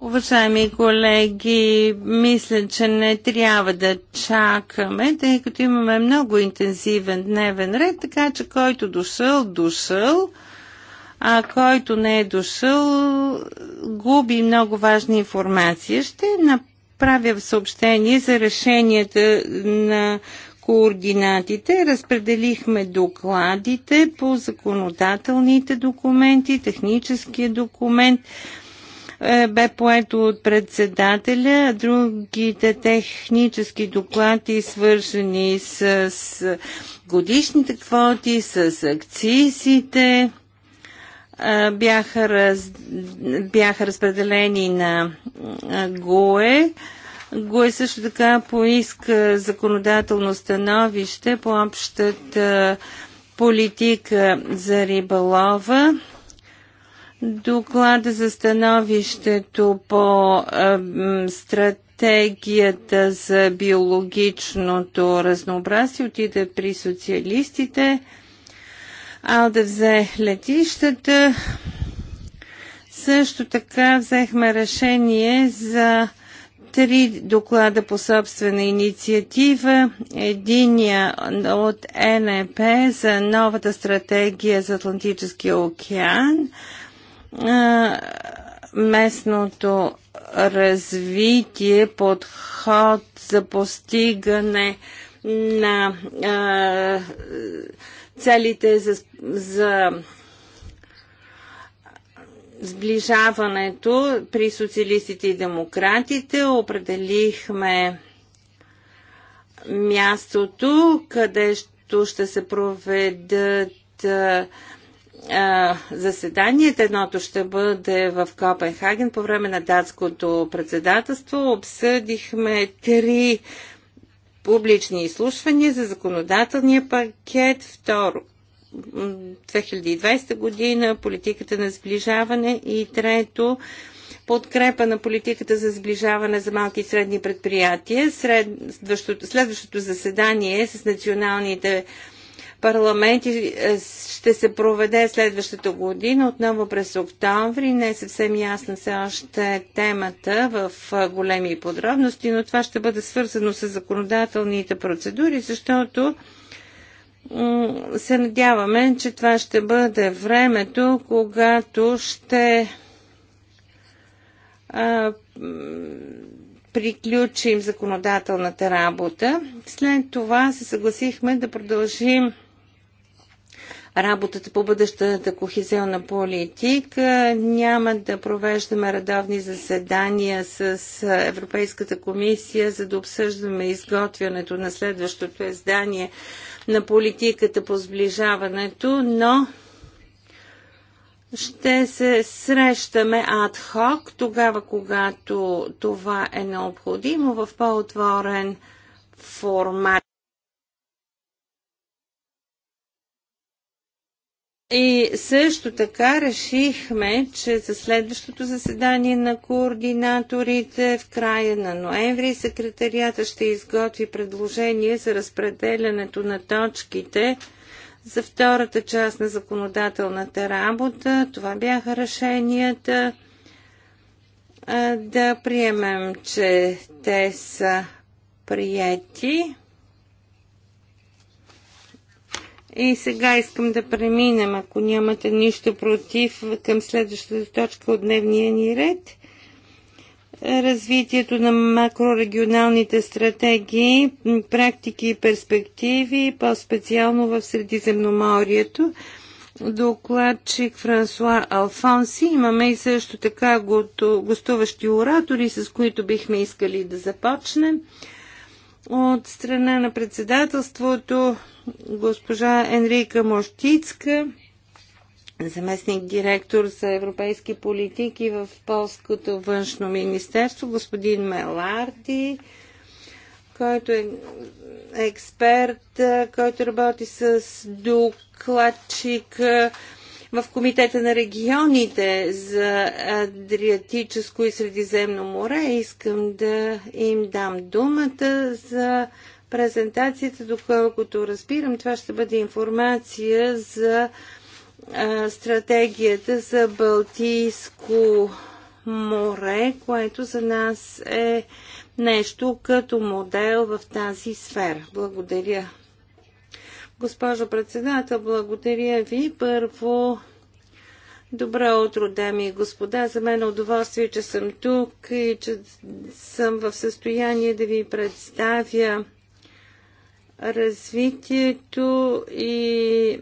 Уважаеми колеги, мисля, че не трябва да чакаме, тъй като имаме много интензивен дневен ред, така че който дошъл, дошъл, а който не е дошъл, губи много важна информация. Ще направя съобщение за решенията на координатите, разпределихме докладите по законодателните документи, техническия документ, е, бе поето от председателя, другите технически доклади, свършени с, с годишните квоти, с акцизите, е, бяха, раз, бяха разпределени на ГОЕ. Гуе също така поиска законодателно становище по общата политика за риболова. Доклада за становището по стратегията за биологичното разнообразие отиде при социалистите. Алда взе летищата. Също така взехме решение за Три доклада по собствена инициатива. Единия от НЕП за новата стратегия за Атлантическия океан. Местното развитие, подход за постигане на целите за, за сближаването при социалистите и демократите. Определихме мястото, където ще се проведат заседанията. Едното ще бъде в Копенхаген по време на датското председателство. Обсъдихме три публични изслушвания за законодателния пакет. Второ, 2020 година, политиката на сближаване и трето подкрепа на политиката за сближаване за малки и средни предприятия. Следващото, следващото заседание с националните парламенти е, ще се проведе следващата година, отново през октомври. Не е съвсем ясна все още темата в е, големи подробности, но това ще бъде свързано с законодателните процедури, защото се надяваме, че това ще бъде времето, когато ще а, приключим законодателната работа. След това се съгласихме да продължим работата по бъдещата кохезионна политика. Няма да провеждаме редовни заседания с Европейската комисия, за да обсъждаме изготвянето на следващото издание на политиката по сближаването, но ще се срещаме адхок тогава, когато това е необходимо в по-отворен формат. И също така решихме, че за следващото заседание на координаторите в края на ноември секретарията ще изготви предложение за разпределянето на точките за втората част на законодателната работа. Това бяха решенията да приемем, че те са прияти. И сега искам да преминем, ако нямате нищо против, към следващата точка от дневния ни ред. Развитието на макрорегионалните стратегии, практики и перспективи, по-специално в Средиземноморието. Докладчик Франсуа Алфонси. Имаме и също така гостуващи оратори, с които бихме искали да започнем. От страна на председателството госпожа Енрика Мощицка, заместник директор за европейски политики в Полското външно министерство, господин Меларди, който е експерт, който работи с докладчика, в Комитета на регионите за Адриатическо и Средиземно море. Искам да им дам думата за презентацията, доколкото разбирам, това ще бъде информация за стратегията за Балтийско море, което за нас е нещо като модел в тази сфера. Благодаря Госпожо председател, благодаря ви. Първо, добро утро, дами и господа. За мен е удоволствие, че съм тук и че съм в състояние да ви представя развитието и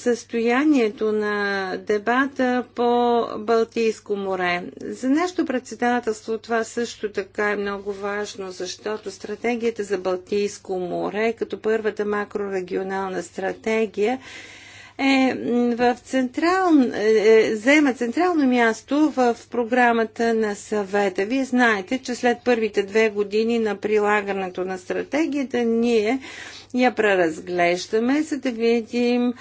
състоянието на дебата по Балтийско море. За нашето председателство това също така е много важно, защото стратегията за Балтийско море, като първата макрорегионална стратегия, е в централ, е, заема централно място в програмата на съвета. Вие знаете, че след първите две години на прилагането на стратегията ние я преразглеждаме, за да видим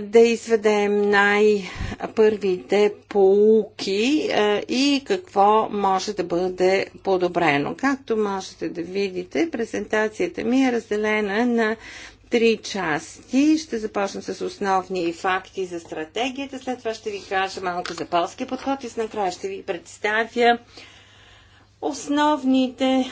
да изведем най-първите поуки и какво може да бъде подобрено. Както можете да видите, презентацията ми е разделена на три части. Ще започна с основни факти за стратегията, след това ще ви кажа малко за полския подход и накрая ще ви представя основните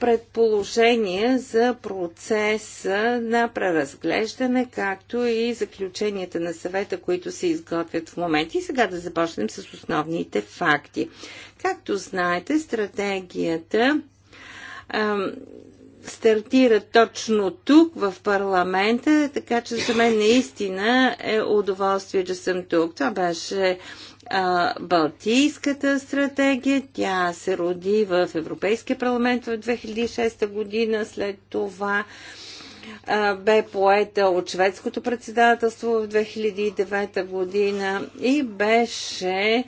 предположения за процеса на преразглеждане, както и заключенията на съвета, които се изготвят в момента. И сега да започнем с основните факти. Както знаете, стратегията ам, стартира точно тук, в парламента, така че за мен наистина е удоволствие, че съм тук. Това беше а, Балтийската стратегия. Тя се роди в Европейския парламент в 2006 година. След това а, бе поета от шведското председателство в 2009 година и беше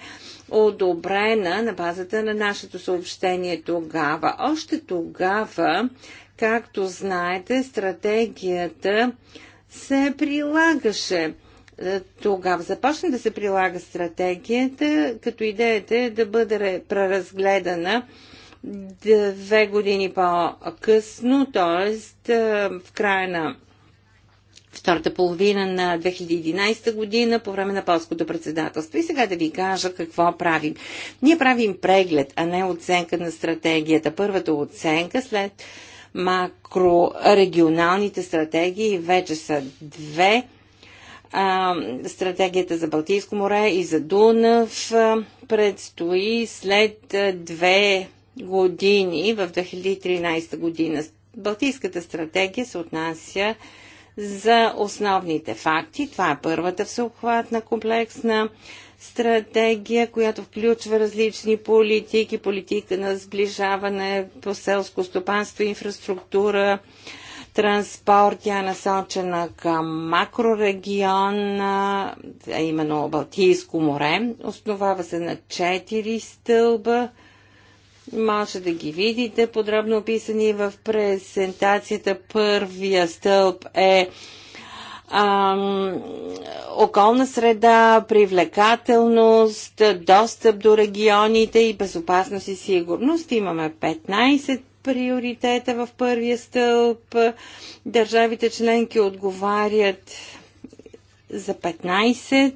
одобрена на базата на нашето съобщение тогава. Още тогава, както знаете, стратегията се прилагаше. Е, тогава започна да се прилага стратегията, като идеята е да бъде преразгледана две години по-късно, т.е. в края на втората половина на 2011 година по време на полското председателство. И сега да ви кажа какво правим. Ние правим преглед, а не оценка на стратегията. Първата оценка след макрорегионалните стратегии вече са две – а, стратегията за Балтийско море и за Дунав а, предстои след а, две години, в 2013 година. Балтийската стратегия се отнася за основните факти. Това е първата всеобхватна комплексна стратегия, която включва различни политики, политика на сближаване по селско стопанство, инфраструктура, транспорт. Тя е насочена към макрорегион, а именно Балтийско море. Основава се на четири стълба. Може да ги видите подробно описани в презентацията. Първия стълб е ам, околна среда, привлекателност, достъп до регионите и безопасност и сигурност. Имаме 15 приоритета в първия стълб. Държавите членки отговарят за 15.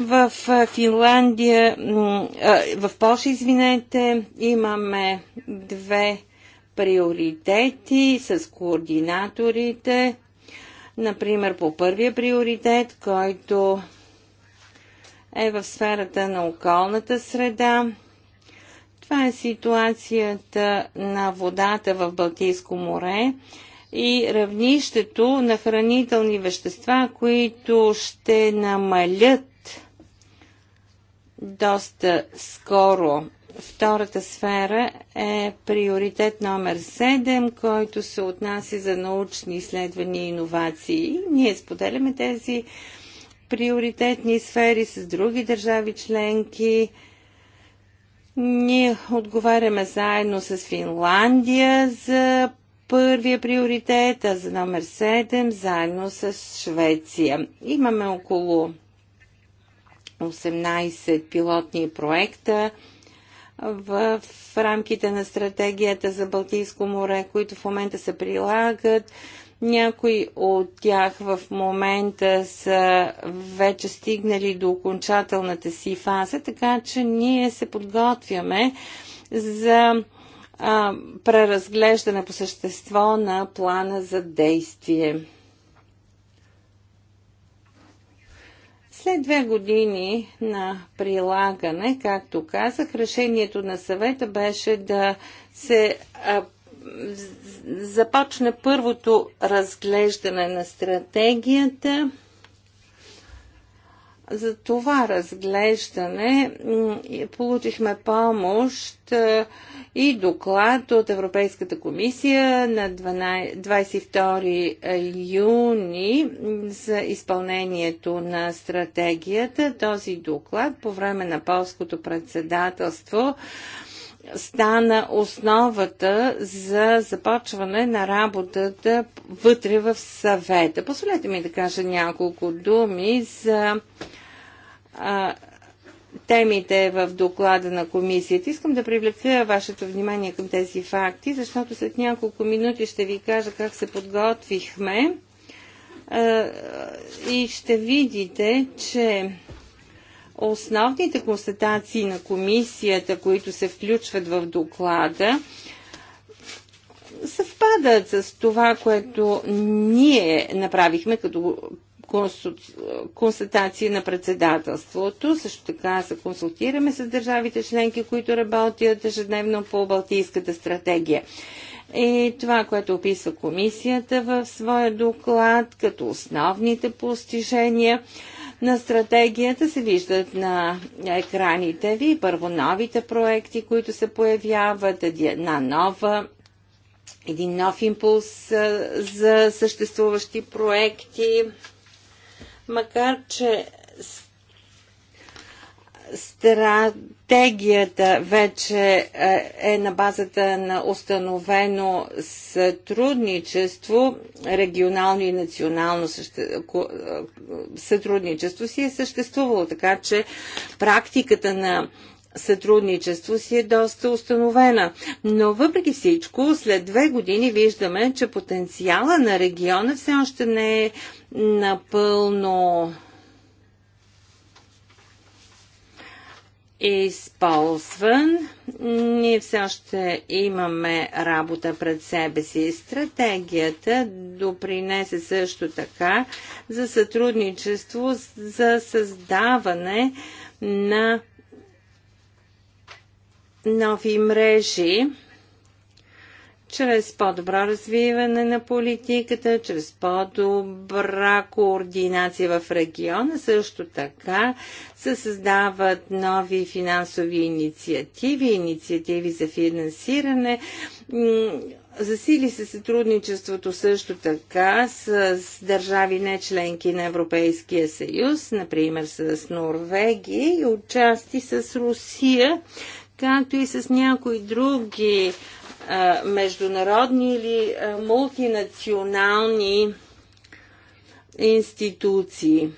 В Финландия, в Польша, извинете, имаме две приоритети с координаторите. Например, по първия приоритет, който е в сферата на околната среда, каква е ситуацията на водата в Балтийско море и равнището на хранителни вещества, които ще намалят доста скоро. Втората сфера е приоритет номер 7, който се отнася за научни изследвания и иновации. Ние споделяме тези приоритетни сфери с други държави членки. Ние отговаряме заедно с Финландия за първия приоритет, а за номер 7 заедно с Швеция. Имаме около 18 пилотни проекта в рамките на стратегията за Балтийско море, които в момента се прилагат някои от тях в момента са вече стигнали до окончателната си фаза, така че ние се подготвяме за а, преразглеждане по същество на плана за действие. След две години на прилагане, както казах, решението на съвета беше да се започна първото разглеждане на стратегията. За това разглеждане получихме помощ е, и доклад от Европейската комисия на 22 юни за изпълнението на стратегията. Този доклад по време на полското председателство стана основата за започване на работата вътре в съвета. Позволете ми да кажа няколко думи за а, темите в доклада на комисията. Искам да привлека вашето внимание към тези факти, защото след няколко минути ще ви кажа как се подготвихме а, и ще видите, че основните констатации на комисията, които се включват в доклада, съвпадат с това, което ние направихме като констатации на председателството. Също така се консултираме с държавите членки, които работят ежедневно по Балтийската стратегия. И това, което описва комисията в своя доклад като основните постижения, на стратегията се виждат на екраните ви. Първо новите проекти, които се появяват, една нова един нов импулс за съществуващи проекти, макар че стра стратегията вече е, е на базата на установено сътрудничество, регионално и национално е, сътрудничество си е съществувало, така че практиката на сътрудничество си е доста установена. Но въпреки всичко, след две години виждаме, че потенциала на региона все още не е напълно използван. Ние все още имаме работа пред себе си. Стратегията допринесе също така за сътрудничество, за създаване на нови мрежи чрез по-добро развиване на политиката, чрез по-добра координация в региона. Също така се създават нови финансови инициативи, инициативи за финансиране. Засили се сътрудничеството също така с държави не членки на Европейския съюз, например с Норвегия и отчасти с Русия, както и с някои други международни или мултинационални институции.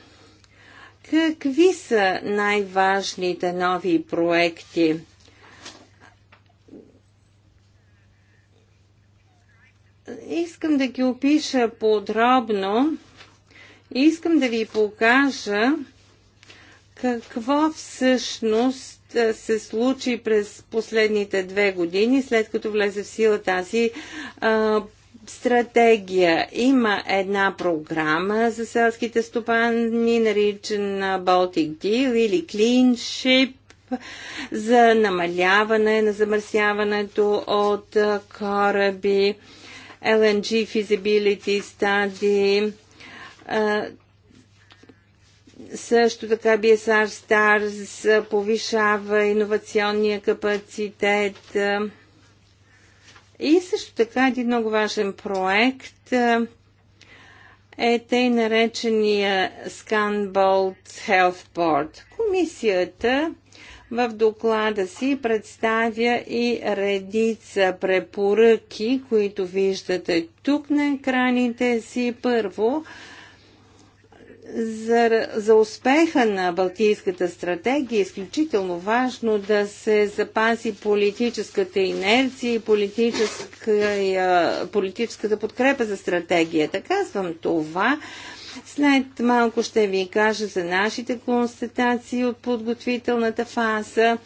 Какви са най-важните нови проекти? Искам да ги опиша подробно. Искам да ви покажа какво всъщност се случи през последните две години, след като влезе в сила тази а, стратегия. Има една програма за селските стопани, наричана Baltic Deal или Clean Ship за намаляване на замърсяването от кораби, LNG Feasibility Study. Също така BSR Stars повишава иновационния капацитет. И също така един много важен проект е тъй наречения Scanbolt Health Board. Комисията в доклада си представя и редица препоръки, които виждате тук на екраните си. Първо, за, за успеха на Балтийската стратегия е изключително важно да се запази политическата инерция и политическа, политическата подкрепа за стратегията. Казвам това. След малко ще ви кажа за нашите констатации от подготвителната фаза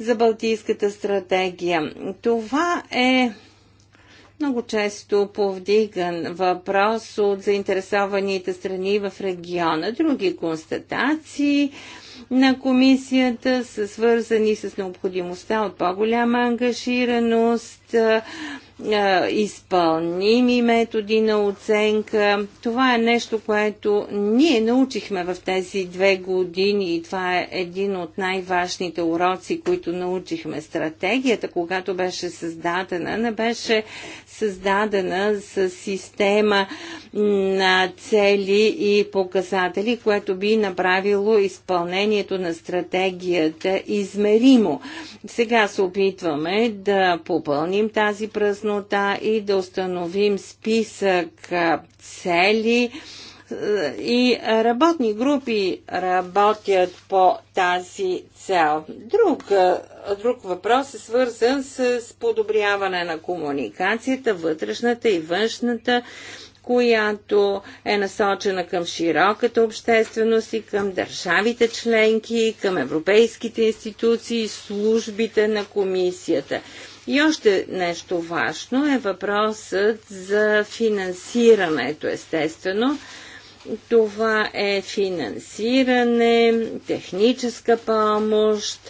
за Балтийската стратегия. Това е много често повдиган въпрос от заинтересованите страни в региона. Други констатации на комисията са свързани с необходимостта от по-голяма ангажираност изпълними методи на оценка. Това е нещо, което ние научихме в тези две години и това е един от най-важните уроци, които научихме. Стратегията, когато беше създадена, не беше създадена с система на цели и показатели, което би направило изпълнението на стратегията измеримо. Сега се опитваме да попълним запълним тази празнота и да установим списък цели, и работни групи работят по тази цел. Друг, друг въпрос е свързан с подобряване на комуникацията, вътрешната и външната, която е насочена към широката общественост и към държавите членки, към европейските институции, службите на комисията. И още нещо важно е въпросът за финансирането, естествено. Това е финансиране, техническа помощ,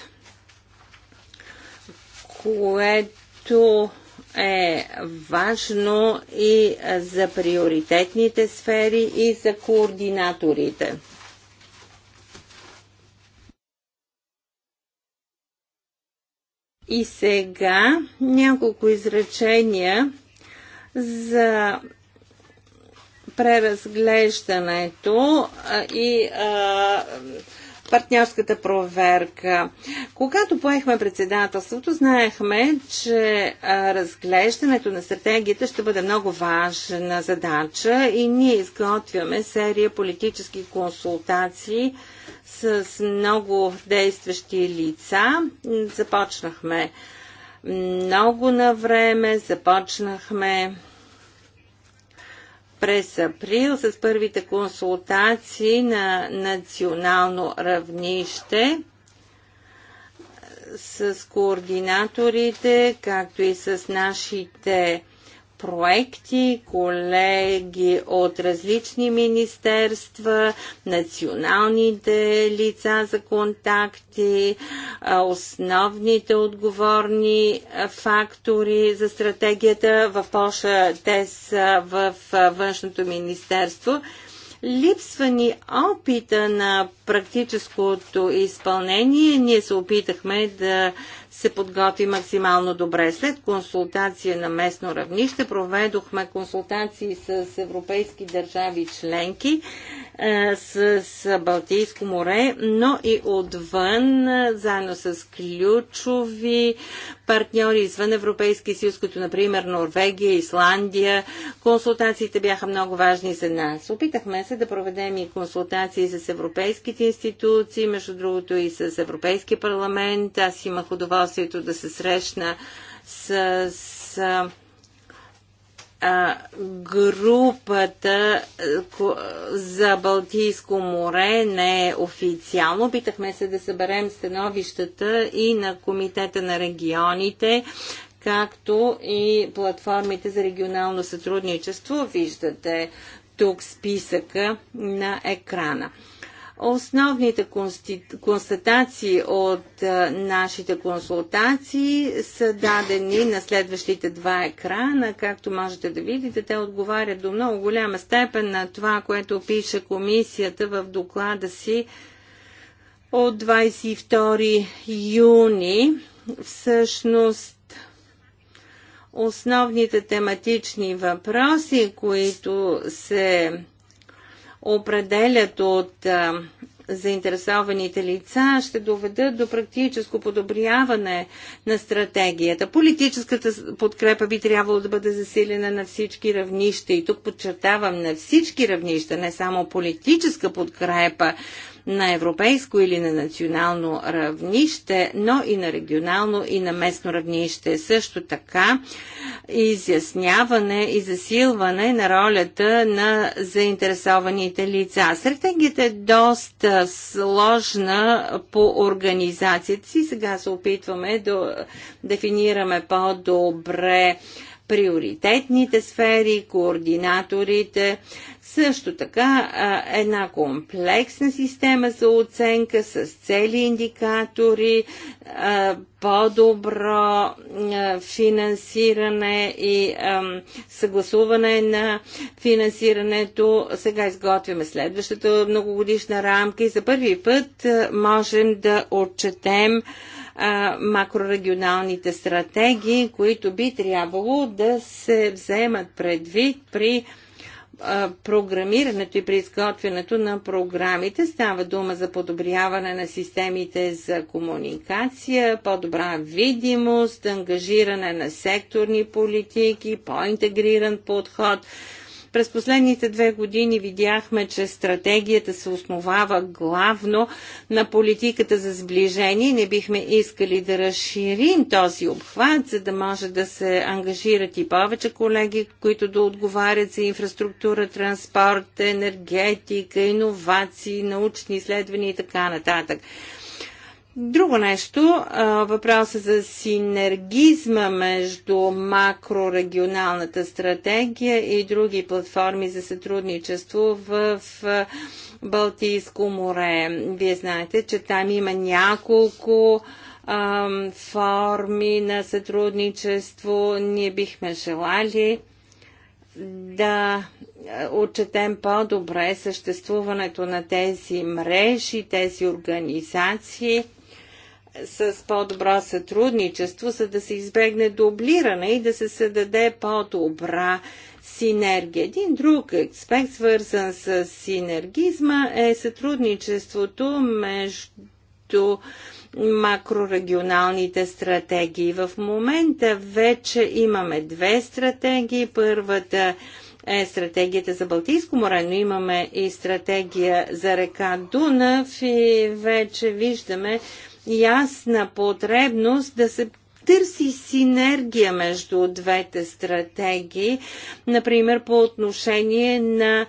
което е важно и за приоритетните сфери и за координаторите. И сега няколко изречения за преразглеждането и а, партньорската проверка. Когато поехме председателството, знаехме, че а, разглеждането на стратегията ще бъде много важна задача и ние изготвяме серия политически консултации с много действащи лица. Започнахме много на време, започнахме през април с първите консултации на национално равнище с координаторите, както и с нашите проекти, колеги от различни министерства, националните лица за контакти, основните отговорни фактори за стратегията. В Польша те са в Външното министерство. Липсва ни опита на практическото изпълнение. Ние се опитахме да се подготви максимално добре. След консултация на местно равнище проведохме консултации с европейски държави членки, е, с Балтийско море, но и отвън, е, заедно с ключови партньори извън европейски съюз, като например Норвегия, Исландия. Консултациите бяха много важни за нас. Опитахме се да проведем и консултации с европейските институции, между другото и с европейски парламент. Аз имах удоволствие удоволствието да се срещна с, с а, групата за Балтийско море не е официално. Питахме се да съберем становищата и на Комитета на регионите, както и платформите за регионално сътрудничество. Виждате тук списъка на екрана. Основните констатации от е, нашите консултации са дадени на следващите два екрана. Както можете да видите, те отговарят до много голяма степен на това, което пише комисията в доклада си от 22 юни. Всъщност, основните тематични въпроси, които се определят от а, заинтересованите лица, ще доведат до практическо подобряване на стратегията. Политическата подкрепа би трябвало да бъде засилена на всички равнища и тук подчертавам на всички равнища, не само политическа подкрепа, на европейско или на национално равнище, но и на регионално и на местно равнище. Също така изясняване и засилване на ролята на заинтересованите лица. Стратегията е доста сложна по организацията си. Сега се опитваме да дефинираме по-добре приоритетните сфери, координаторите също така една комплексна система за оценка с цели индикатори, по-добро финансиране и съгласуване на финансирането. Сега изготвяме следващата многогодишна рамка и за първи път можем да отчетем макрорегионалните стратегии, които би трябвало да се вземат предвид при програмирането и при изготвянето на програмите. Става дума за подобряване на системите за комуникация, по-добра видимост, ангажиране на секторни политики, по-интегриран подход през последните две години видяхме, че стратегията се основава главно на политиката за сближение. Не бихме искали да разширим този обхват, за да може да се ангажират и повече колеги, които да отговарят за инфраструктура, транспорт, енергетика, иновации, научни изследвания и така нататък. Друго нещо, въпросът за синергизма между макрорегионалната стратегия и други платформи за сътрудничество в Балтийско море. Вие знаете, че там има няколко ам, форми на сътрудничество. Ние бихме желали да отчетем по-добре съществуването на тези мрежи, тези организации – с по-добро сътрудничество, за да се избегне дублиране и да се създаде по-добра синергия. Един друг аспект, свързан с синергизма, е сътрудничеството между макрорегионалните стратегии. В момента вече имаме две стратегии. Първата е стратегията за Балтийско море, но имаме и стратегия за река Дунав и вече виждаме ясна потребност да се търси синергия между двете стратегии, например по отношение на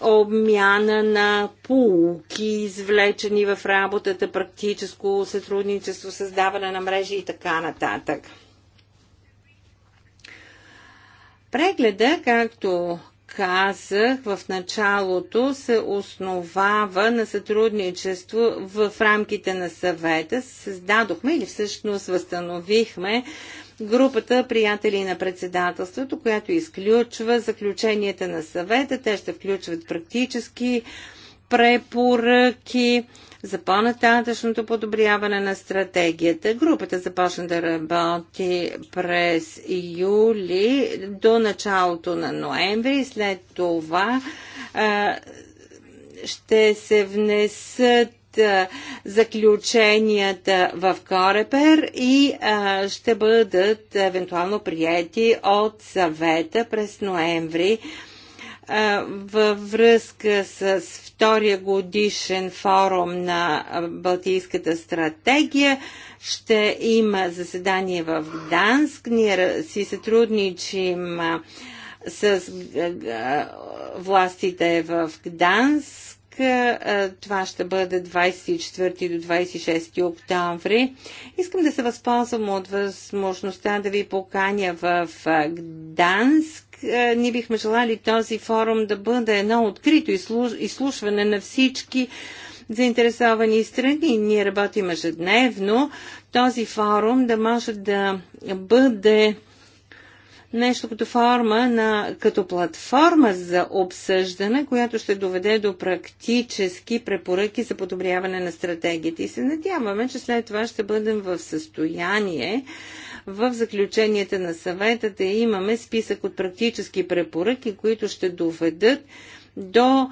обмяна на полуки, извлечени в работата, практическо сътрудничество, създаване на мрежи и така нататък. Прегледа, както казах в началото, се основава на сътрудничество в рамките на съвета. Създадохме или всъщност възстановихме групата приятели на председателството, която изключва заключенията на съвета. Те ще включват практически препоръки, за по-нататъчното подобряване на стратегията. Групата започна да работи през юли до началото на ноември и след това а, ще се внесат заключенията в Корепер и а, ще бъдат евентуално приети от съвета през ноември във връзка с втория годишен форум на Балтийската стратегия. Ще има заседание в Гданск. Ние си сътрудничим с властите в Гданск. Това ще бъде 24 до 26 октомври. Искам да се възползвам от възможността да ви поканя в Гданск е, ние бихме желали този форум да бъде едно открито изслушване на всички заинтересовани страни. Ние работим ежедневно. Този форум да може да бъде нещо като форма на, като платформа за обсъждане, която ще доведе до практически препоръки за подобряване на стратегията. И се надяваме, че след това ще бъдем в състояние в заключенията на съвета да имаме списък от практически препоръки, които ще доведат до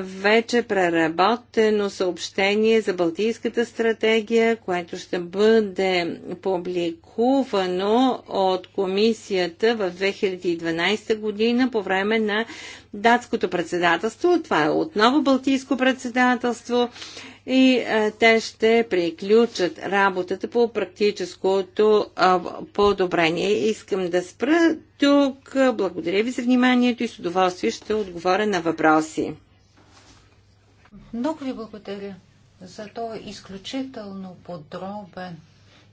вече преработено съобщение за Балтийската стратегия, което ще бъде публикувано от комисията в 2012 година по време на датското председателство. Това е отново Балтийско председателство и а, е, те ще приключат работата по практическото а, е, подобрение. Искам да спра тук. Благодаря ви за вниманието и с удоволствие ще отговоря на въпроси. Много ви благодаря за то изключително подробен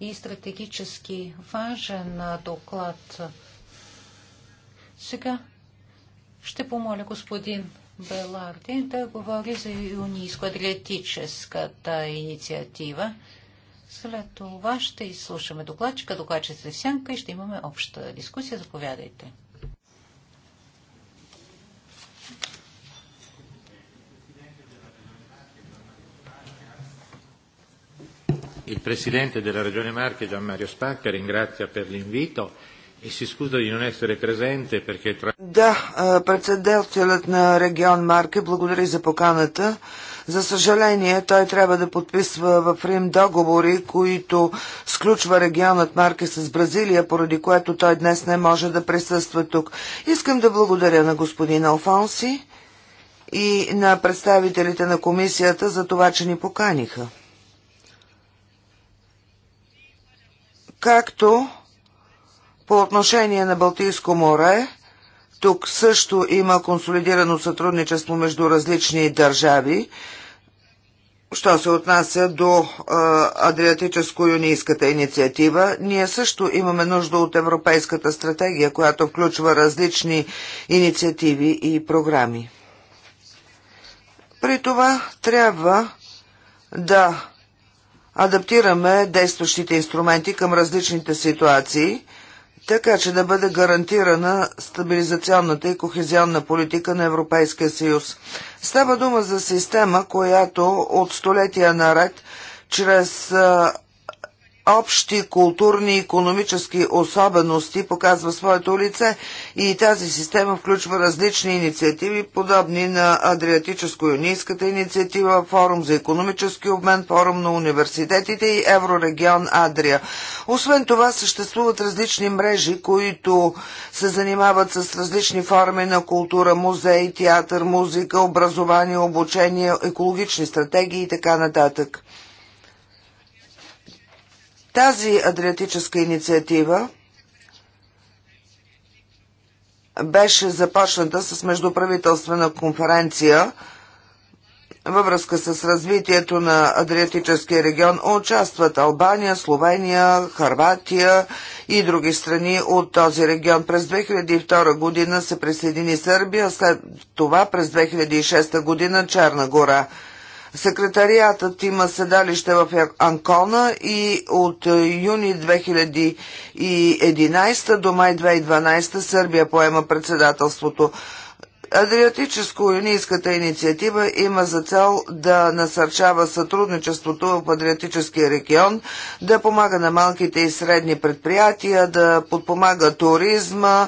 и стратегически важен е, доклад. Сега ще помоля господин Беларди да говори за юнийско адриатическата инициатива. След това ще изслушаме докладчика, докладчица Сянка и ще имаме обща дискусия. Заповядайте. Il Presidente della Regione Marche, Gian Mario Spacca, ringrazia per l'invito. И си скуза да не перке... Да, председателят на регион Марке благодари за поканата. За съжаление, той трябва да подписва в Рим договори, които сключва регионът Марке с Бразилия, поради което той днес не може да присъства тук. Искам да благодаря на господин Алфонси и на представителите на комисията за това, че ни поканиха. Както по отношение на Балтийско море, тук също има консолидирано сътрудничество между различни държави, що се отнася до Адриатическо-юнийската инициатива. Ние също имаме нужда от Европейската стратегия, която включва различни инициативи и програми. При това трябва да адаптираме действащите инструменти към различните ситуации – така че да бъде гарантирана стабилизационната и кохезионна политика на Европейския съюз. Става дума за система, която от столетия наред чрез общи културни и економически особености показва своето лице и тази система включва различни инициативи, подобни на Адриатическо-юнийската инициатива, Форум за економически обмен, Форум на университетите и Еврорегион Адрия. Освен това съществуват различни мрежи, които се занимават с различни форми на култура, музей, театър, музика, образование, обучение, екологични стратегии и така нататък. Тази адриатическа инициатива беше започната с междуправителствена конференция във връзка с развитието на Адриатическия регион участват Албания, Словения, Харватия и други страни от този регион. През 2002 година се присъедини Сърбия, след това през 2006 година Черна гора – Секретариатът има седалище в Анкона и от е, юни 2011 до май 2012 Сърбия поема председателството. Адриатическо-юнийската инициатива има за цел да насърчава сътрудничеството в Адриатическия регион, да помага на малките и средни предприятия, да подпомага туризма, е,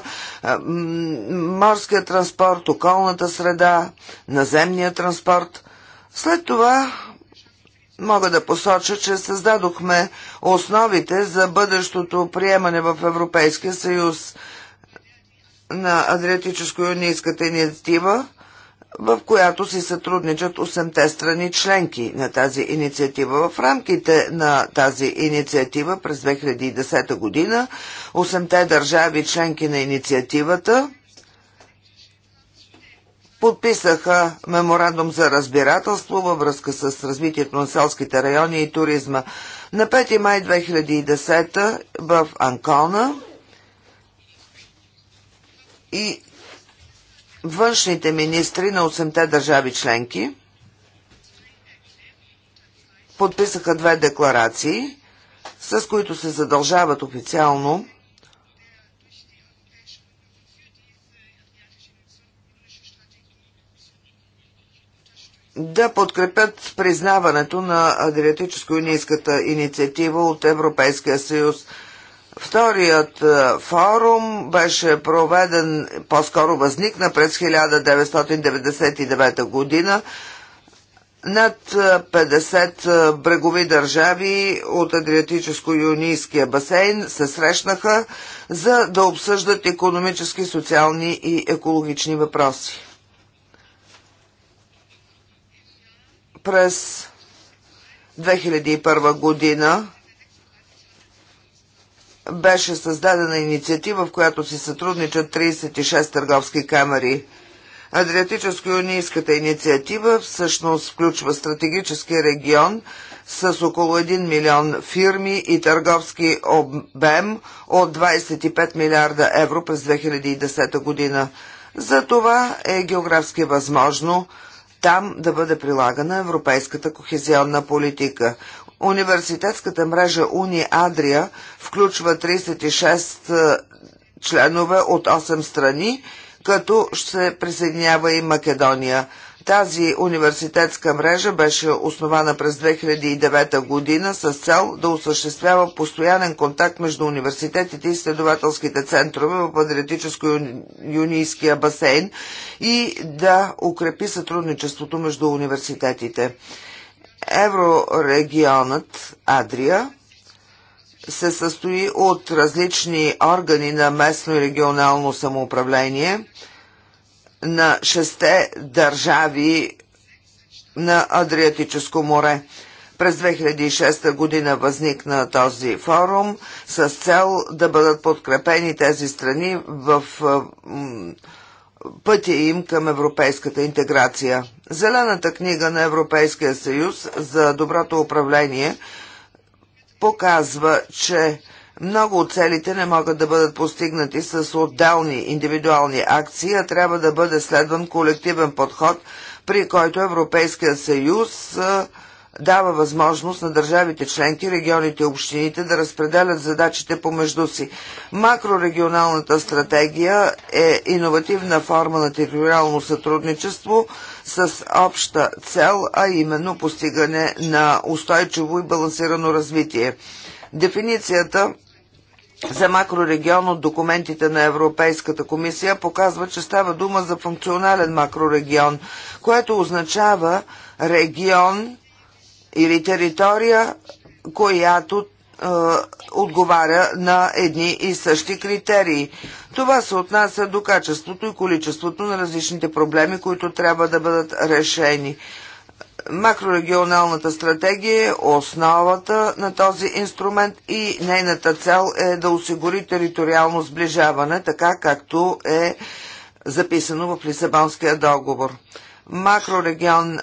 морския транспорт, околната среда, наземния транспорт – след това мога да посоча, че създадохме основите за бъдещото приемане в Европейския съюз на Адриатическо-юнийската инициатива, в която си сътрудничат 8-те страни членки на тази инициатива. В рамките на тази инициатива през 2010 година 8-те държави членки на инициативата – подписаха меморандум за разбирателство във връзка с развитието на селските райони и туризма. На 5 май 2010 в Анкона и външните министри на 8-те държави членки подписаха две декларации, с които се задължават официално да подкрепят признаването на Адриатическо-Юнийската инициатива от Европейския съюз. Вторият е, форум беше проведен, по-скоро възникна през 1999 година. Над 50 е, е, брегови държави от Адриатическо-Юнийския басейн се срещнаха за да обсъждат економически, социални и екологични въпроси. През 2001 година беше създадена инициатива, в която си сътрудничат 36 търговски камери. Адриатическо-юнийската инициатива всъщност включва стратегически регион с около 1 милион фирми и търговски обем от 25 милиарда евро през 2010 година. За това е географски възможно – там да бъде прилагана европейската кохезионна политика. Университетската мрежа Уни Адрия включва 36 е, членове от 8 страни, като ще се присъединява и Македония. Тази университетска мрежа беше основана през 2009 година с цел да осъществява постоянен контакт между университетите и следователските центрове в Адриатическо-юнийския басейн и да укрепи сътрудничеството между университетите. Еврорегионът Адрия се състои от различни органи на местно и регионално самоуправление – на шесте държави на Адриатическо море. През 2006 година възникна този форум с цел да бъдат подкрепени тези страни в пътя им към европейската интеграция. Зелената книга на Европейския съюз за доброто управление показва, че много от целите не могат да бъдат постигнати с отделни индивидуални акции, а трябва да бъде следван колективен подход, при който Европейския съюз дава възможност на държавите членки, регионите и общините да разпределят задачите помежду си. Макрорегионалната стратегия е иновативна форма на териториално сътрудничество с обща цел, а именно постигане на устойчиво и балансирано развитие. Дефиницията за макрорегион от документите на Европейската комисия показва, че става дума за функционален макрорегион, което означава регион или територия, която е, отговаря на едни и същи критерии. Това се отнася до качеството и количеството на различните проблеми, които трябва да бъдат решени. Макрорегионалната стратегия е основата на този инструмент и нейната цел е да осигури териториално сближаване, така както е записано в Лисабонския договор. Макрорегион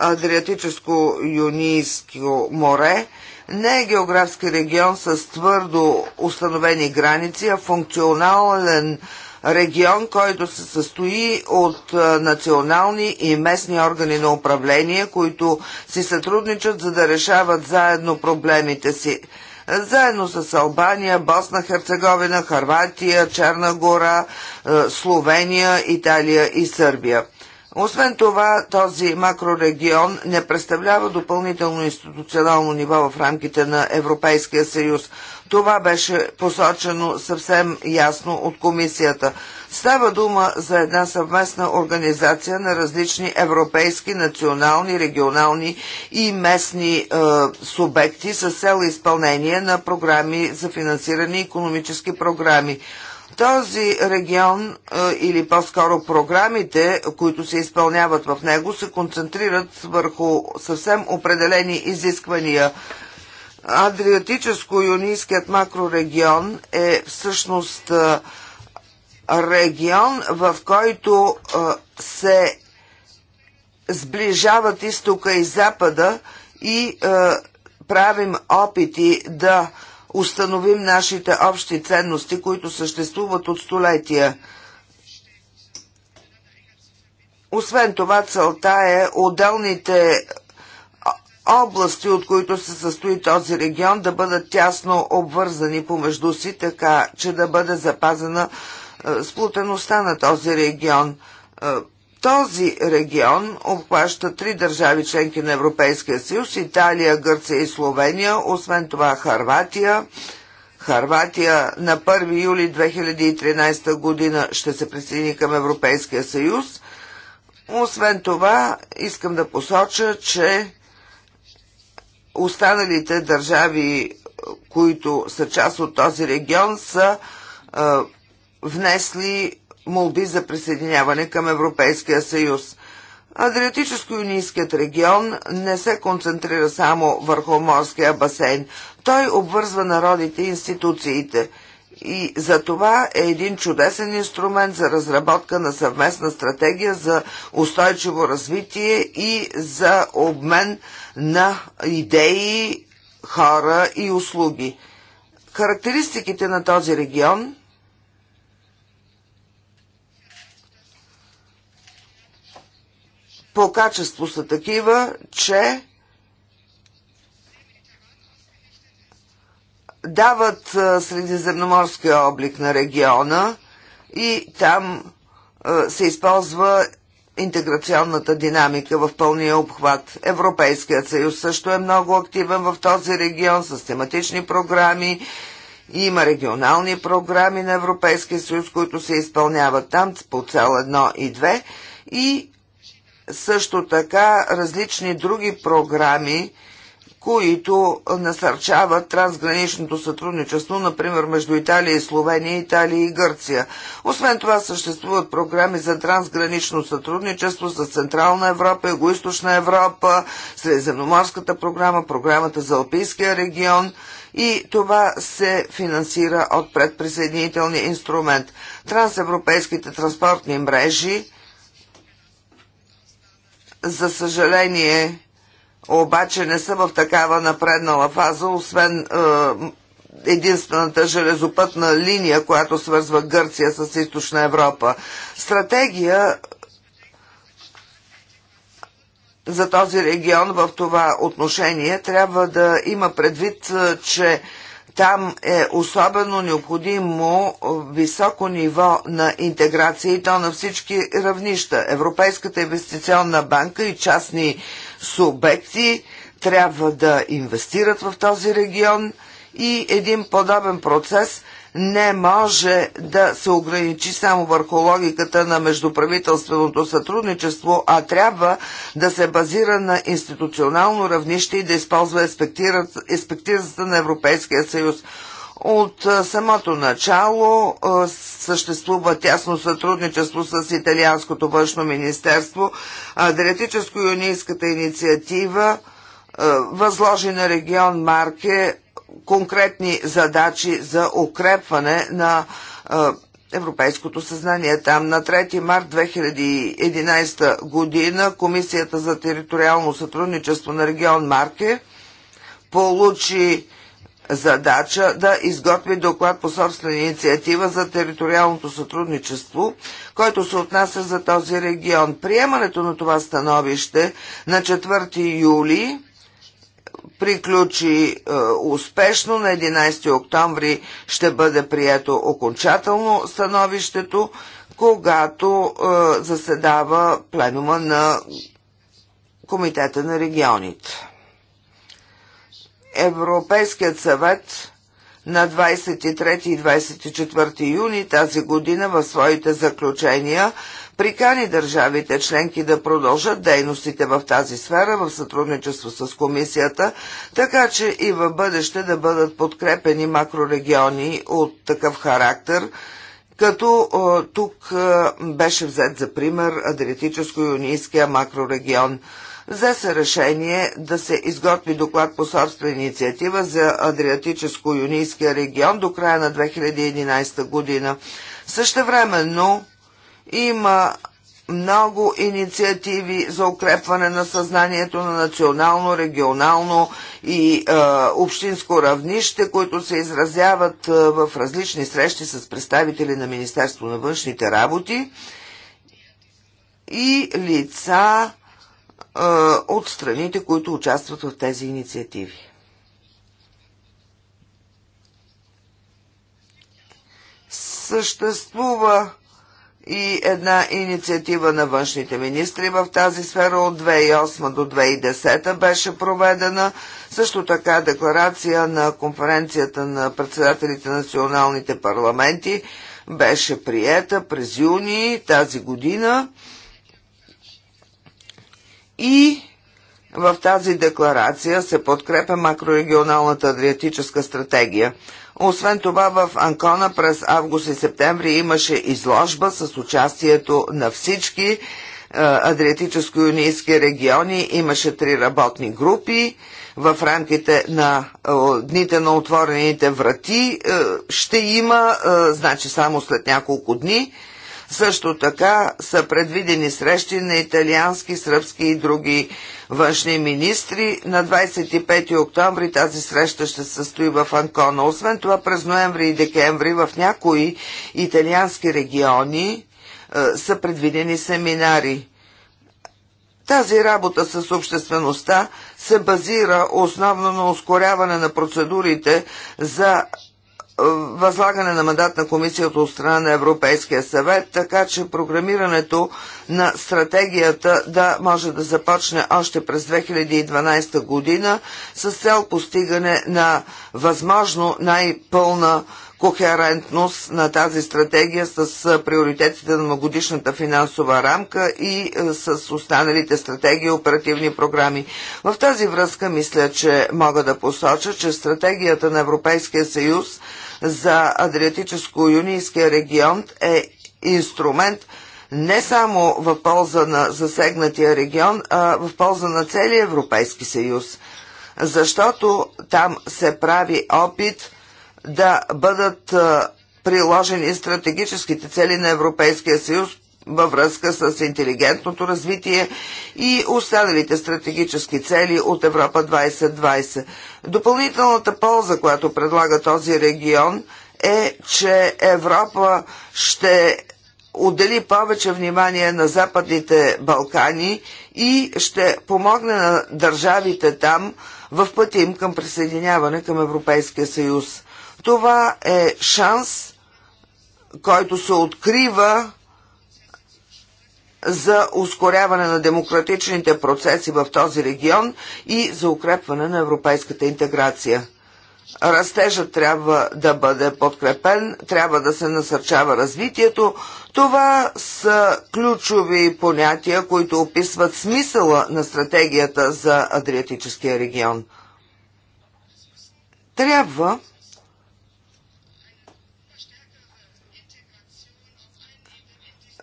Адриатическо-Юнийско море не е географски регион с твърдо установени граници, а функционален регион, който се състои от национални и местни органи на управление, които си сътрудничат, за да решават заедно проблемите си. Заедно с Албания, Босна, Херцеговина, Харватия, Черна гора, Словения, Италия и Сърбия. Освен това, този макрорегион не представлява допълнително институционално ниво в рамките на Европейския съюз. Това беше посочено съвсем ясно от комисията. Става дума за една съвместна организация на различни европейски, национални, регионални и местни е, субекти с цел изпълнение на програми за финансиране и економически програми. Този регион е, или по-скоро програмите, които се изпълняват в него, се концентрират върху съвсем определени изисквания. Адриатическо-юнийският макрорегион е всъщност е, регион, в който е, се сближават изтока и запада и правим опити да установим нашите общи ценности, които съществуват от столетия. Освен това, целта е отделните области, от които се състои този регион, да бъдат тясно обвързани помежду си, така че да бъде запазена е, сплутеността на този регион. Е, този регион обхваща три държави членки на Европейския съюз – Италия, Гърция и Словения, освен това Харватия. Харватия на 1 юли 2013 година ще се присъедини към Европейския съюз. Освен това, искам да посоча, че останалите държави, които са част от този регион, са е, внесли молби за присъединяване към Европейския съюз. Адриатическо-юнийският регион не се концентрира само върху морския басейн. Той обвързва народите и институциите. И за това е един чудесен инструмент за разработка на съвместна стратегия за устойчиво развитие и за обмен на идеи, хора и услуги. Характеристиките на този регион по качество са такива, че дават средиземноморския облик на региона и там се използва интеграционната динамика в пълния обхват. Европейският съюз също е много активен в този регион с тематични програми. Има регионални програми на Европейския съюз, които се изпълняват там по цел 1 и 2 и също така различни други програми, които насърчават трансграничното сътрудничество, например между Италия и Словения, Италия и Гърция. Освен това съществуват програми за трансгранично сътрудничество с Централна Европа, Юго-Источна Европа, Средиземноморската програма, програмата за Алпийския регион и това се финансира от предприсъединителния инструмент. Трансевропейските транспортни мрежи за съжаление, обаче не са в такава напреднала фаза, освен е, единствената железопътна линия, която свързва Гърция с източна Европа. Стратегия за този регион в това отношение трябва да има предвид, е, че там е особено необходимо високо ниво на интеграция и то на всички равнища. Европейската инвестиционна банка и частни субекти трябва да инвестират в този регион и един подобен процес – не може да се ограничи само върху логиката на междуправителственото сътрудничество, а трябва да се базира на институционално равнище и да използва експектизата на Европейския съюз. От самото начало съществува тясно сътрудничество с Италианското външно министерство. Адриатическо-юнийската инициатива възложи на регион Марке конкретни задачи за укрепване на европейското съзнание. Там на 3 март 2011 година Комисията за териториално сътрудничество на регион Марке получи задача да изготви доклад по собствена инициатива за териториалното сътрудничество, който се отнася за този регион. Приемането на това становище на 4 юли приключи е, успешно. На 11 октомври ще бъде прието окончателно становището, когато е, заседава пленума на Комитета на регионите. Европейският съвет на 23 и 24 юни тази година в своите заключения прикани държавите членки да продължат дейностите в тази сфера в сътрудничество с комисията, така че и в бъдеще да бъдат подкрепени макрорегиони от такъв характер, като тук е, беше взет за пример Адриатическо-юнийския макрорегион. Взе се решение да се изготви доклад по собствена инициатива за Адриатическо-юнийския регион до края на 2011 година. Същевременно има много инициативи за укрепване на съзнанието на национално, регионално и е, общинско равнище, които се изразяват е, в различни срещи с представители на Министерство на външните работи и лица е, от страните, които участват в тези инициативи. Съществува и една инициатива на външните министри в тази сфера от 2008 до 2010 беше проведена. Също така декларация на конференцията на председателите на националните парламенти беше приета през юни тази година. И в тази декларация се подкрепя макрорегионалната адриатическа стратегия. Освен това, в Анкона през август и септември имаше изложба с участието на всички е, Адриатическо-юнийски региони имаше три работни групи. В рамките на е, дните на отворените врати е, ще има, значи само след няколко дни, също така са предвидени срещи на италиански, сръбски и други външни министри. На 25 октомври тази среща ще се състои в Анкона. Освен това, през ноември и декември в някои италиански региони е, са предвидени семинари. Тази работа с обществеността се базира основно на ускоряване на процедурите за възлагане на мандат на комисията от страна на Европейския съвет, така че програмирането на стратегията да може да започне още през 2012 година с цел постигане на възможно най-пълна кохерентност на тази стратегия с приоритетите на многодишната финансова рамка и с останалите стратегии и оперативни програми. В тази връзка мисля, че мога да посоча, че стратегията на Европейския съюз – за Адриатическо-Юнийския регион е инструмент не само в полза на засегнатия регион, а в полза на целия Европейски съюз, защото там се прави опит да бъдат приложени стратегическите цели на Европейския съюз във връзка с интелигентното развитие и останалите стратегически цели от Европа 2020. Допълнителната полза, която предлага този регион е, че Европа ще отдели повече внимание на Западните Балкани и ще помогне на държавите там в пътя им към присъединяване към Европейския съюз. Това е шанс, който се открива за ускоряване на демократичните процеси в този регион и за укрепване на европейската интеграция. Растежът трябва да бъде подкрепен, трябва да се насърчава развитието. Това са ключови понятия, които описват смисъла на стратегията за Адриатическия регион. Трябва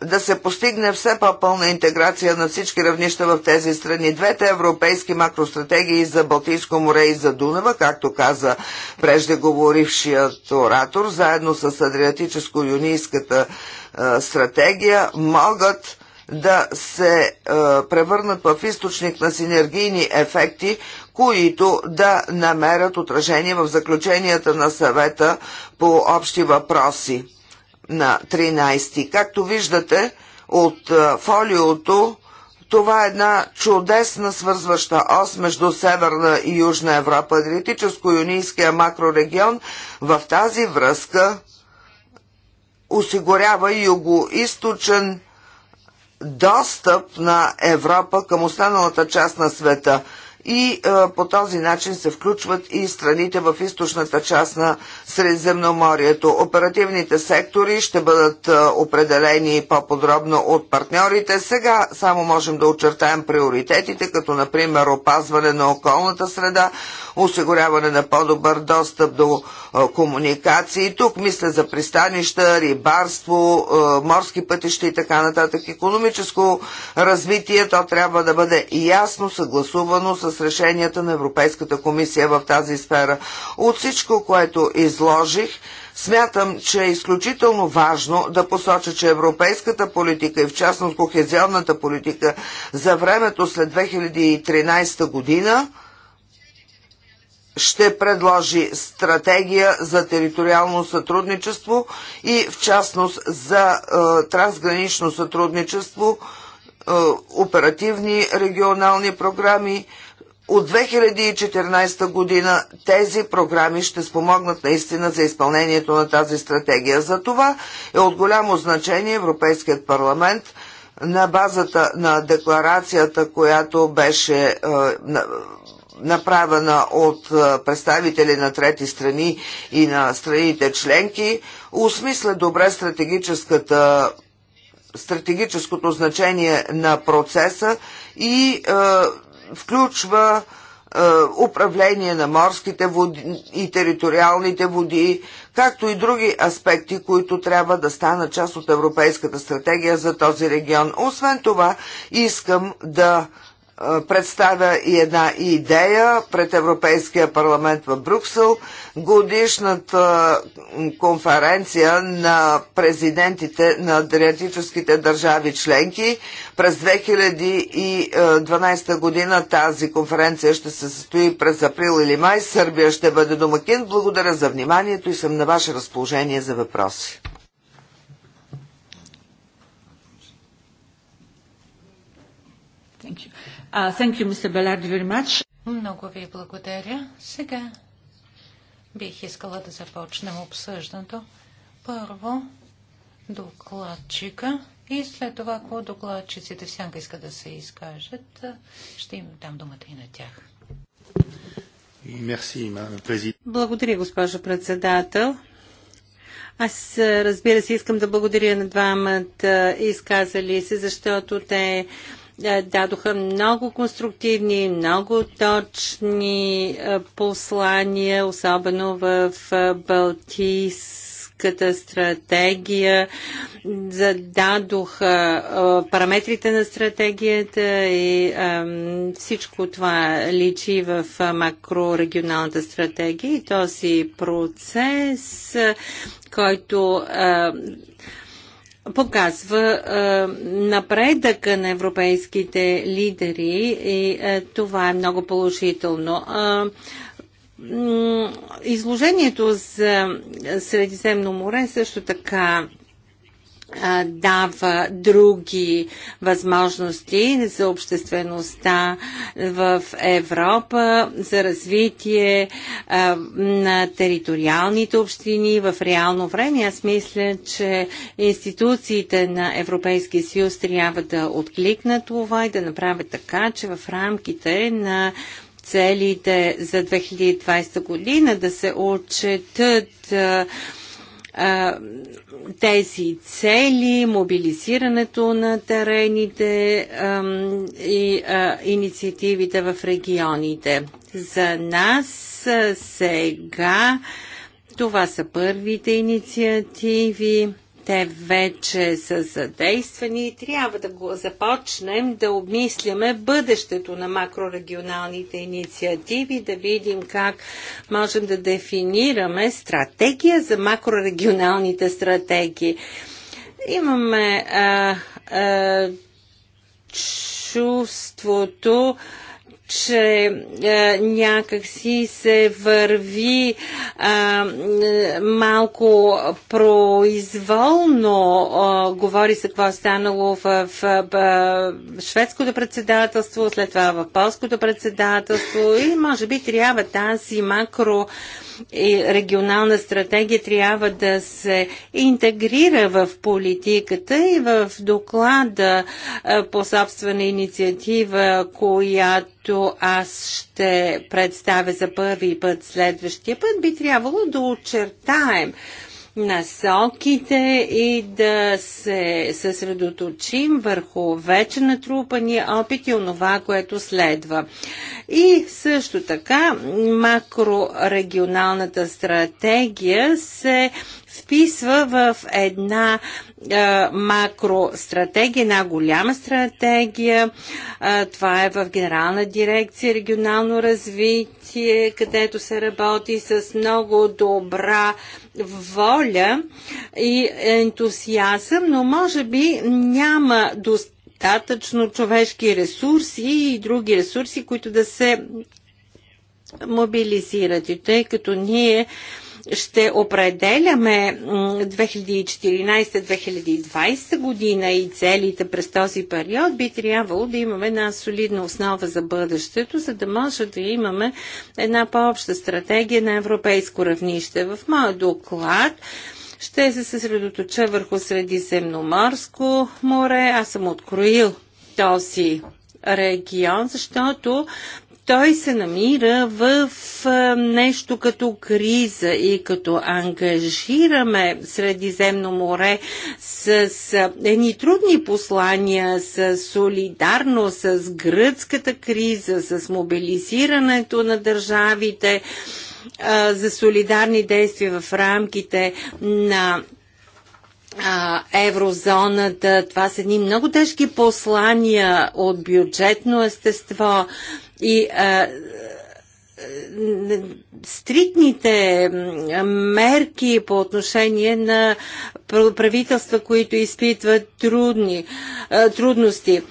да се постигне все по-пълна интеграция на всички равнища в тези страни. Двете европейски макростратегии за Балтийско море и за Дунава, както каза преждеговорившият оратор, заедно с Адриатическо-юнийската е, стратегия, могат да се е, превърнат в източник на синергийни ефекти, които да намерят отражение в заключенията на съвета по общи въпроси на 13. Както виждате от фолиото, това е една чудесна свързваща ос между Северна и Южна Европа, Адриатическо-юнийския макрорегион. В тази връзка осигурява юго-источен достъп на Европа към останалата част на света – и по този начин се включват и страните в източната част на Средиземноморието. Оперативните сектори ще бъдат определени по-подробно от партньорите. Сега само можем да очертаем приоритетите, като например опазване на околната среда, осигуряване на по-добър достъп до комуникации. Тук мисля за пристанища, рибарство, морски пътища и така нататък. Економическо развитие, то трябва да бъде ясно съгласувано с с решенията на Европейската комисия в тази сфера. От всичко, което изложих, Смятам, че е изключително важно да посоча, че европейската политика и в частност кохезионната политика за времето след 2013 година ще предложи стратегия за териториално сътрудничество и в частност за е, трансгранично сътрудничество, е, оперативни регионални програми, от 2014 година тези програми ще спомогнат наистина за изпълнението на тази стратегия. За това е от голямо значение Европейският парламент на базата на декларацията, която беше е, направена от е, представители на трети страни и на страните членки, осмисля добре стратегическата стратегическото значение на процеса и е, включва е, управление на морските води и териториалните води, както и други аспекти, които трябва да станат част от Европейската стратегия за този регион. Освен това, искам да представя и една идея пред Европейския парламент в Брюксел. Годишната конференция на президентите на адриатическите държави членки през 2012 е, година тази конференция ще се състои през април или май. Сърбия ще бъде домакин. Благодаря за вниманието и съм на ваше разположение за въпроси. Thank you. Uh, thank you, Mr. very much. Много ви благодаря. Сега бих искала да започнем обсъждането. Първо докладчика и след това, ако докладчиците сянка искат да се изкажат, ще им дам думата и на тях. Благодаря, госпожо председател. Аз, разбира се, искам да благодаря на двамата изказали се, защото те е, дадоха много конструктивни, много точни е, послания, особено в е, Балтийската стратегия. Зададоха параметрите на стратегията и всичко това личи в макрорегионалната стратегия и този процес който показва е, напредъка на европейските лидери и е, това е много положително. Е, изложението за Средиземно море също така дава други възможности за обществеността в Европа, за развитие на териториалните общини в реално време. Аз мисля, че институциите на Европейския съюз трябва да откликнат това и да направят така, че в рамките на целите за 2020 година да се отчетат тези цели, мобилизирането на терените и инициативите в регионите. За нас сега това са първите инициативи те вече са задействани и трябва да го започнем да обмисляме бъдещето на макрорегионалните инициативи, да видим как можем да дефинираме стратегия за макрорегионалните стратегии. Имаме а, а, чувството, че е, някакси се върви е, малко произволно. Е, говори се какво е станало в, в, в е, шведското председателство, след това в полското председателство и може би трябва тази макро и регионална стратегия трябва да се интегрира в политиката и в доклада по собствена инициатива, която аз ще представя за първи път следващия път, би трябвало да очертаем насоките и да се съсредоточим върху вече натрупания опит и онова, което следва. И също така макрорегионалната стратегия се вписва в една е, макростратегия, една голяма стратегия. Е, това е в Генерална дирекция регионално развитие, където се работи с много добра воля и ентусиазъм, но може би няма достатъчно човешки ресурси и други ресурси, които да се мобилизират. И тъй като ние ще определяме 2014-2020 година и целите през този период, би трябвало да имаме една солидна основа за бъдещето, за да може да имаме една по-обща стратегия на европейско равнище. В моя доклад ще се съсредоточа върху Средиземноморско море. Аз съм откроил този регион, защото той се намира в нещо като криза и като ангажираме Средиземно море с едни трудни послания, с солидарност, с гръцката криза, с мобилизирането на държавите, за солидарни действия в рамките на еврозоната. Това са едни много тежки послания от бюджетно естество. И а, е, стритните мерки по отношение на правителства, които изпитват трудни, трудности.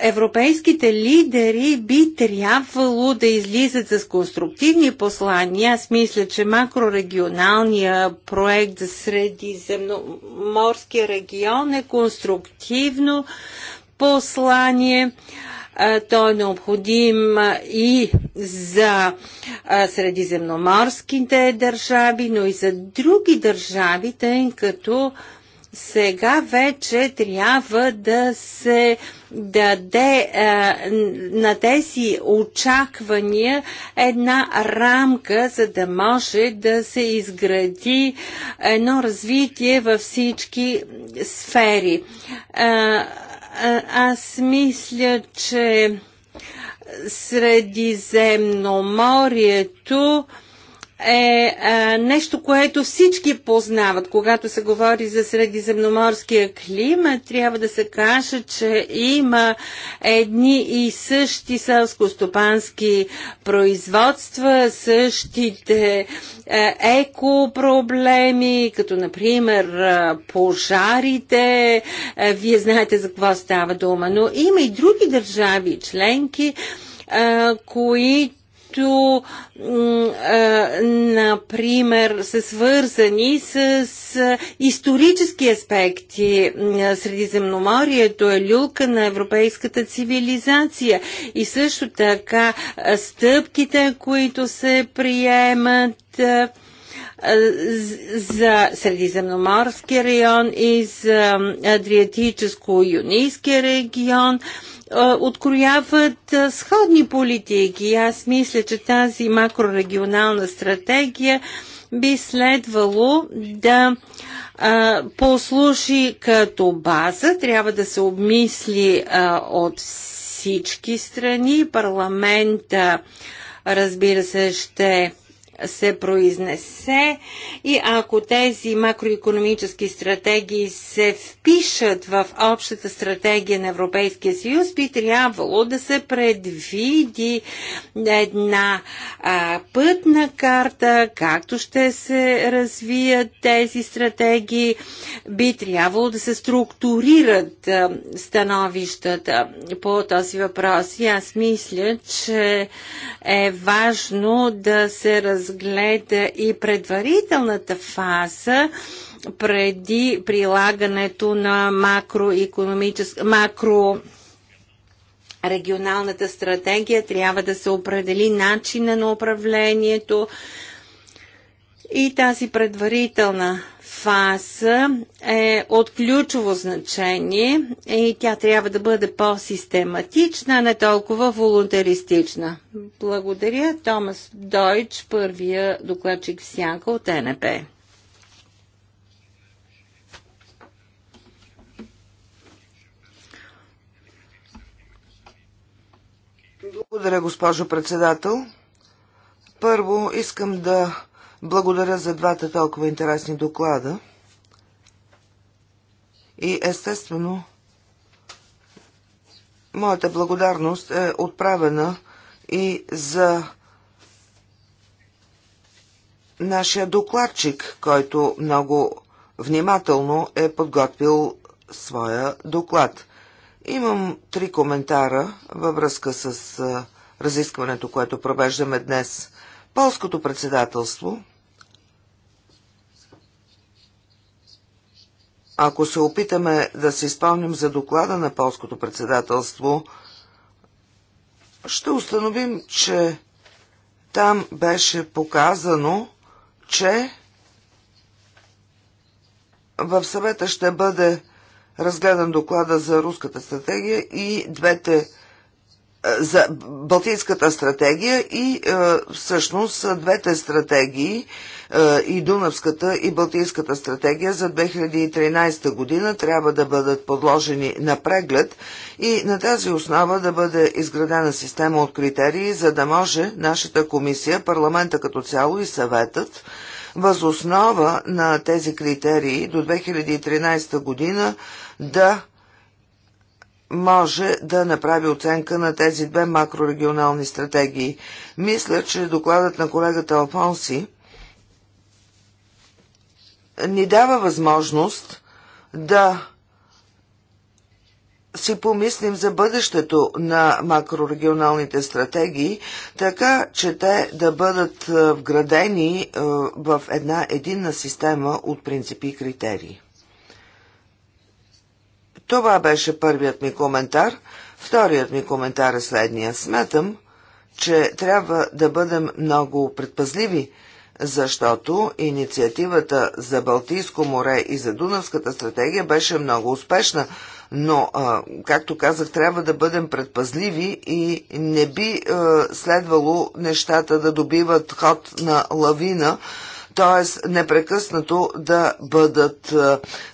Европейските лидери би трябвало да излизат с конструктивни послания. Аз мисля, че макрорегионалния проект за средиземноморския регион е конструктивно послание. Той е необходим и за средиземноморските държави, но и за други държави, тъй като сега вече трябва да се даде а, на тези очаквания една рамка, за да може да се изгради едно развитие във всички сфери. А, аз мисля, че Средиземноморието е а, е, нещо, което всички познават. Когато се говори за средиземноморския климат, трябва да се каже, че има едни и същи селско-стопански производства, същите е, екопроблеми, като например е, пожарите. вие знаете за какво става дума. Но има и други държави членки, които които, например, са свързани с исторически аспекти. Средиземноморието е люлка на европейската цивилизация и също така стъпките, които се приемат за Средиземноморския район и за Адриатическо-Юнийския регион – открояват сходни политики. Аз мисля, че тази макрорегионална стратегия би следвало да а, послужи като база. Трябва да се обмисли а, от всички страни. Парламента, разбира се, ще се произнесе и ако тези макроекономически стратегии се впишат в общата стратегия на Европейския съюз, би трябвало да се предвиди една а, пътна карта, както ще се развият тези стратегии, би трябвало да се структурират а, становищата по този въпрос. И аз мисля, че е важно да се раз разгледа и предварителната фаза преди прилагането на макро регионалната стратегия трябва да се определи начина на управлението, и тази предварителна фаза е от ключово значение и тя трябва да бъде по-систематична, не толкова волонтеристична. Благодаря. Томас Дойч, първия докладчик в сянка от НП. Благодаря, госпожо председател. Първо искам да благодаря за двата толкова интересни доклада. И естествено, моята благодарност е отправена и за нашия докладчик, който много внимателно е подготвил своя доклад. Имам три коментара във връзка с разискването, което провеждаме днес. Полското председателство Ако се опитаме да се изпълним за доклада на полското председателство, ще установим, че там беше показано, че в съвета ще бъде разгледан доклада за руската стратегия и двете е, за Балтийската стратегия и е, всъщност двете стратегии е, и Дунавската и Балтийската стратегия за 2013 година трябва да бъдат подложени на преглед и на тази основа да бъде изградена система от критерии, за да може нашата комисия, парламента като цяло и съветът възоснова на тези критерии до 2013 година да може да направи оценка на тези две макрорегионални стратегии. Мисля, че докладът на колегата Алфонси ни дава възможност да си помислим за бъдещето на макрорегионалните стратегии, така че те да бъдат вградени в една единна система от принципи и критерии. Това беше първият ми коментар. Вторият ми коментар е следния. Смятам, че трябва да бъдем много предпазливи, защото инициативата за Балтийско море и за Дунавската стратегия беше много успешна, но, както казах, трябва да бъдем предпазливи и не би следвало нещата да добиват ход на лавина, т.е. непрекъснато да бъдат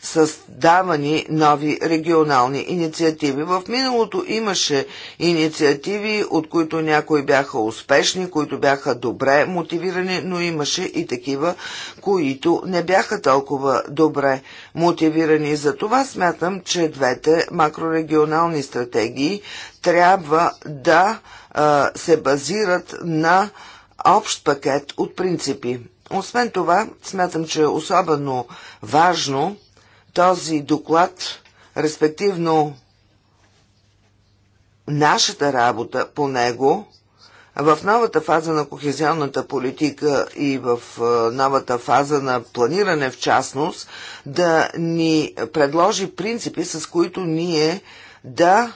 създавани нови регионални инициативи. В миналото имаше инициативи, от които някои бяха успешни, които бяха добре мотивирани, но имаше и такива, които не бяха толкова добре мотивирани. За това смятам, че двете макрорегионални стратегии трябва да се базират на общ пакет от принципи. Освен това, смятам, че е особено важно този доклад, респективно нашата работа по него, в новата фаза на кохезионната политика и в е, новата фаза на планиране в частност, да ни предложи принципи, с които ние да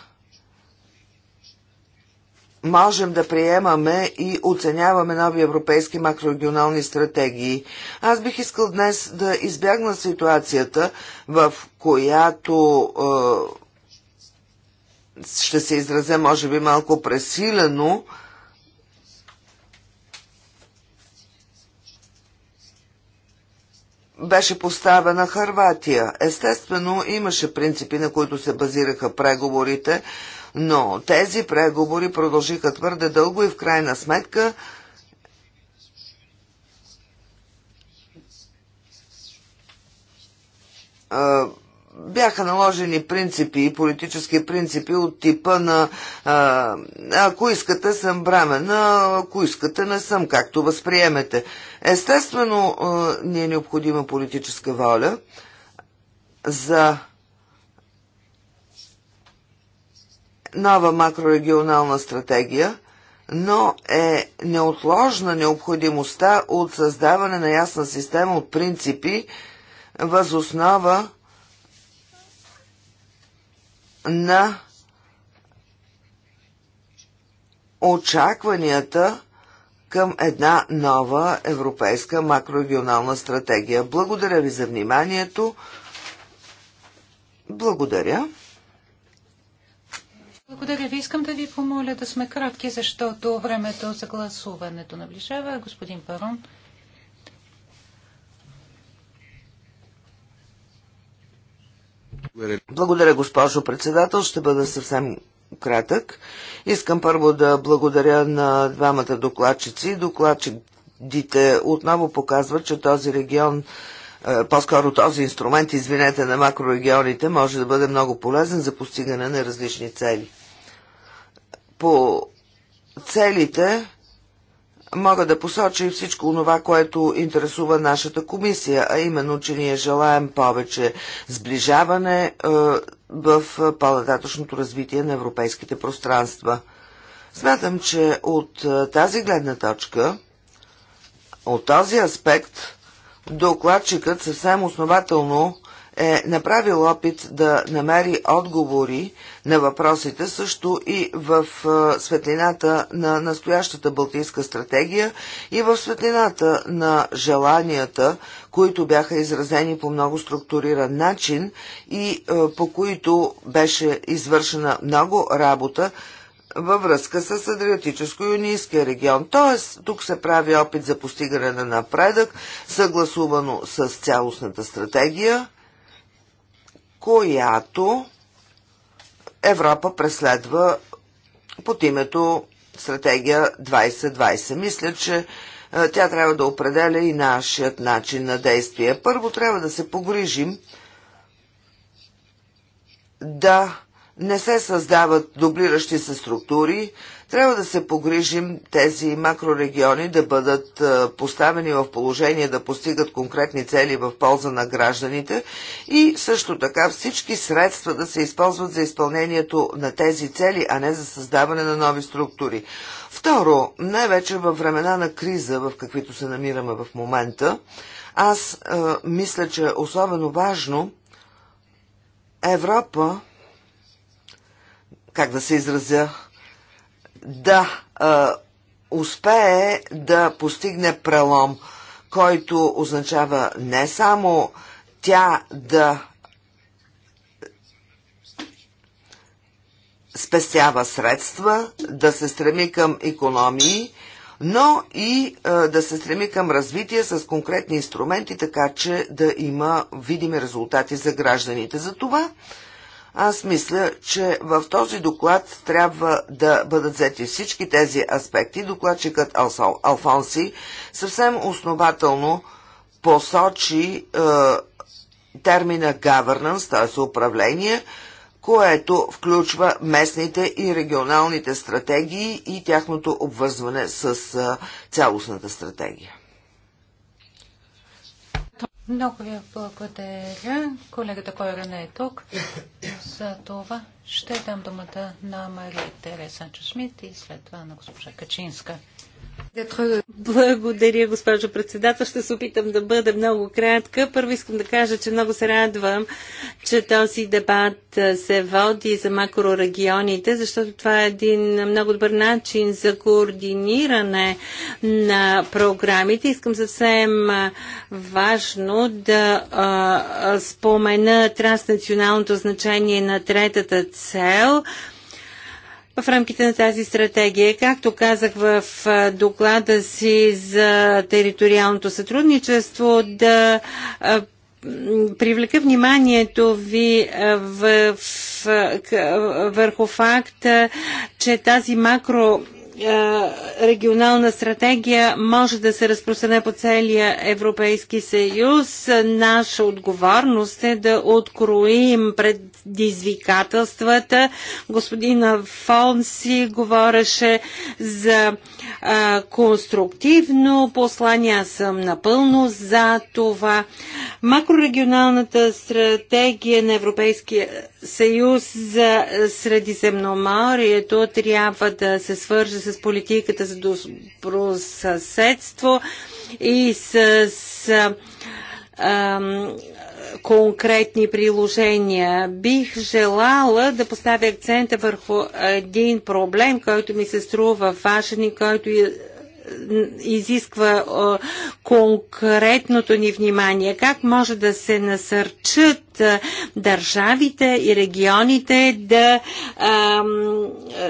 можем да приемаме и оценяваме нови европейски макрорегионални стратегии. Аз бих искал днес да избягна ситуацията, в която е, ще се изразя, може би, малко пресилено, беше поставена Харватия. Естествено, имаше принципи, на които се базираха преговорите, но тези преговори продължиха твърде дълго и в крайна сметка а, бяха наложени принципи и политически принципи от типа на а, ако искате съм бремена, ако искате не съм, както възприемете. Естествено, а, ни е необходима политическа воля за нова макрорегионална стратегия, но е неотложна необходимостта от създаване на ясна система от принципи, възоснова на очакванията към една нова европейска макрорегионална стратегия. Благодаря ви за вниманието. Благодаря. Благодаря ви. Искам да ви помоля да сме кратки, защото времето за гласуването наближава. Господин Парон. Благодаря, госпожо председател. Ще бъда съвсем кратък. Искам първо да благодаря на двамата докладчици. Докладчиците отново показват, че този регион е, по-скоро този инструмент, извинете, на макрорегионите, може да бъде много полезен за постигане на различни цели. По целите мога да посоча и всичко това, което интересува нашата комисия, а именно, че ние желаем повече сближаване е, в по-нататъчното развитие на европейските пространства. Смятам, че от е, тази гледна точка, от този аспект, докладчикът съвсем основателно е направил опит да намери отговори на въпросите също и в светлината на настоящата Балтийска стратегия и в светлината на желанията, които бяха изразени по много структуриран начин и по които беше извършена много работа във връзка с Адриатическо-юнийския регион. Т.е. тук се прави опит за постигане на напредък, съгласувано с цялостната стратегия, която Европа преследва под името стратегия 2020. Мисля, че тя трябва да определя и нашият начин на действие. Първо трябва да се погрижим да не се създават дублиращи се структури, трябва да се погрижим тези макрорегиони да бъдат е, поставени в положение да постигат конкретни цели в полза на гражданите и също така всички средства да се използват за изпълнението на тези цели, а не за създаване на нови структури. Второ, най-вече във времена на криза, в каквито се намираме в момента, аз е, мисля, че е особено важно Европа как да се изразя, да а, успее да постигне прелом, който означава не само тя да спестява средства, да се стреми към економии, но и а, да се стреми към развитие с конкретни инструменти, така че да има видими резултати за гражданите. За това аз мисля, че в този доклад трябва да бъдат взети всички тези аспекти. Докладчикът Алфонси съвсем основателно посочи е, термина governance, т.е. управление, което включва местните и регионалните стратегии и тяхното обвързване с е, цялостната стратегия. Много ви благодаря. Колегата Койра не е тук. За това ще дам думата на Мария Тереса Чешмит и след това на госпожа Качинска. Благодаря, госпожо председател. Ще се опитам да бъда много кратка. Първо искам да кажа, че много се радвам, че този дебат се води за макрорегионите, защото това е един много добър начин за координиране на програмите. Искам съвсем важно да а, спомена транснационалното значение на третата цел – в рамките на тази стратегия. Както казах в доклада си за териториалното сътрудничество, да привлека вниманието ви в, в, върху факта, че тази макро е, регионална стратегия може да се разпростране по целия Европейски съюз. Наша отговорност е да откроим предизвикателствата. Господин Фонси говореше за а, е, конструктивно послание. Аз съм напълно за това. Макрорегионалната стратегия на Европейския съюз за Средиземноморието трябва да се свърже с политиката за добросъседство и с конкретни приложения. Бих желала да поставя акцента върху един проблем, който ми се струва важен и който изисква конкретното ни внимание. Как може да се насърчат държавите и регионите да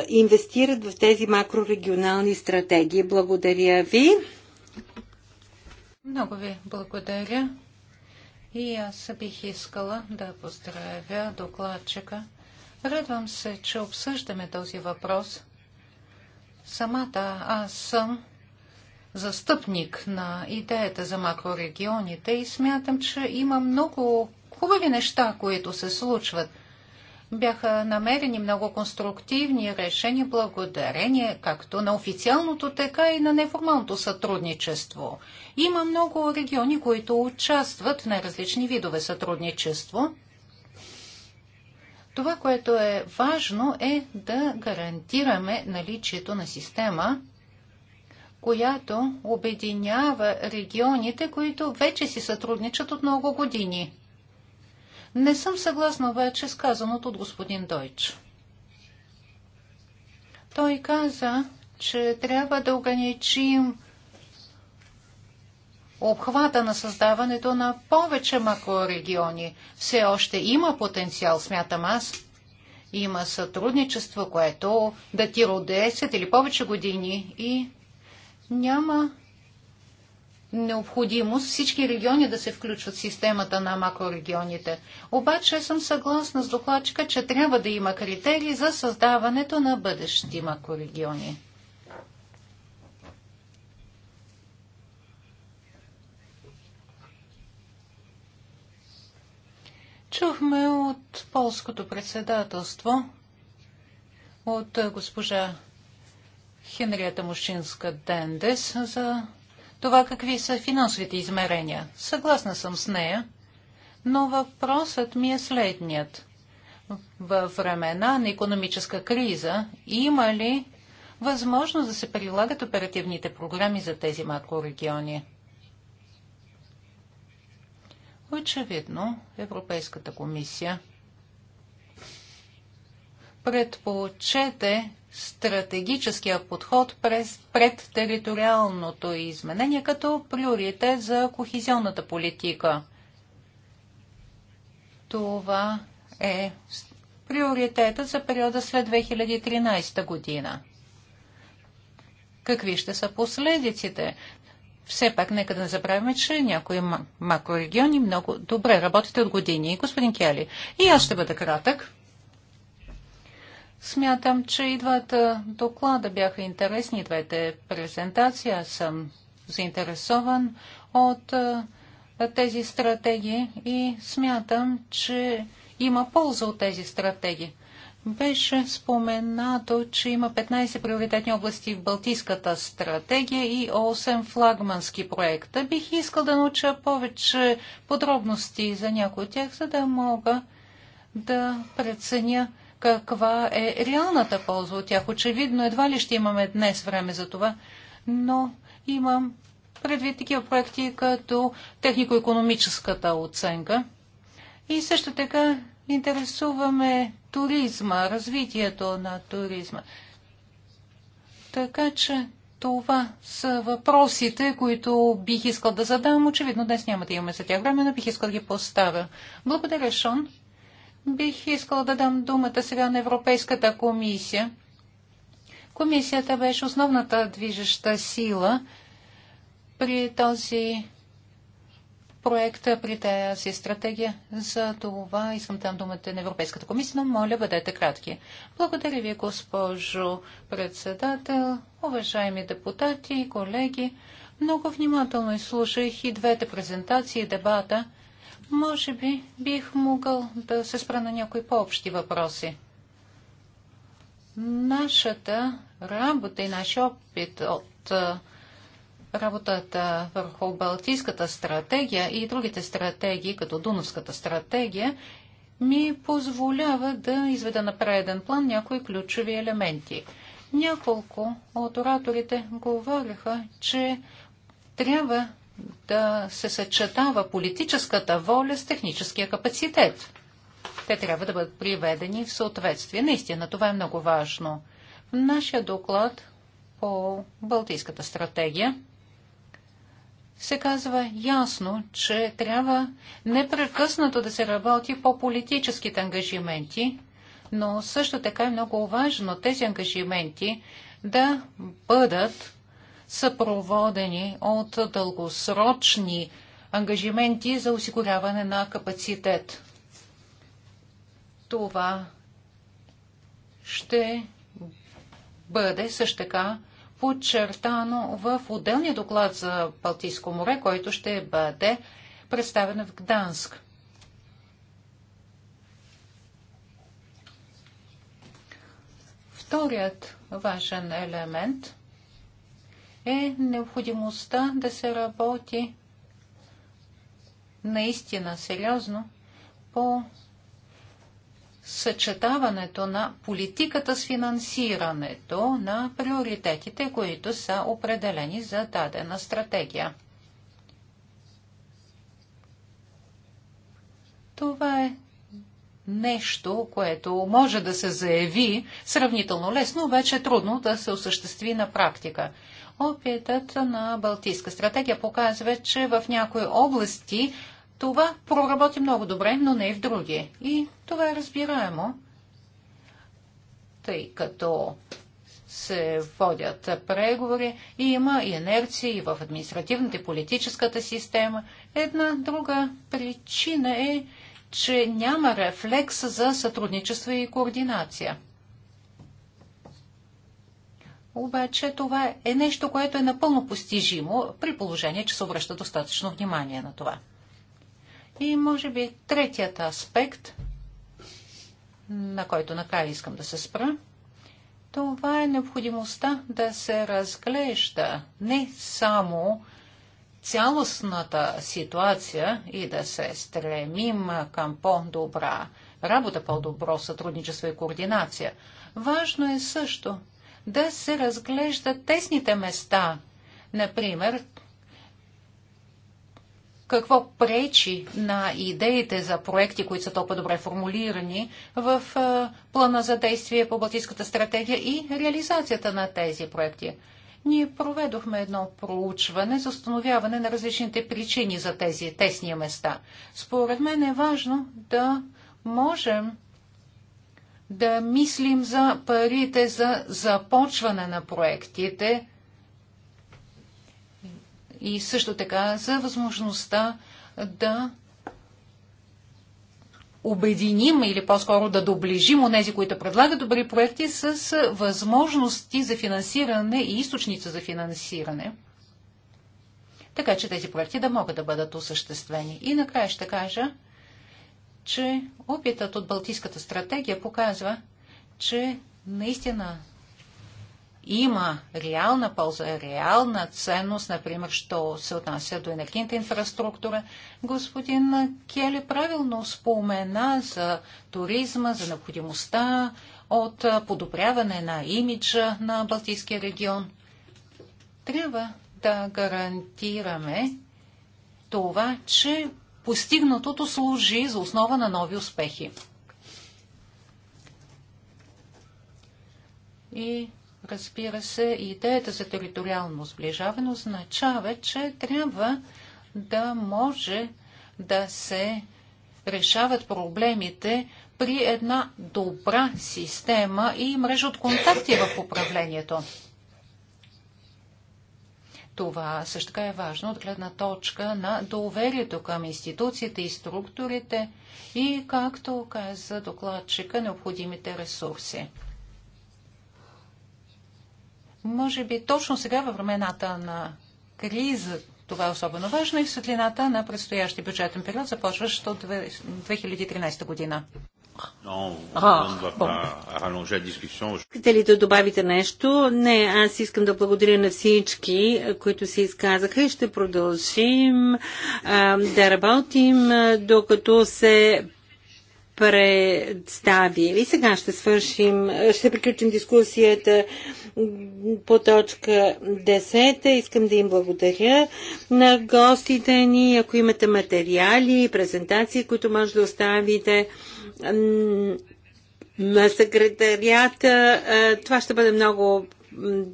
инвестират в тези макрорегионални стратегии? Благодаря ви. Много ви благодаря. И аз бих искала да поздравя докладчика. Радвам се, че обсъждаме този въпрос. Самата аз съм застъпник на идеята за макрорегионите и смятам, че има много хубави неща, които се случват. Бяха намерени много конструктивни решения благодарение както на официалното, така и на неформалното сътрудничество. Има много региони, които участват в най-различни видове сътрудничество. Това, което е важно, е да гарантираме наличието на система – която обединява регионите, които вече си сътрудничат от много години. Не съм съгласна вече с казаното от господин Дойч. Той каза, че трябва да ограничим обхвата на създаването на повече макрорегиони. Все още има потенциал, смятам аз. Има сътрудничество, което датира от 10 или повече години и няма необходимост всички региони да се включват в системата на макрорегионите. Обаче съм съгласна с докладчика, че трябва да има критерии за създаването на бъдещи макрорегиони. Чухме от полското председателство, от госпожа Хенриета Мушинска Дендес за това какви са финансовите измерения. Съгласна съм с нея, но въпросът ми е следният. Във времена на економическа криза има ли възможност да се прилагат оперативните програми за тези макрорегиони? Очевидно, Европейската комисия предпочете стратегическия подход през, пред териториалното изменение като приоритет за кохизионната политика. Това е приоритетът за периода след 2013 година. Какви ще са последиците? Все пак нека да не забравяме, че някои макрорегиони много добре работят от години. Господин Кели, и аз ще бъда кратък. Смятам, че и двата доклада бяха интересни, двете презентации. Аз съм заинтересован от тези стратегии и смятам, че има полза от тези стратегии. Беше споменато, че има 15 приоритетни области в Балтийската стратегия и 8 флагмански проекта. Бих искал да науча повече подробности за някои от тях, за да мога да преценя каква е реалната полза от тях. Очевидно, едва ли ще имаме днес време за това, но имам предвид такива проекти като технико-економическата оценка. И също така интересуваме туризма, развитието на туризма. Така че това са въпросите, които бих искал да задам. Очевидно днес няма да имаме за тях време, но бих искал да ги поставя. Благодаря, Шон. Бих искал да дам думата сега на Европейската комисия. Комисията беше основната движеща сила при този проект, при тази стратегия. За това искам там думата на Европейската комисия, но моля бъдете кратки. Благодаря ви, госпожо председател, уважаеми депутати и колеги. Много внимателно изслушах и двете презентации и дебата. Може би бих могъл да се спра на някои по-общи въпроси. Нашата работа и нашия опит от работата върху Балтийската стратегия и другите стратегии, като Дунавската стратегия, ми позволява да изведа на преден план някои ключови елементи. Няколко от ораторите говориха, че трябва да се съчетава политическата воля с техническия капацитет. Те трябва да бъдат приведени в съответствие. Наистина, това е много важно. В нашия доклад по Балтийската стратегия се казва ясно, че трябва непрекъснато да се работи по политическите ангажименти, но също така е много важно тези ангажименти да бъдат съпроводени от дългосрочни ангажименти за осигуряване на капацитет. Това ще бъде също така подчертано в отделния доклад за Балтийско море, който ще бъде представен в Гданск. Вторият важен елемент е необходимостта да се работи наистина сериозно по съчетаването на политиката с финансирането на приоритетите, които са определени за дадена стратегия. Това е нещо, което може да се заяви сравнително лесно, обаче трудно да се осъществи на практика. Опитът на Балтийска стратегия показва, че в някои области това проработи много добре, но не и в други. И това е разбираемо, тъй като се водят преговори и има и инерции в административната и политическата система. Една друга причина е, че няма рефлекс за сътрудничество и координация. Обаче това е нещо, което е напълно постижимо, при положение, че се обръща достатъчно внимание на това. И може би третият аспект, на който накрая искам да се спра, това е необходимостта да се разглежда не само цялостната ситуация и да се стремим към по-добра работа, по-добро сътрудничество и координация. Важно е също да се разглеждат тесните места. Например, какво пречи на идеите за проекти, които са толкова добре формулирани в плана за действие по Балтийската стратегия и реализацията на тези проекти. Ние проведохме едно проучване за установяване на различните причини за тези тесни места. Според мен е важно да можем да мислим за парите за започване на проектите и също така за възможността да обединим или по-скоро да доближим нези, които предлагат добри проекти с възможности за финансиране и източница за финансиране, така че тези проекти да могат да бъдат осъществени. И накрая ще кажа, че опитът от Балтийската стратегия показва, че наистина има реална полза, реална ценност, например, що се отнася до енергийната инфраструктура. Господин Кели правилно спомена за туризма, за необходимостта от подобряване на имиджа на Балтийския регион. Трябва да гарантираме това, че постигнатото служи за основа на нови успехи. И разбира се, идеята за териториално сближаване означава, че трябва да може да се решават проблемите при една добра система и мрежа от контакти в управлението. Това също така е важно от гледна точка на доверието към институциите и структурите и, както каза докладчика, необходимите ресурси. Може би точно сега във времената на криза това е особено важно и в светлината на предстоящия бюджетен период, започващ от 2013 година. Искате ли да добавите нещо? Не, аз искам да благодаря на всички, които се изказаха и ще продължим а, да работим, докато се представи. И сега ще свършим, ще приключим дискусията по точка 10. Искам да им благодаря на гостите ни. Ако имате материали презентации, които може да оставите, на секретарията. Е, това ще бъде много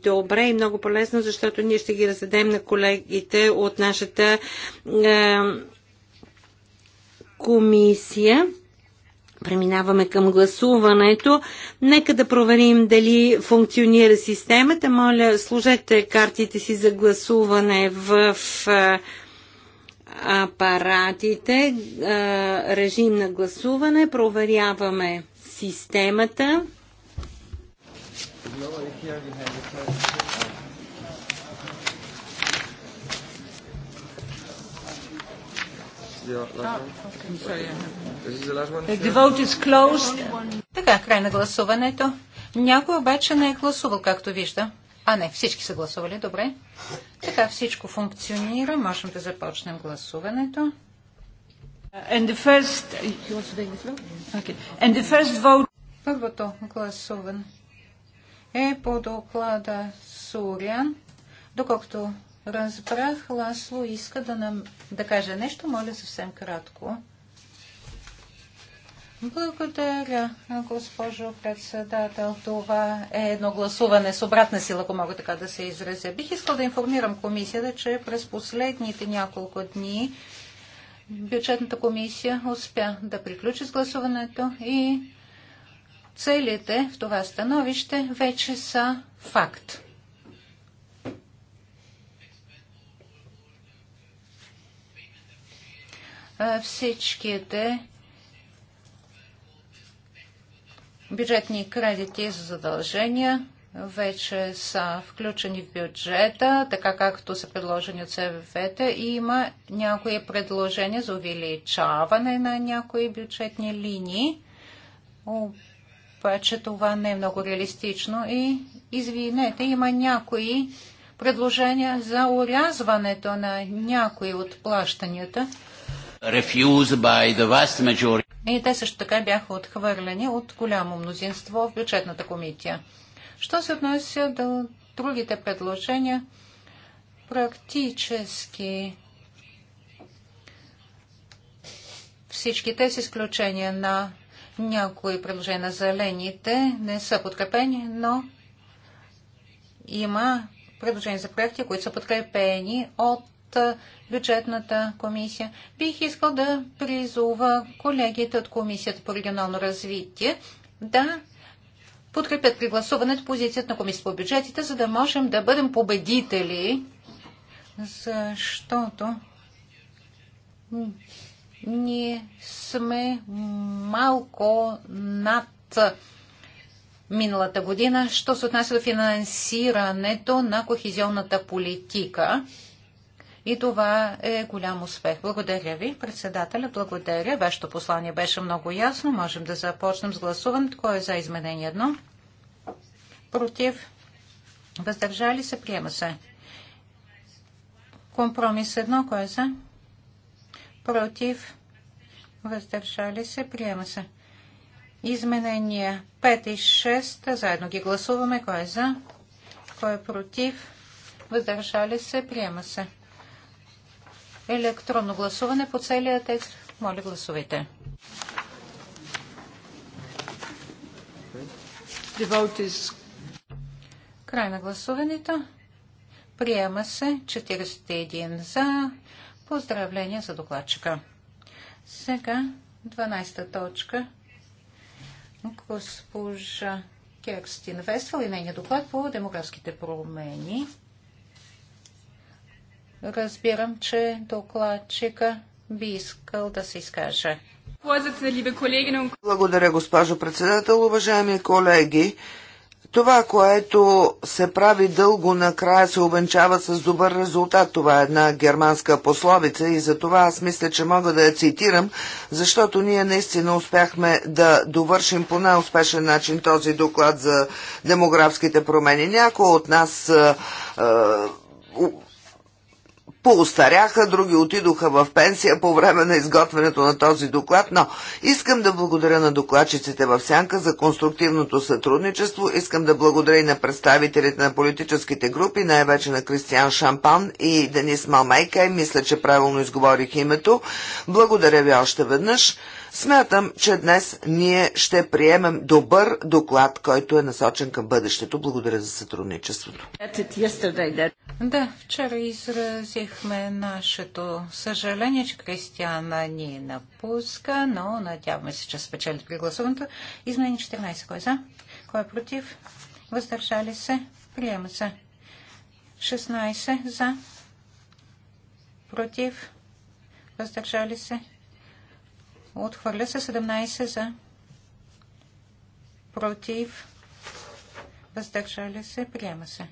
добре и много полезно, защото ние ще ги раздадем на колегите от нашата е, комисия. Преминаваме към гласуването. Нека да проверим дали функционира системата. Моля, служете картите си за гласуване в. Е, апаратите, режим на гласуване, проверяваме системата. Така, край на гласуването. Някой обаче не е гласувал, както вижда. А, не, всички са гласували, добре. Така всичко функционира. Можем да започнем гласуването. First... Okay. Vote... Първото гласуване е по доклада Сурян. Доколкото разбрах, Ласло иска да, нам... да каже нещо, моля съвсем кратко. Благодаря, госпожо председател. Това е едно гласуване с обратна сила, ако мога така да се изразя. Бих искал да информирам комисията, че през последните няколко дни бюджетната комисия успя да приключи с гласуването и целите в това становище вече са факт. Всичките Бюджетни кредити за задължения вече са включени в бюджета, така както са предложени от СВФ-та и има някои предложения за увеличаване на някои бюджетни линии. Обаче това не е много реалистично и извинете, има някои предложения за урязването на някои от плащанията. И те също така бяха отхвърлени от голямо мнозинство в бюджетната комисия. Що се отнася до другите предложения, практически всички тези, с изключение на някои предложения на зелените не са подкрепени, но има предложения за проекти, които са подкрепени от от бюджетната комисия. Бих искал да призова колегите от Комисията по регионално развитие да подкрепят при гласуването позицията на Комисията по бюджетите, за да можем да бъдем победители, защото ние сме малко над миналата година, що се отнася до финансирането на кохезионната политика. И това е голям успех. Благодаря ви, председателя. Благодаря. Вашето послание беше много ясно. Можем да започнем с гласуването. Кой е за изменение едно? Против? Въздържали се? Приема се. Компромис едно. Кой е за? Против? Въздържали се? Приема се. Изменения 5 и 6. Заедно ги гласуваме. Кой е за? Кой е против? Въздържали се? Приема се електронно гласуване по целия текст. Моля, гласувайте. Край на гласуването. Приема се 41 за. Поздравления за докладчика. Сега 12 та точка. Госпожа Керстин Вествал и нейният доклад по демографските промени. Разбирам, че докладчика би искал да се изкаже. Благодаря, госпожо председател. Уважаеми колеги, това, което се прави дълго, накрая се обенчава с добър резултат. Това е една германска пословица и за това аз мисля, че мога да я цитирам, защото ние наистина успяхме да довършим по най-успешен начин този доклад за демографските промени. Някои от нас е, е, поостаряха, други отидоха в пенсия по време на изготвянето на този доклад, но искам да благодаря на докладчиците в Сянка за конструктивното сътрудничество, искам да благодаря и на представителите на политическите групи, най-вече на Кристиан Шампан и Денис Малмейка, и мисля, че правилно изговорих името. Благодаря ви още веднъж. Смятам, че днес ние ще приемем добър доклад, който е насочен към бъдещето. Благодаря за сътрудничеството. Да, вчера изразихме нашето съжаление, че Кристиана ни напуска, но надяваме се, че спечели при гласуването. Измени 14. Кой е за? Кой е против? Въздържали се? Приема се. 16 за. Против? Въздържали се? Отхвърля се 17 за. Против. Въздържали се. Приема се.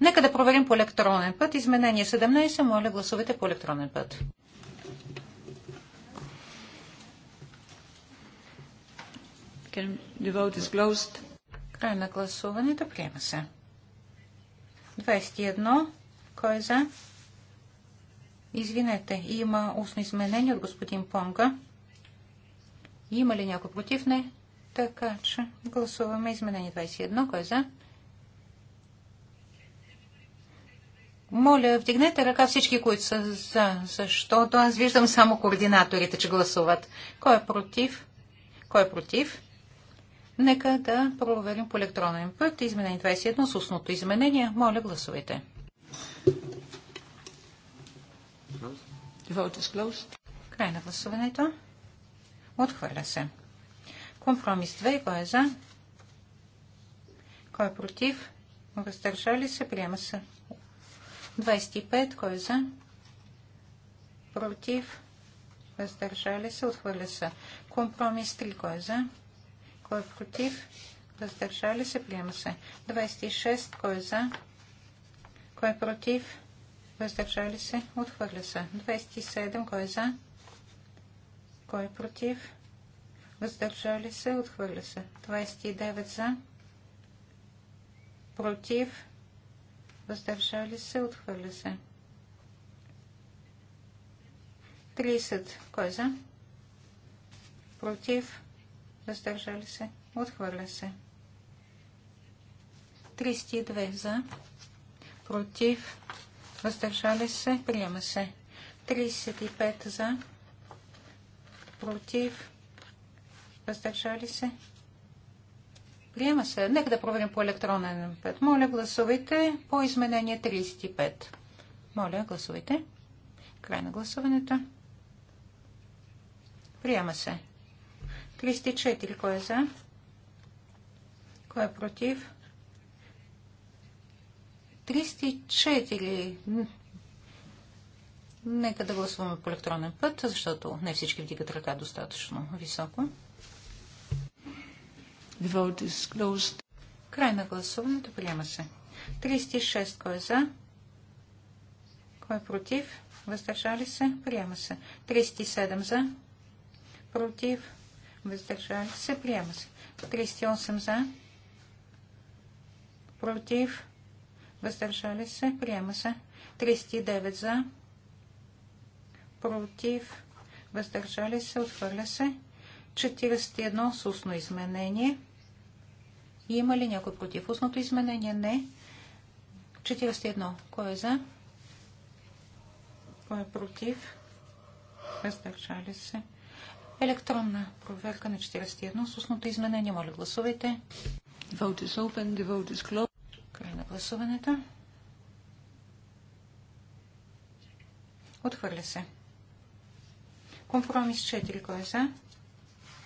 Нека да проверим по електронен път. Изменение 17. Моля, гласувайте по електронен път. Край на гласуването. Приема се. 21. Кой е за? Извинете, има устно изменение от господин Понга. Има ли някой против? Не. Така че гласуваме изменение 21. Кой е за? Моля, вдигнете ръка всички, които са за, защото аз виждам само координаторите, че гласуват. Кой е против? Кой е против? Нека да проверим по електронен път. Изменение 21 с устното изменение. Моля, гласувайте. Край на гласуването. Отхвърля се. Компромис 2. Кой е за? Кой е против? Въздържали се. Приема се. 25. Кой е за? Против. Въздържали се. Отхвърля се. Компромис 3. Кой е за? Кой е против? Въздържали се. Приема се. 26. Кой е за? Кой е против? Въздържали се. Отхвърля се. 27. Кой е за? Кой е против? Въздържали се, отхвърля се. 29 за. Против. Въздържали се, отхвърля се. 30. Кой е за? Против. Въздържали се. Отхвърля се. 32 за. Против. Въздържали се. Приема се. 35 за против, въздържали се. Приема се. Нека да проверим по електронен път. Моля, гласувайте по изменение 35. Моля, гласувайте. Край на гласуването. Приема се. 34. Кой е за? Кой е против? 34. Нека да гласуваме по електронен път, защото не всички вдигат ръка достатъчно високо. The vote is closed. Край на гласуването. Приема се. 36. Кой е за? Кой е против? Въздържали се? Приема се. 37 за? Против? Въздържали се? Приема се. 38 за? Против? Въздържали се? Приема се. 39 за? против, въздържали се, отхвърля се. 41 с устно изменение. Има ли някой против устното изменение? Не. 41. Кой е за? Кой е против? Въздържали се. Електронна проверка на 41 с устното изменение. Моля, гласувайте. Vote is open. The vote is closed. Край на гласуването. Отхвърля се. Компромис 4. Кой е за?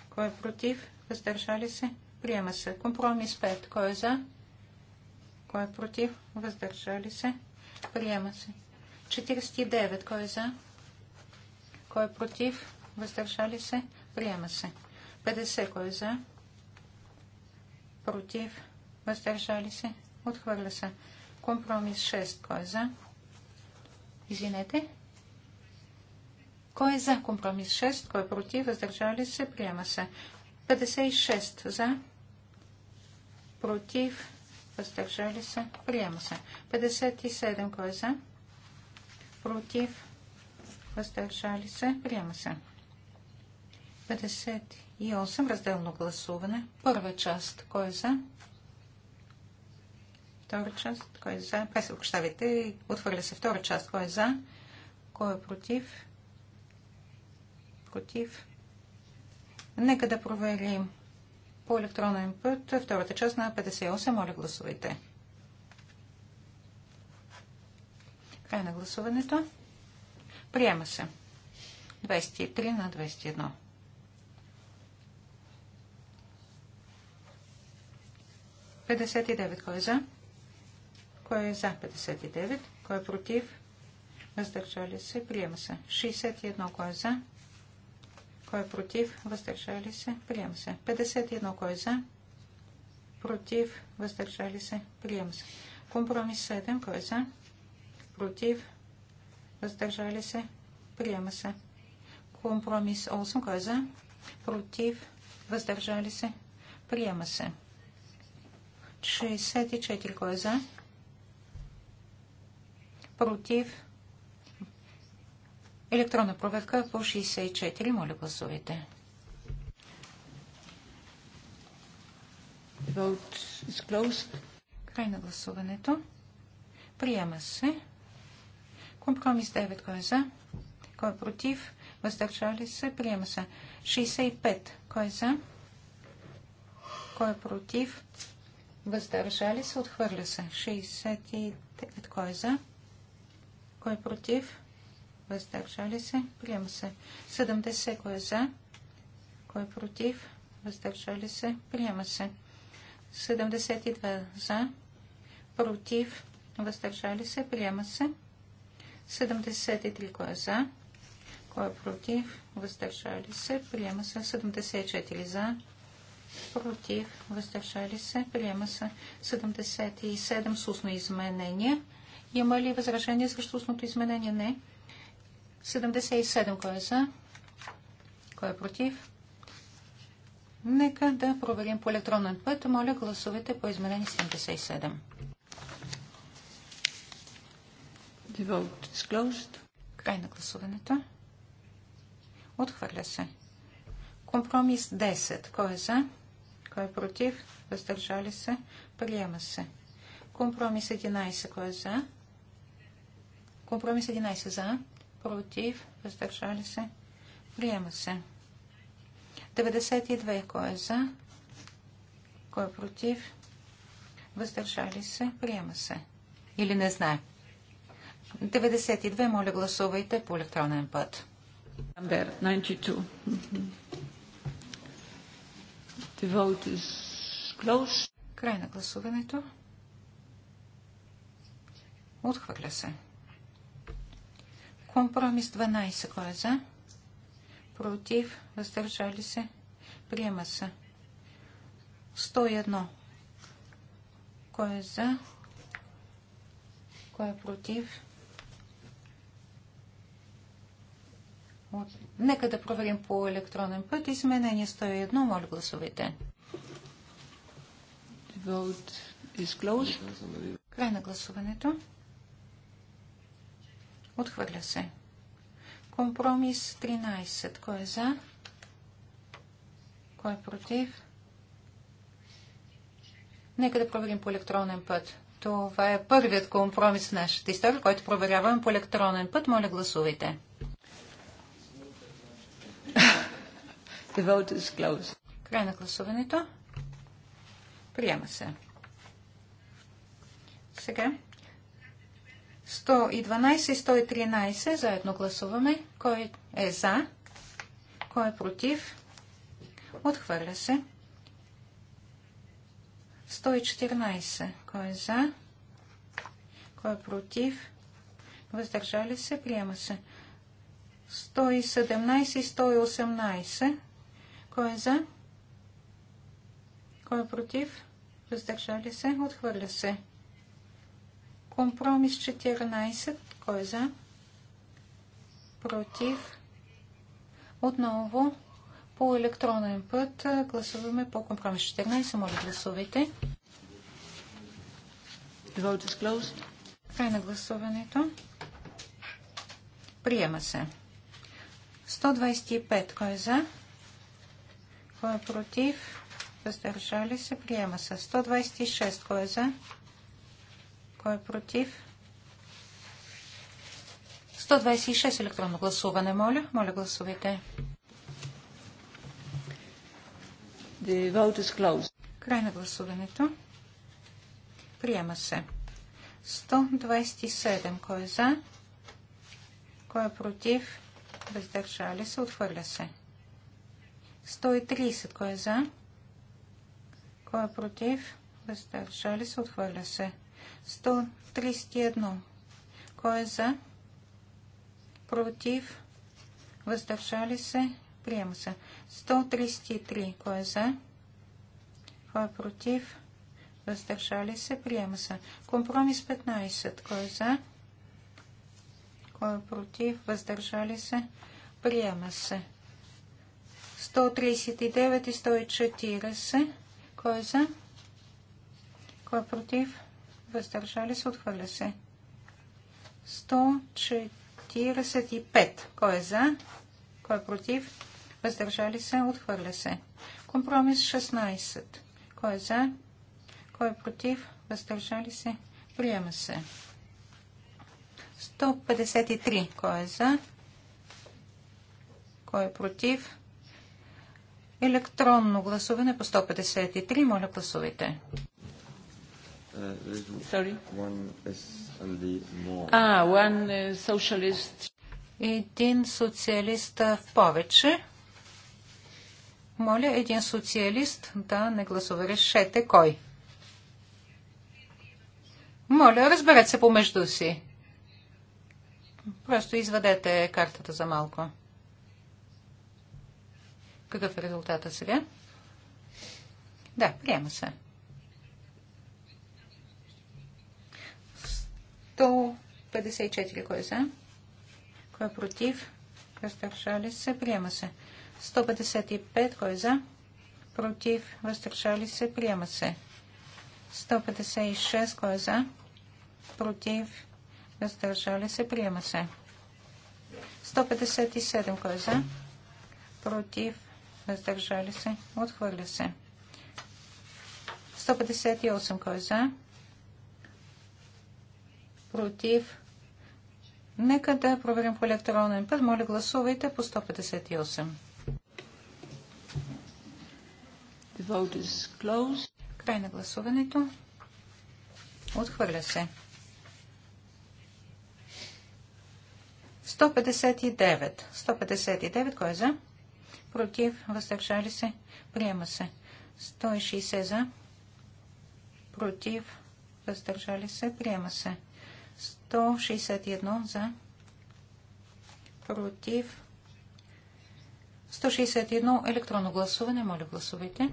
Кой е против? Въздържали се? Приема се. Компромис 5. Кой е за? Кой е против? Въздържали се? Приема се. 49. Кой е за? Кой е против? Въздържали се? Приема се. 50. Кой е за? Против? Въздържали се? Отхвърля се. Компромис 6. Кой е за? Извинете. Кой е за компромис 6? Кой е против? Въздържали се? Приема се. 56 за. Против? Въздържали се? Приема се. 57 кой е за? Против? Въздържали се? Приема се. 58 разделно гласуване. Първа част. Кой е за? Втора част. Кой е за? Пресъобщавайте. Отвърля се втора част. Кой е за? Кой е против? против. Нека да проверим по електронен път втората част на 58. Моля, гласувайте. Край на гласуването. Приема се. 23 на 21. 59, Кой е за? Кой е за 59? Кой е против? Въздържали се. Приема се. 61. Кой е за? Кой е против? Въздържали се. Приема се. 51. Кой е за? Против. Въздържали се. Приема се. Компромис 7. Кой е за? Против. Въздържали се. Приема се. Компромис 8. Кой е за? Против. Въздържали се. Приема се. 64. Кой е за? Против. Електронна проверка по 64. Моля, гласувайте. Край на гласуването. Приема се. Компромис 9. Кой е за? Кой е против? Въздържали се? Приема се. 65. Кой е за? Кой е против? Въздържали се? Отхвърля се. 69. Кой е за? Кой е против? въздържали се, приема се. 70, кой е за, кой е против, въздържали се, приема се. 72 за, против, въздържали се, приема се. 73 кой е за, кой е против, въздържали се, приема се. 74 за, против, въздържали се, приема се. 77 с устно изменение. Има ли възражение срещу устното изменение? Не. 77. Кой е за? Кой е против? Нека да проверим по електронен път. Моля, гласувайте по изменение 77. The vote is closed. Край на гласуването. Отхвърля се. Компромис 10. Кой е за? Кой е против? Въздържали се? Приема се. Компромис 11. Кой е за? Компромис 11 за против, въздържали се, приема се. 92. Кой е за? Кой е против? Въздържали се, приема се. Или не знае. 92. Моля, гласувайте по електронен път. 92. The vote is Край на гласуването. Отхвърля се. Компромис 12. Кой е за? Против. Въздържали се. Приема се. 101. Кой е за? Кой е против? Нека да проверим по електронен път. Изменение 101. Моля гласувайте. Край на гласуването. Отхвърля се. Компромис 13. Кой е за? Кой е против? Нека да проверим по електронен път. Това е първият компромис в нашата история, който проверяваме по електронен път. Моля, гласувайте. The vote is closed. Край на гласуването. Приема се. Сега 112 и 113 заедно гласуваме. Кой е за? Кой е против? Отхвърля се. 114. Кой е за? Кой е против? Въздържали се? Приема се. 117 и 118. Кой е за? Кой е против? Въздържали се? Отхвърля се. Компромис 14. Кой е за? Против. Отново по електронен път гласуваме по компромис 14. Моля, гласувайте. The vote is closed. Край на гласуването. Приема се. 125. Кой е за? Кой е против? Въздържали се. Приема се. 126. Кой е за? Кой е против? 126 електронно гласуване, моля. Моля, гласувайте. The vote is closed. Край на гласуването. Приема се. 127. Кой е за? Кой е против? Въздържали се. Отхвърля се. 130. Кой е за? Кой е против? Въздържали се. Отхвърля се. 131. Кой е за? Против? Въздържали се? Приема се. 133. Кой е за? Кой е против? Въздържали се? Приема се. Компромис 15. Кой е за? Кой е против? Въздържали се? Приема се. 139 и 140. Кой е за? Кой е против? въздържали се, отхвърля се. 145. Кой е за? Кой е против? Въздържали се, отхвърля се. Компромис 16. Кой е за? Кой е против? Въздържали се, приема се. 153. Кой е за? Кой е против? Електронно гласуване по 153. Моля, гласувайте. А, uh, Sorry? One is more. Ah, one uh, socialist. Един социалист в повече. Моля, един социалист да не гласува. Решете кой. Моля, разберете се помежду си. Просто извадете картата за малко. Какъв е резултата сега? Да, приема се. 154. Кой е за? Кой е против? Въздържали се. Приема се. 155. Кой е за? Против. Въздържали се. Приема се. 156. Кой е за? Против. Въздържали се. Приема се. 157. Кой е за? Против. Въздържали се. Отхвърля се. 158. Кой е за? против. Нека да проверим по електронен път. Моля, гласувайте по 158. The vote is closed. Край на гласуването. Отхвърля се. 159. 159. Кой е за? Против. Въздържали се. Приема се. 160 за. Против. Въздържали се. Приема се. 161 за, против. 161 електронно гласуване. Моля, гласувайте.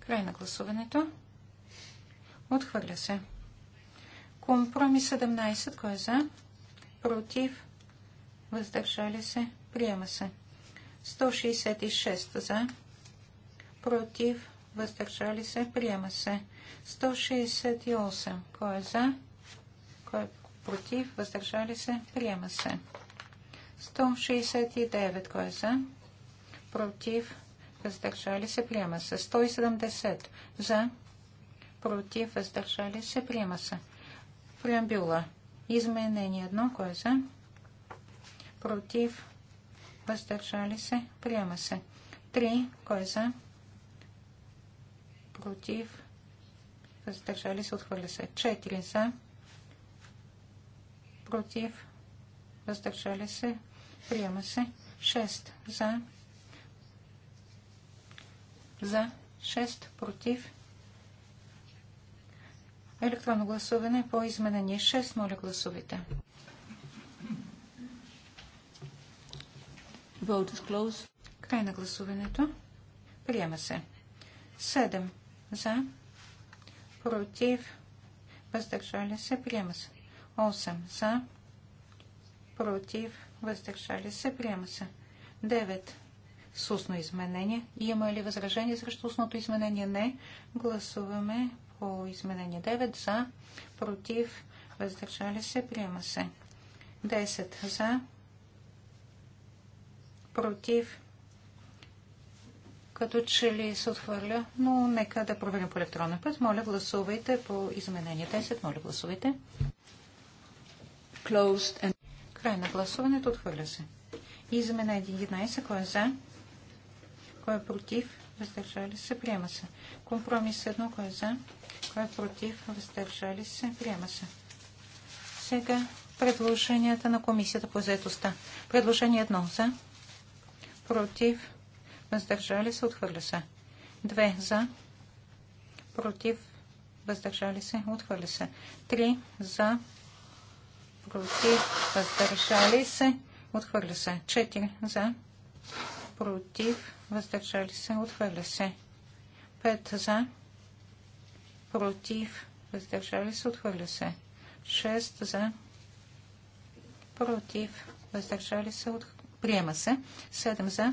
Край на гласуването. Отхвърля се. Компромис 17. Кой е за? Против. Въздържали се. Приема се. 166 за. Против въздържали се, приема се. 168. Кой е за? Кой е против? Въздържали се, приема се. 169. Кой е за? Против? Въздържали се, приема се. 170. За? Против? Въздържали се, приема се. Преамбюла. Изменение 1. Кой е за? Против? Въздържали се, приема се. 3. Кой е за? против, въздържали се, отхвърля се. 4 за, против, въздържали се, приема се. 6 за, за, 6 против. Електронно гласуване по изменение 6. Моля гласувайте. Vote is closed. Край на гласуването. Приема се. 7 за, против, въздържали се, приема се. 8 за, против, въздържали се, приема се. 9 с устно изменение. Има ли възражение срещу устното изменение? Не. Гласуваме по изменение 9 за, против, въздържали се, приема се. 10 за, против, като че ли се отхвърля, но нека да проверим по електронен път. Моля, гласувайте по изменение 10. Моля, гласувайте. Closed and... Край на гласуването отхвърля се. Изменение 11. Кой е за? Кой е против? Въздържали се? Приема се. Компромис 1. Кой е за? Кой е против? Въздържали се? Приема се. Сега предложенията на комисията по заедостта. Предложение 1. За? Против? въздържали се, отхвърля се. 2 за, против, въздържали се, отхвърля се. 3 за, против, въздържали се, отхвърля се. 4 за, против, въздържали се, отхвърля се. 5 за, против, въздържали се, отхвърля се. 6 за, против, въздържали се, отхвърля се. Приема се. 7 за,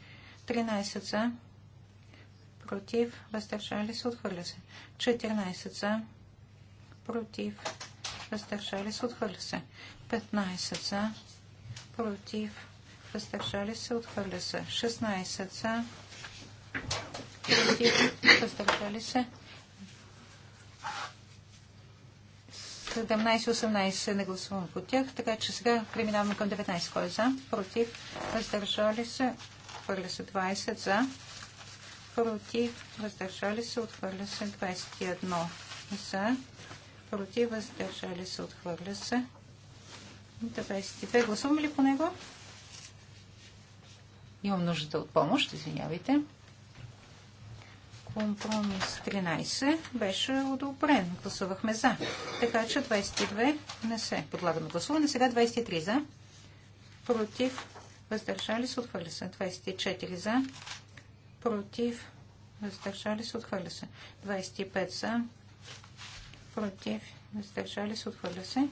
13 за, против, въздържали се, отхвърля се. 14 за, против, въздържали се, отхвърля се. 15 за, против, въздържали се, отхвърля се. 16 за, против, въздържали се. 17-18 не гласувам по тях, така че сега преминаваме към 19. Кой е за? Против? Въздържали се? отхвърля се 20 за, против, въздържали се, отхвърля се 21 за, против, въздържали се, отхвърля се 22. Гласуваме ли по него? Имам нужда от помощ, извинявайте. Компромис 13 беше одобрен. Гласувахме за. Така че 22 не се подлага на гласуване. Сега 23 за. Против въздържали се, отхвърля се. 24 за, против, въздържали се, отхвърля се. 25 за, против, въздържали се, отхвърля се.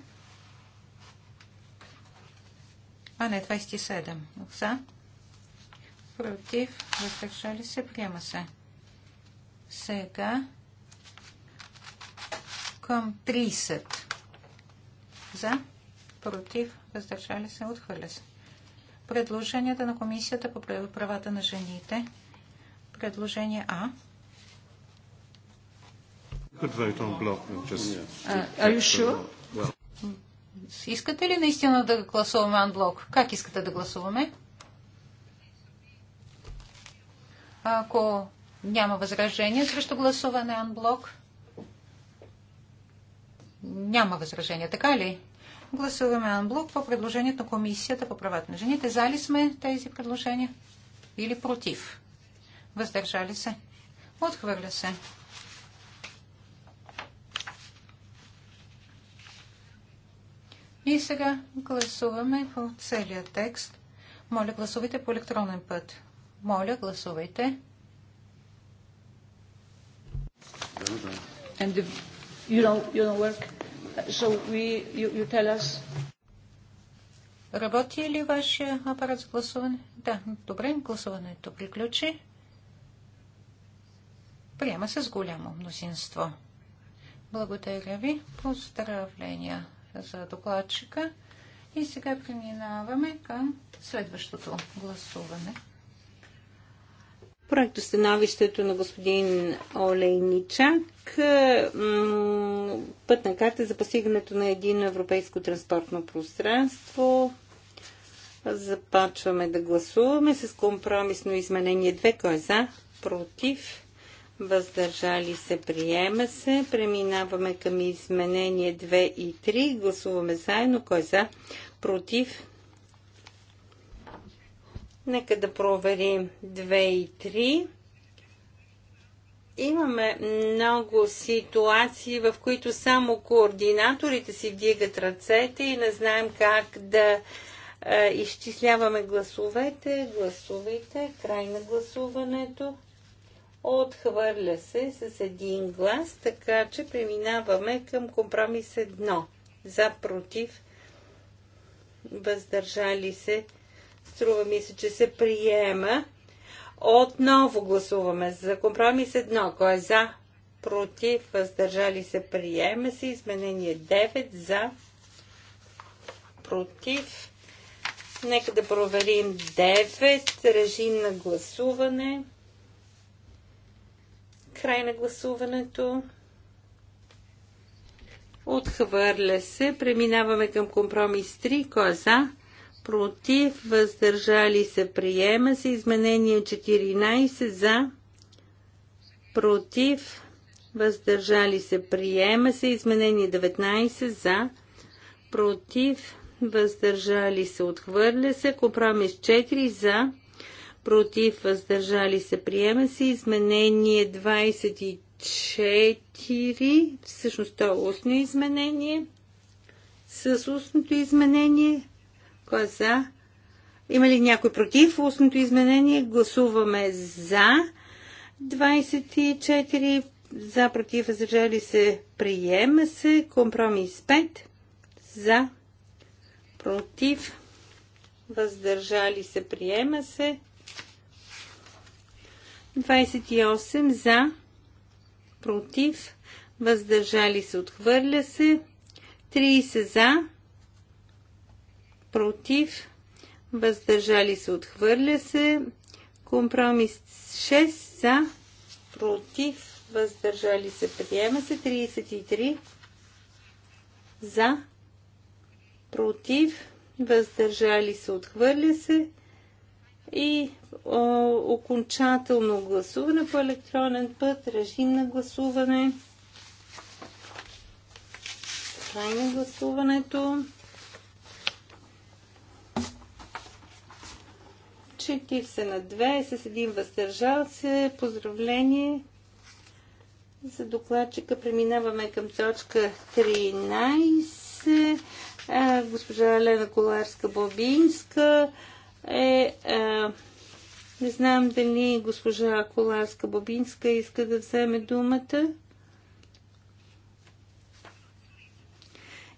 А не, 27 за, против, въздържали се, приема се. Сега към 30 за, против, въздържали се, отхвърля се предложенията на Комисията по правата на жените. Предложение А. Искате ли наистина да гласуваме анблок? Как искате да гласуваме? Ако няма възражение срещу гласуване анблок, няма възражение, така ли? Гласуваме анблок по предложението на Комисията по правата на жените. Зали сме тези предложения или против? Въздържали се? Отхвърля се. И сега гласуваме по целия текст. Моля, гласувайте по електронен път. Моля, гласувайте. And the, you don't, you don't work. So we, you, you tell us. Работи ли вашия апарат за гласуване? Да, добре, гласуването приключи. Приема се с голямо мнозинство. Благодаря ви. Поздравления за докладчика. И сега преминаваме към следващото гласуване проектостановището на господин Олейничак е, пътна карта за постигането на един европейско транспортно пространство. Започваме да гласуваме с компромисно изменение 2. Кой е за? Против? Въздържали се? Приема се. Преминаваме към изменение 2 и 3. Гласуваме заедно. Кой е за? Против? Нека да проверим 2 и 3. Имаме много ситуации, в които само координаторите си вдигат ръцете и не знаем как да е, изчисляваме гласовете. Гласовете, край на гласуването. Отхвърля се с един глас, така че преминаваме към компромис 1. За против, въздържали се Струва ми се, че се приема. Отново гласуваме за компромис 1. Кой е за? Против? Въздържали се? Приема се. Изменение 9 за? Против? Нека да проверим 9. Режим на гласуване. Край на гласуването. Отхвърля се. Преминаваме към компромис 3. Кой е за? против, въздържали се, приема се. Изменение 14 за, против, въздържали се, приема се. Изменение 19 за, против, въздържали се, отхвърля се. Компромис 4 за, против, въздържали се, приема се. Изменение 24, всъщност то е устно изменение. С устното изменение кой е за? Има ли някой против устното изменение? Гласуваме за. 24 за, против, въздържали се, приема се. Компромис 5 за, против, въздържали се, приема се. 28 за, против, въздържали се, отхвърля се. 30 за, против, въздържали се, отхвърля се. Компромис 6 за, против, въздържали се, приема се. 33 за, против, въздържали се, отхвърля се. И о, окончателно гласуване по електронен път, режим на гласуване край на гласуването. 40 се на 2 с един въздържал се. Поздравление за докладчика. Преминаваме към точка 13. А, госпожа Елена Коларска-Бобинска е... А, не знам дали госпожа Коларска-Бобинска иска да вземе думата.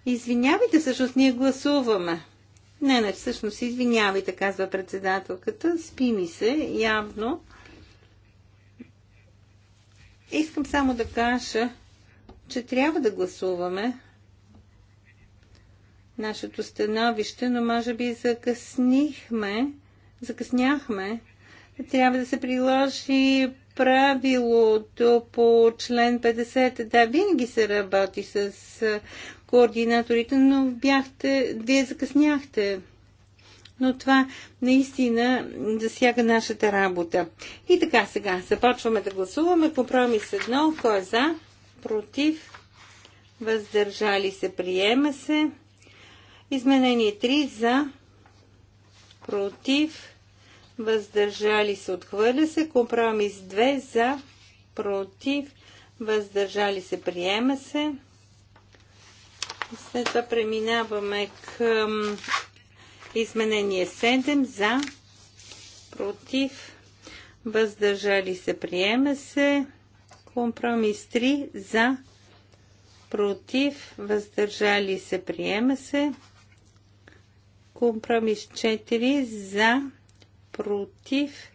Извинявайте, всъщност ние гласуваме. Не, не, всъщност, извинявайте, казва председателката. Спи ми се, явно. Искам само да кажа, че трябва да гласуваме нашето становище, но може би закъснихме, закъсняхме. Трябва да се приложи правилото по член 50. Да, винаги се работи с координаторите, но бяхте, вие закъсняхте. Но това наистина засяга нашата работа. И така сега, започваме да гласуваме. Компромис едно, кой е за, против, въздържали се, приема се. Изменение 3 за, против, въздържали се, отхвърля се. Компромис 2 за, против, въздържали се, приема се. След това преминаваме към изменение 7 за, против, въздържали се, приема се. Компромис 3 за, против, въздържали се, приема се. Компромис 4 за, против,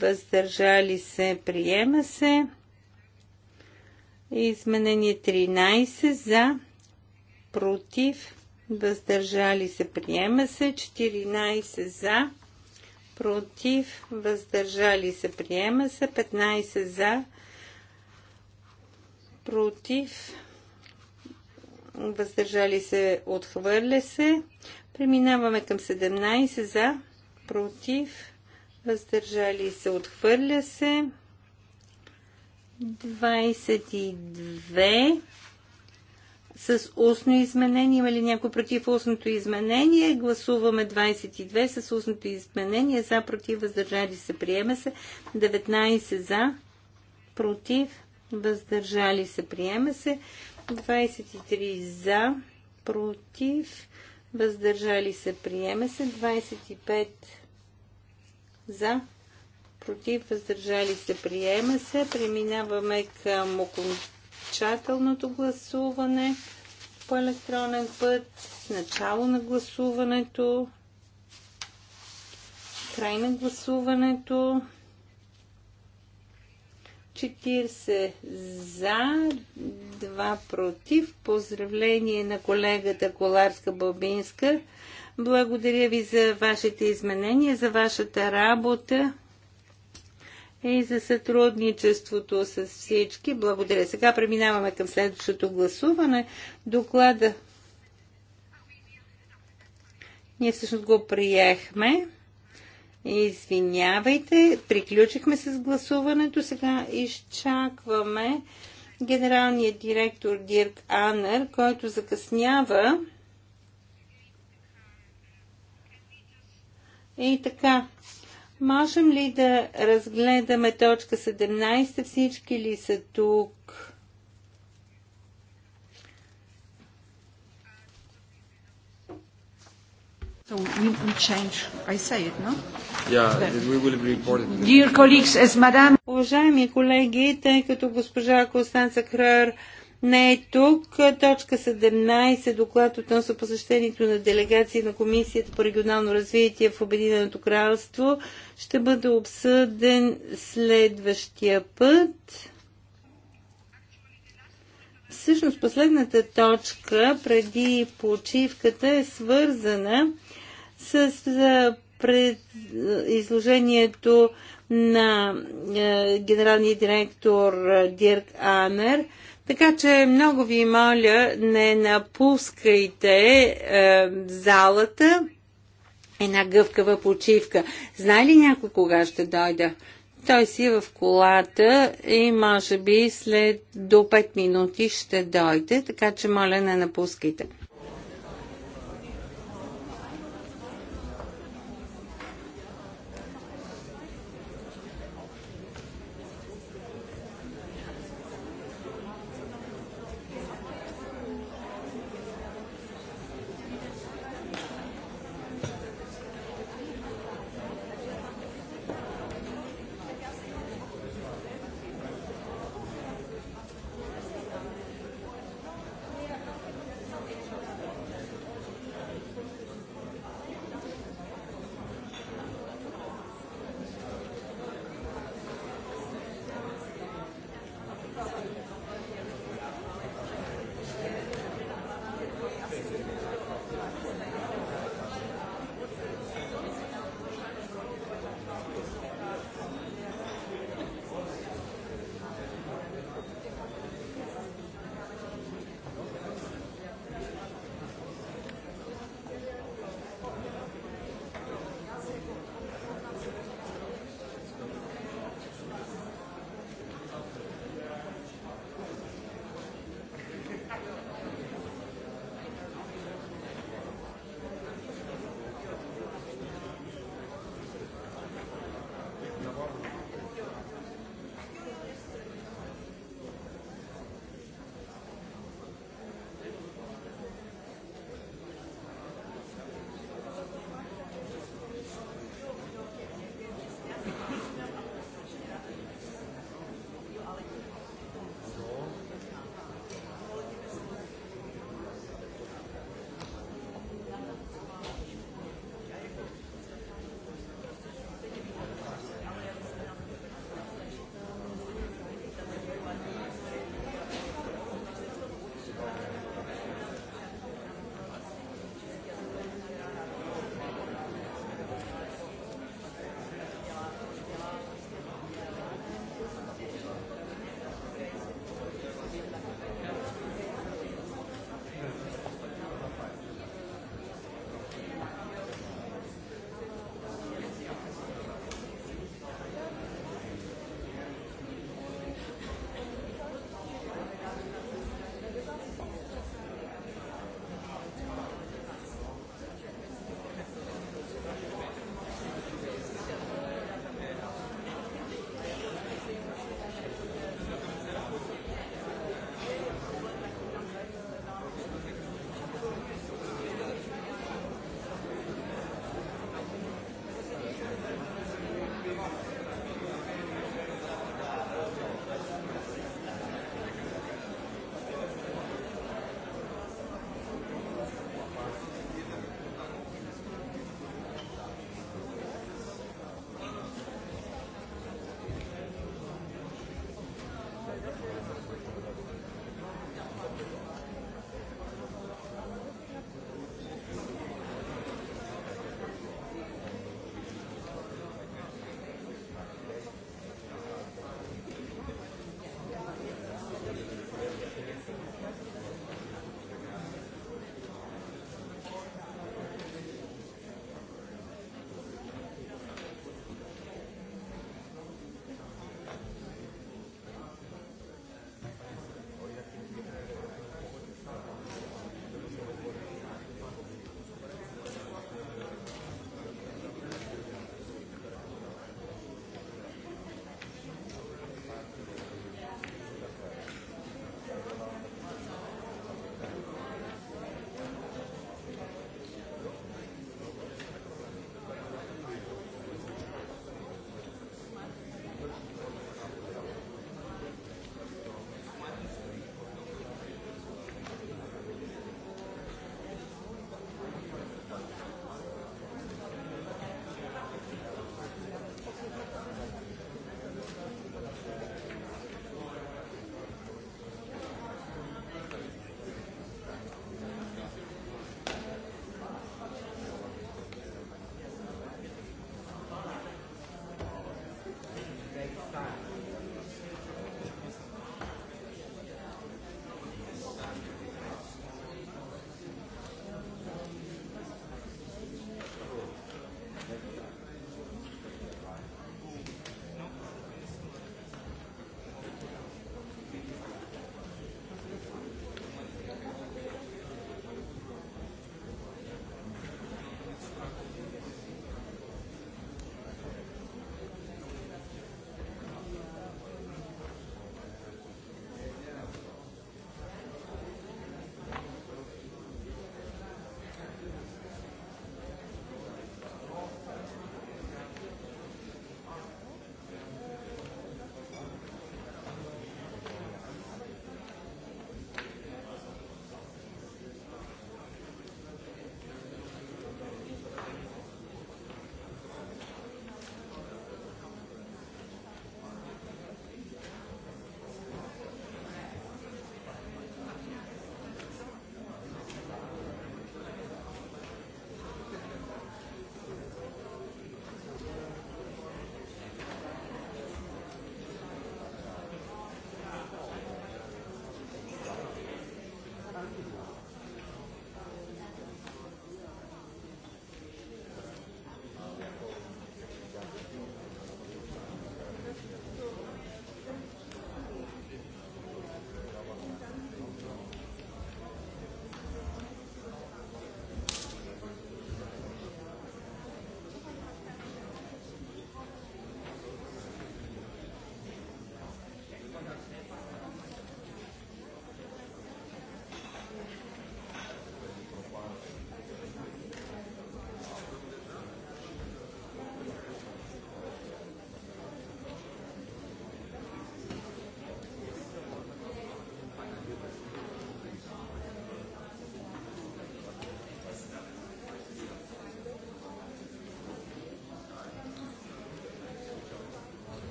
въздържали се, приема се. Изменение 13 за, против, въздържали се, приема се, 14 за, против, въздържали се, приема се, 15 за, против, въздържали се, отхвърля се. Преминаваме към 17 за, против, въздържали се, отхвърля се. 22 с устно изменение. Има ли някой против устното изменение? Гласуваме 22 с устното изменение. За, против, въздържали се, приема се. 19 за, против, въздържали се, приема се. 23 за, против, въздържали се, приема се. 25 за, против, въздържали се, приема се. Преминаваме към окончателно окончателното гласуване по електронен път, начало на гласуването, край на гласуването, 40 за, 2 против. Поздравление на колегата Коларска-Бобинска. Благодаря ви за вашите изменения, за вашата работа и за сътрудничеството с всички. Благодаря. Сега преминаваме към следващото гласуване. Доклада. Ние всъщност го приехме. Извинявайте, приключихме с гласуването. Сега изчакваме генералният директор Дирк Анер, който закъснява. И така, Можем ли да разгледаме точка 17? Всички ли са тук? So we, change. I say it, no? Yeah, we will be reported. Dear colleagues, as Уважаеми колеги, тъй като госпожа Констанца Крър не е тук. Точка 17. Доклад относно посещението на делегация на Комисията по регионално развитие в Обединеното кралство ще бъде обсъден следващия път. Всъщност последната точка преди почивката е свързана с пред изложението на генералния директор Дирк Анер – така че много ви моля, не напускайте е, залата. Една гъвкава почивка. Знае ли някой кога ще дойда? Той си е в колата и може би след до 5 минути ще дойде, така че моля не напускайте.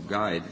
to guide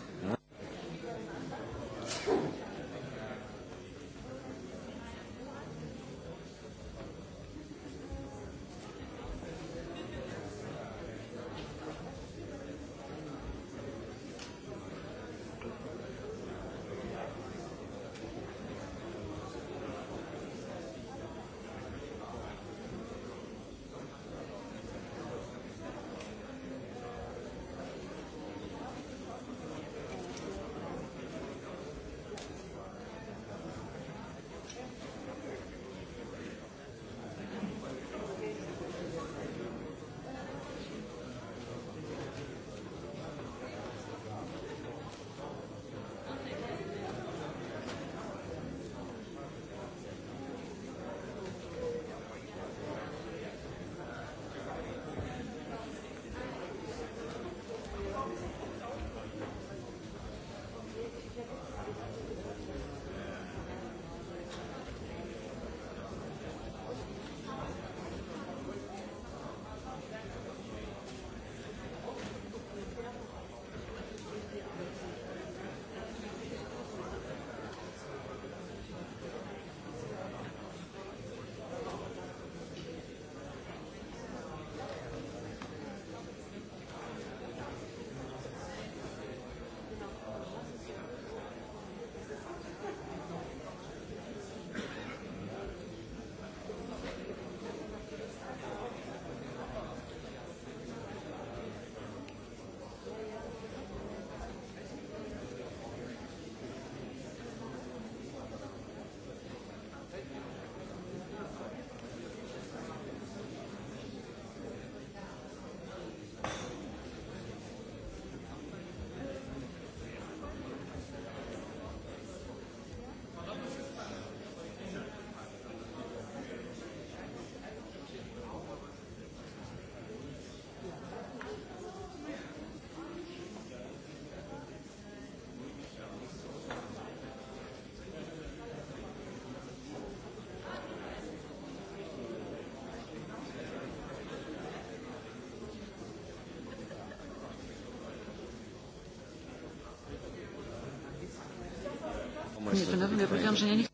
Nie, to nawet ja powiedziałam, że ja nie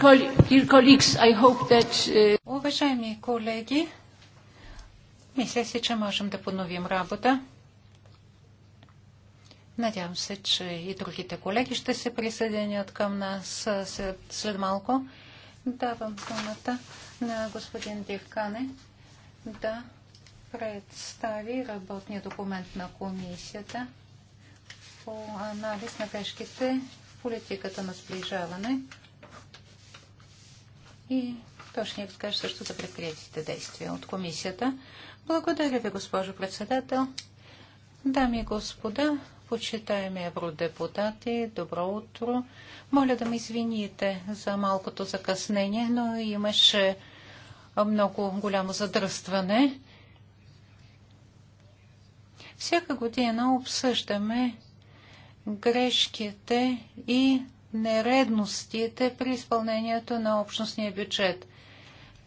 Uh, Уважаеми колеги, мисля си, че можем да подновим работа. Надявам се, че и другите колеги ще се присъединят към нас след, след малко. Давам думата на господин Дивкане да представи работния документ на комисията по анализ на грешките в политиката на сближаване и точно ще разкаж също за предприятите действия от комисията. Благодаря ви, госпожо председател. Дами и господа, почитаеми евродепутати, добро утро. Моля да ме извините за малкото закъснение, но имаше много голямо задръстване. Всяка година обсъждаме грешките и нередностите при изпълнението на общностния бюджет.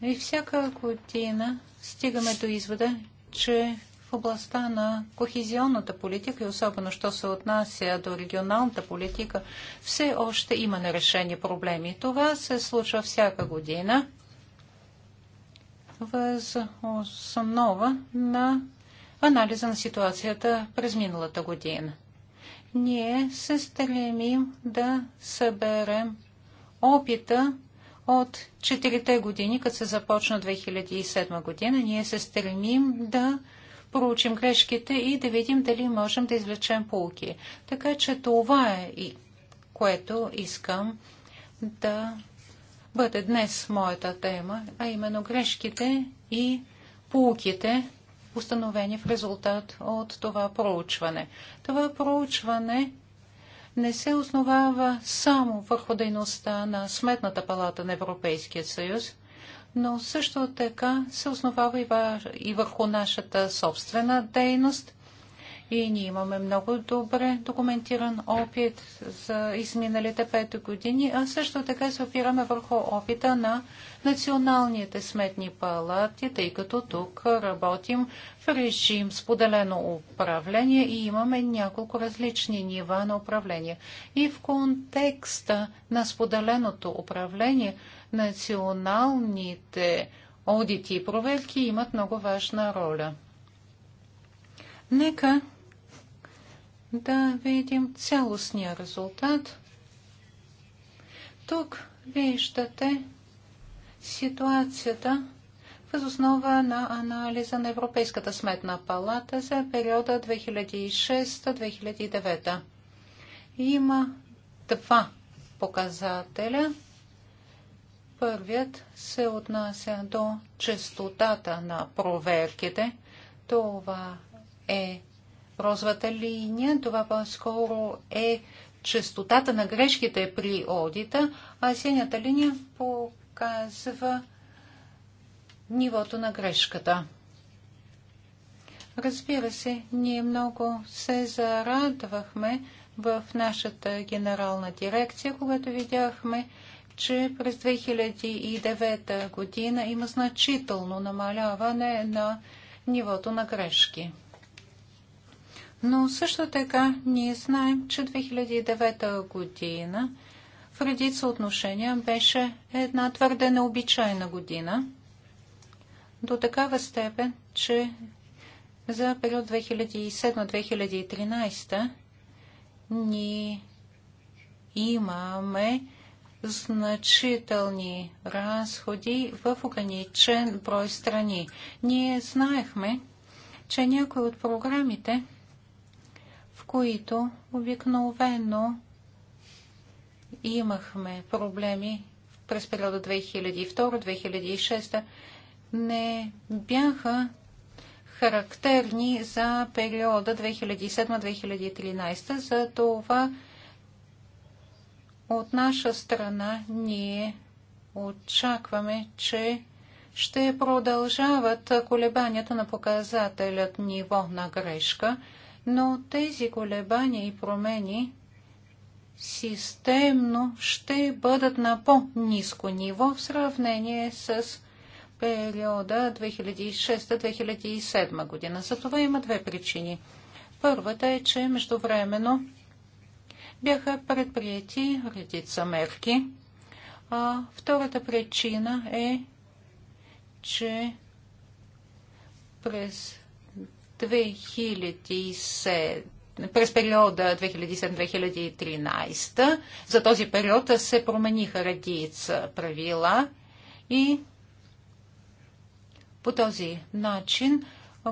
И всяка година стигаме до извода, че в областта на кохезионната политика и особено, що се отнася до регионалната политика, все още има нерешени проблеми. Това се случва всяка година въз основа на анализа на ситуацията през миналата година ние се стремим да съберем опита от 4 години, като се започна 2007 година. Ние се стремим да проучим грешките и да видим дали можем да извлечем полки. Така че това е и което искам да бъде днес моята тема, а именно грешките и полуките установени в резултат от това проучване. Това проучване не се основава само върху дейността на Сметната палата на Европейския съюз, но също така се основава и върху нашата собствена дейност – и ние имаме много добре документиран опит за изминалите пет години, а също така се опираме върху опита на националните сметни палати, тъй като тук работим в режим споделено управление и имаме няколко различни нива на управление. И в контекста на споделеното управление националните аудити и проверки имат много важна роля. Нека да видим цялостния резултат. Тук виждате ситуацията въз основа на анализа на Европейската сметна палата за периода 2006-2009. Има два показателя. Първият се отнася до частотата на проверките. Това е розовата линия. Това по-скоро е частотата на грешките при одита, а синята линия показва нивото на грешката. Разбира се, ние много се зарадвахме в нашата генерална дирекция, когато видяхме, че през 2009 година има значително намаляване на нивото на грешки. Но също така ние знаем, че 2009 година в редица отношения беше една твърде необичайна година. До такава степен, че за период 2007-2013 ние имаме значителни разходи в ограничен брой страни. Ние знаехме, че някои от програмите – които обикновено имахме проблеми през периода 2002-2006, не бяха характерни за периода 2007-2013. За това от наша страна ние очакваме, че ще продължават колебанията на показателят ниво на грешка – но тези колебания и промени системно ще бъдат на по-низко ниво в сравнение с периода 2006-2007 година. За това има две причини. Първата е, че междувременно бяха предприяти редица мерки. А втората причина е, че през 2007 през периода 2007-2013. За този период се промениха редица правила и по този начин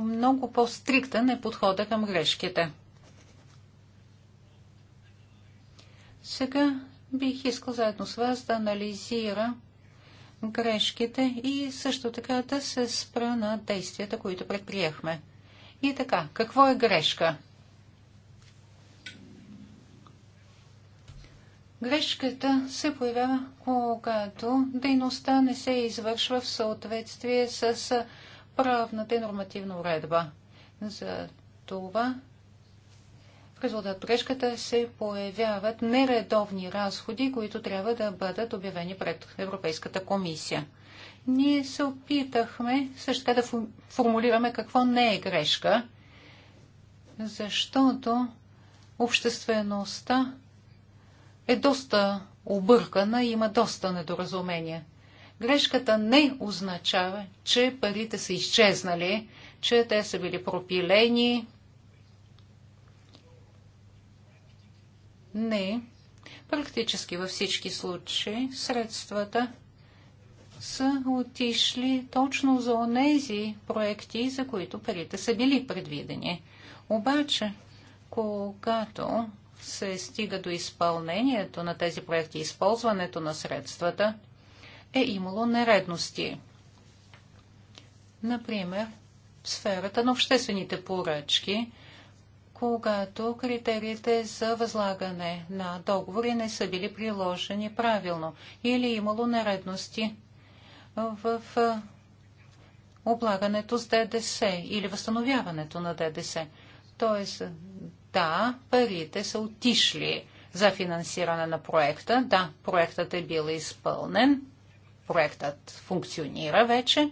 много по-стриктен е подхода към грешките. Сега бих искал заедно с вас да анализира грешките и също така да се спра на действията, които предприехме. И така, какво е грешка? Грешката се появява, когато дейността не се извършва в съответствие с правната и нормативна уредба. За това в резултат от грешката се появяват нередовни разходи, които трябва да бъдат обявени пред Европейската комисия ние се опитахме също така да формулираме какво не е грешка, защото обществеността е доста объркана и има доста недоразумения. Грешката не означава, че парите са изчезнали, че те са били пропилени. Не. Практически във всички случаи средствата са отишли точно за онези проекти, за които парите са били предвидени. Обаче, когато се стига до изпълнението на тези проекти, използването на средствата, е имало нередности. Например, в сферата на обществените поръчки, когато критериите за възлагане на договори не са били приложени правилно или имало нередности в облагането с ДДС или възстановяването на ДДС. Тоест, да, парите са отишли за финансиране на проекта. Да, проектът е бил изпълнен, проектът функционира вече,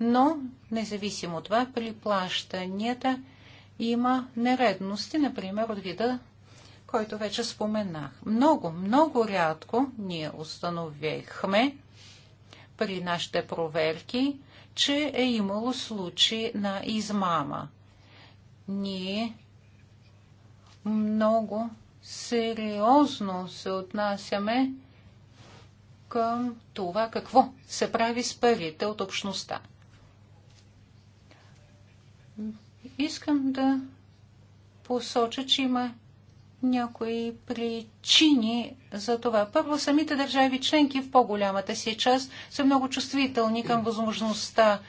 но независимо от това, при плащанията има нередности, например, от вида, който вече споменах. Много, много рядко ние установихме при нашите проверки, че е имало случаи на измама. Ние много сериозно се отнасяме към това какво се прави с парите от общността. Искам да посоча, че има някои причини за това. Първо, самите държави членки в по-голямата си част са много чувствителни към възможността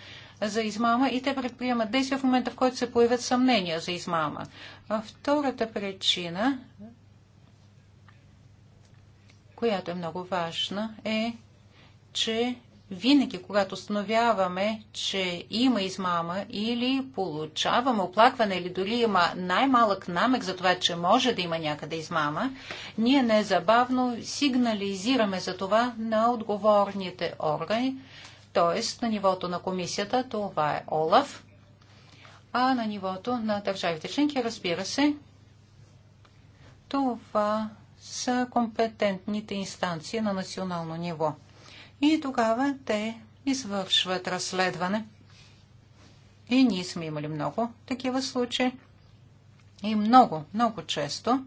за измама и те предприемат действия в момента, в който се появят съмнения за измама. А втората причина, която е много важна, е, че винаги, когато установяваме, че има измама или получаваме оплакване или дори има най-малък намек за това, че може да има някъде измама, ние незабавно сигнализираме за това на отговорните органи, т.е. на нивото на комисията това е ОЛАФ, а на нивото на държавите членки, разбира се, това са компетентните инстанции на национално ниво и тогава те извършват разследване. И ние сме имали много такива случаи. И много, много често.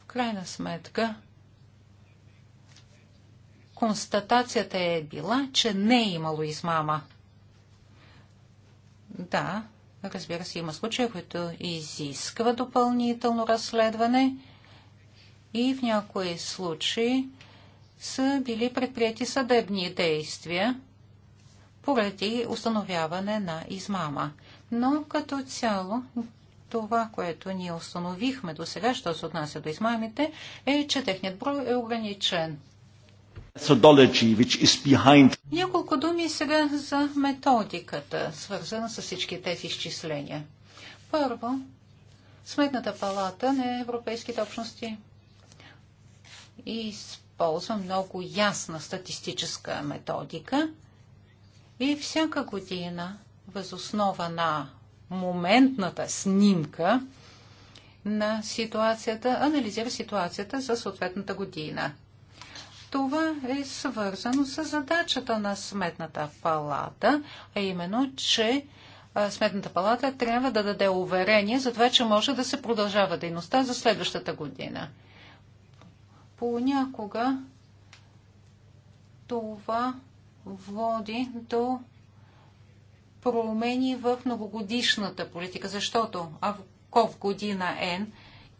В крайна сметка, констатацията е била, че не е имало измама. Да, разбира се, има случаи, които изисква допълнително разследване и в някои случаи са били предприяти съдебни действия поради установяване на измама. Но като цяло това, което ние установихме до сега, що се отнася до измамите, е, че техният брой е ограничен. Няколко думи сега за методиката, свързана с всички тези изчисления. Първо, Сметната палата на европейските общности и използва много ясна статистическа методика и всяка година възоснова на моментната снимка на ситуацията, анализира ситуацията за съответната година. Това е свързано с задачата на Сметната палата, а именно, че Сметната палата трябва да даде уверение за това, че може да се продължава дейността за следващата година понякога това води до промени в многогодишната политика, защото ако в година N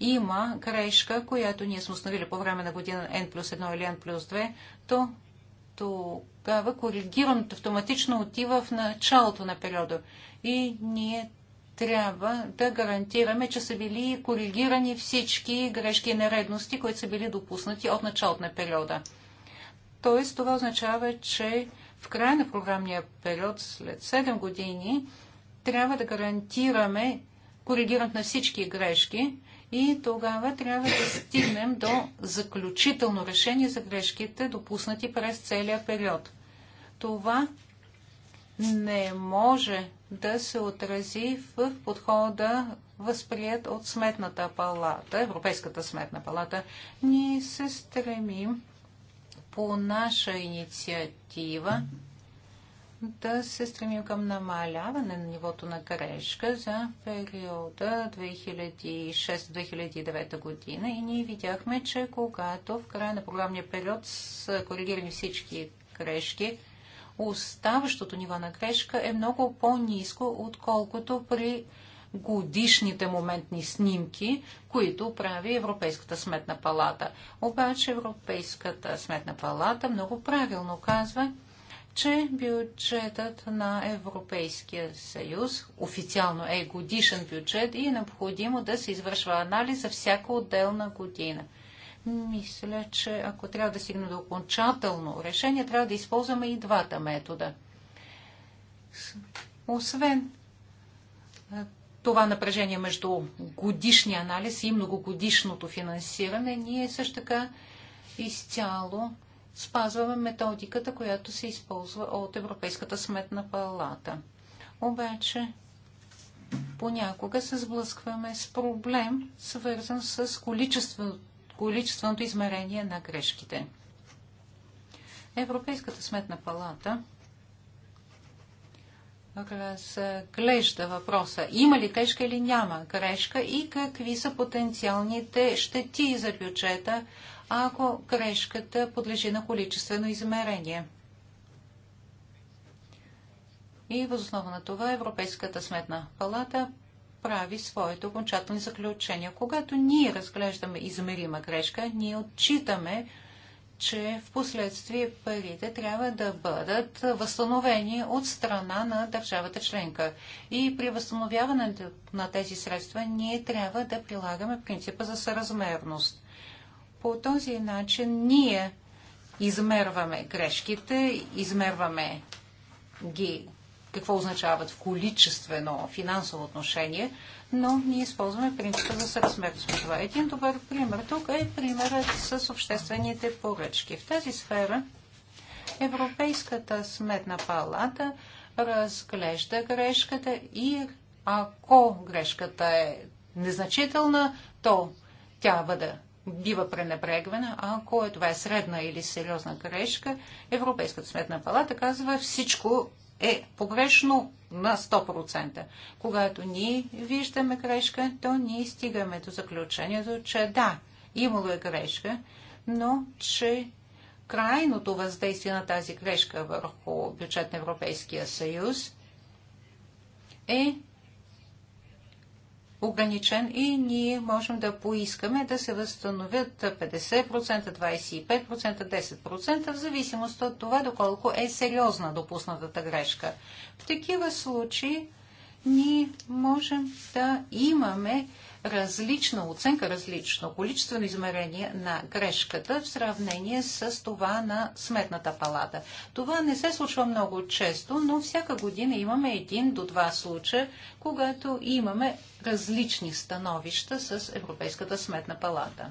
има грешка, която ние сме установили по време на година N плюс 1 или N плюс 2, то тогава коригирането автоматично отива в началото на периода. И ние трябва да гарантираме, че са били коригирани всички грешки и нередности, които са били допуснати от началото на периода. Тоест, това означава, че в края на програмния период, след 7 години, трябва да гарантираме коригирането на всички грешки и тогава трябва да стигнем до заключително решение за грешките, допуснати през целия период. Това не може да се отрази в подхода възприят от Сметната палата, Европейската сметна палата. Ние се стремим по наша инициатива да се стремим към намаляване на нивото на грешка за периода 2006-2009 година и ние видяхме, че когато в края на програмния период са коригирани всички грешки, оставащото нива на грешка е много по-низко, отколкото при годишните моментни снимки, които прави Европейската сметна палата. Обаче Европейската сметна палата много правилно казва, че бюджетът на Европейския съюз официално е годишен бюджет и е необходимо да се извършва анализ за всяка отделна година. Мисля, че ако трябва да стигне до окончателно решение, трябва да използваме и двата метода. Освен това напрежение между годишния анализ и многогодишното финансиране, ние също така изцяло спазваме методиката, която се използва от Европейската сметна палата. Обаче понякога се сблъскваме с проблем, свързан с количеството количественото измерение на грешките. Европейската сметна палата разглежда въпроса има ли грешка или няма грешка и какви са потенциалните щети за бюджета, ако грешката подлежи на количествено измерение. И възоснова на това Европейската сметна палата прави своите окончателни заключения. Когато ние разглеждаме измерима грешка, ние отчитаме, че в последствие парите трябва да бъдат възстановени от страна на държавата членка. И при възстановяването на тези средства ние трябва да прилагаме принципа за съразмерност. По този начин ние измерваме грешките, измерваме ги какво означават в количествено финансово отношение, но ние използваме принципа за съразмерност. Това е един добър пример тук е примерът с обществените поръчки. В тази сфера Европейската сметна палата разглежда грешката и ако грешката е незначителна, то тя бъде бива пренебрегвана, ако е, това е средна или сериозна грешка, Европейската сметна палата казва всичко е погрешно на 100%. Когато ние виждаме грешка, то ние стигаме до заключението, че да, имало е грешка, но че крайното въздействие на тази грешка върху бюджет на Европейския съюз е ограничен и ние можем да поискаме да се възстановят 50%, 25%, 10% в зависимост от това доколко е сериозна допуснатата грешка. В такива случаи ние можем да имаме различна оценка, различно количествено измерение на грешката в сравнение с това на сметната палата. Това не се случва много често, но всяка година имаме един до два случая, когато имаме различни становища с Европейската сметна палата.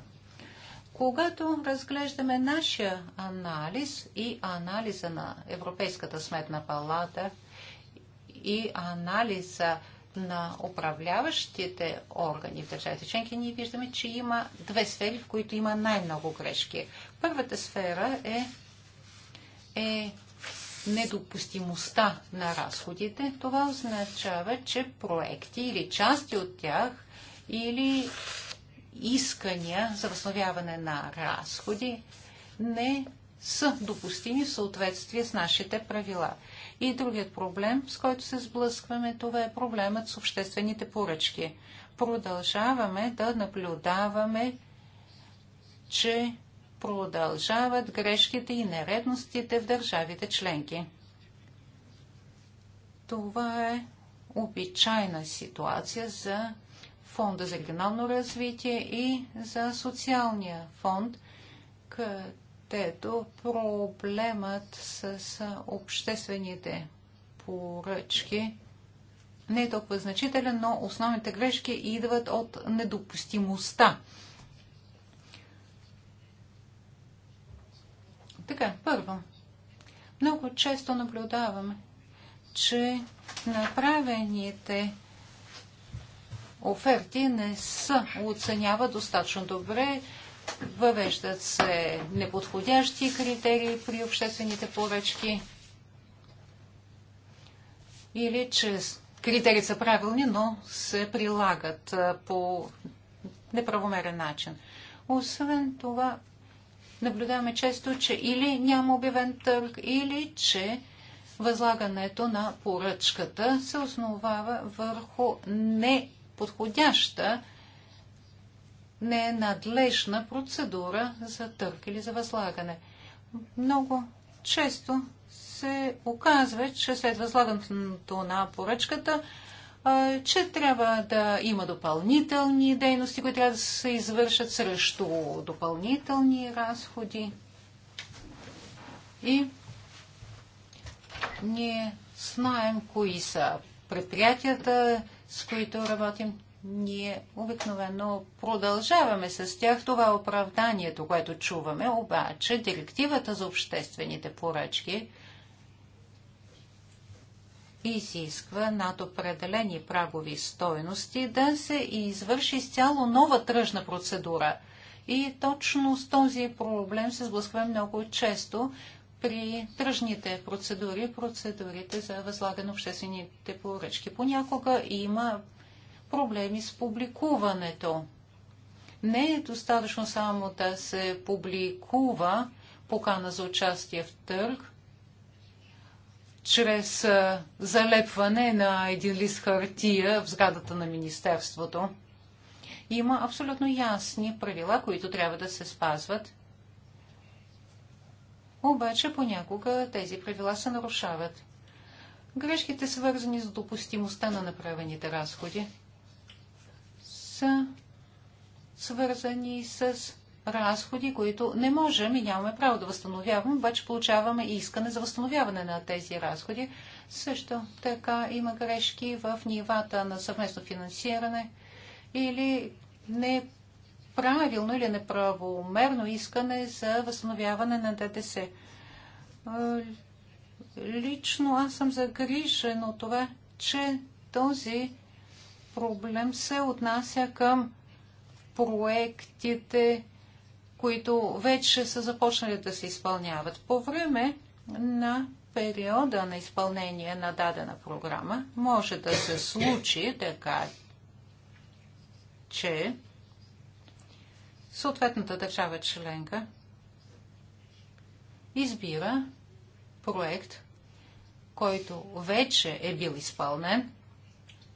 Когато разглеждаме нашия анализ и анализа на Европейската сметна палата и анализа на управляващите органи в държавите членки, ние виждаме, че има две сфери, в които има най-много грешки. Първата сфера е, е недопустимостта на разходите. Това означава, че проекти или части от тях или искания за възстановяване на разходи не са допустими в съответствие с нашите правила. И другият проблем, с който се сблъскваме, това е проблемът с обществените поръчки. Продължаваме да наблюдаваме, че продължават грешките и нередностите в държавите членки. Това е обичайна ситуация за Фонда за регионално развитие и за социалния фонд, като трето, проблемът с обществените поръчки не е толкова значителен, но основните грешки идват от недопустимостта. Така, първо, много често наблюдаваме, че направените оферти не са оценяват достатъчно добре, Въвеждат се неподходящи критерии при обществените поръчки или че критерии са правилни, но се прилагат по неправомерен начин. Освен това, наблюдаваме често, че или няма обявен търг, или че възлагането на поръчката се основава върху неподходяща ненадлежна е процедура за търк или за възлагане. Много често се оказва, че след възлагането на поръчката, че трябва да има допълнителни дейности, които трябва да се извършат срещу допълнителни разходи. И ние знаем кои са предприятията, с които работим ние обикновено продължаваме с тях. Това е оправданието, което чуваме, обаче директивата за обществените поръчки изисква над определени прагови стойности да се извърши изцяло нова тръжна процедура. И точно с този проблем се сблъскваме много често при тръжните процедури, процедурите за възлагане на обществените поръчки. Понякога има проблеми с публикуването. Не е достатъчно само да се публикува покана за участие в търг чрез залепване на един лист хартия в сградата на Министерството. Има абсолютно ясни правила, които трябва да се спазват. Обаче понякога тези правила се нарушават. Грешките свързани с допустимостта на направените разходи са свързани с разходи, които не можем и нямаме право да възстановяваме, обаче получаваме искане за възстановяване на тези разходи. Също така има грешки в нивата на съвместно финансиране или неправилно или неправомерно искане за възстановяване на ДДС. Е, лично аз съм загрижен от това, че този проблем се отнася към проектите, които вече са започнали да се изпълняват. По време на периода на изпълнение на дадена програма може да се случи така, че съответната държава членка избира проект, който вече е бил изпълнен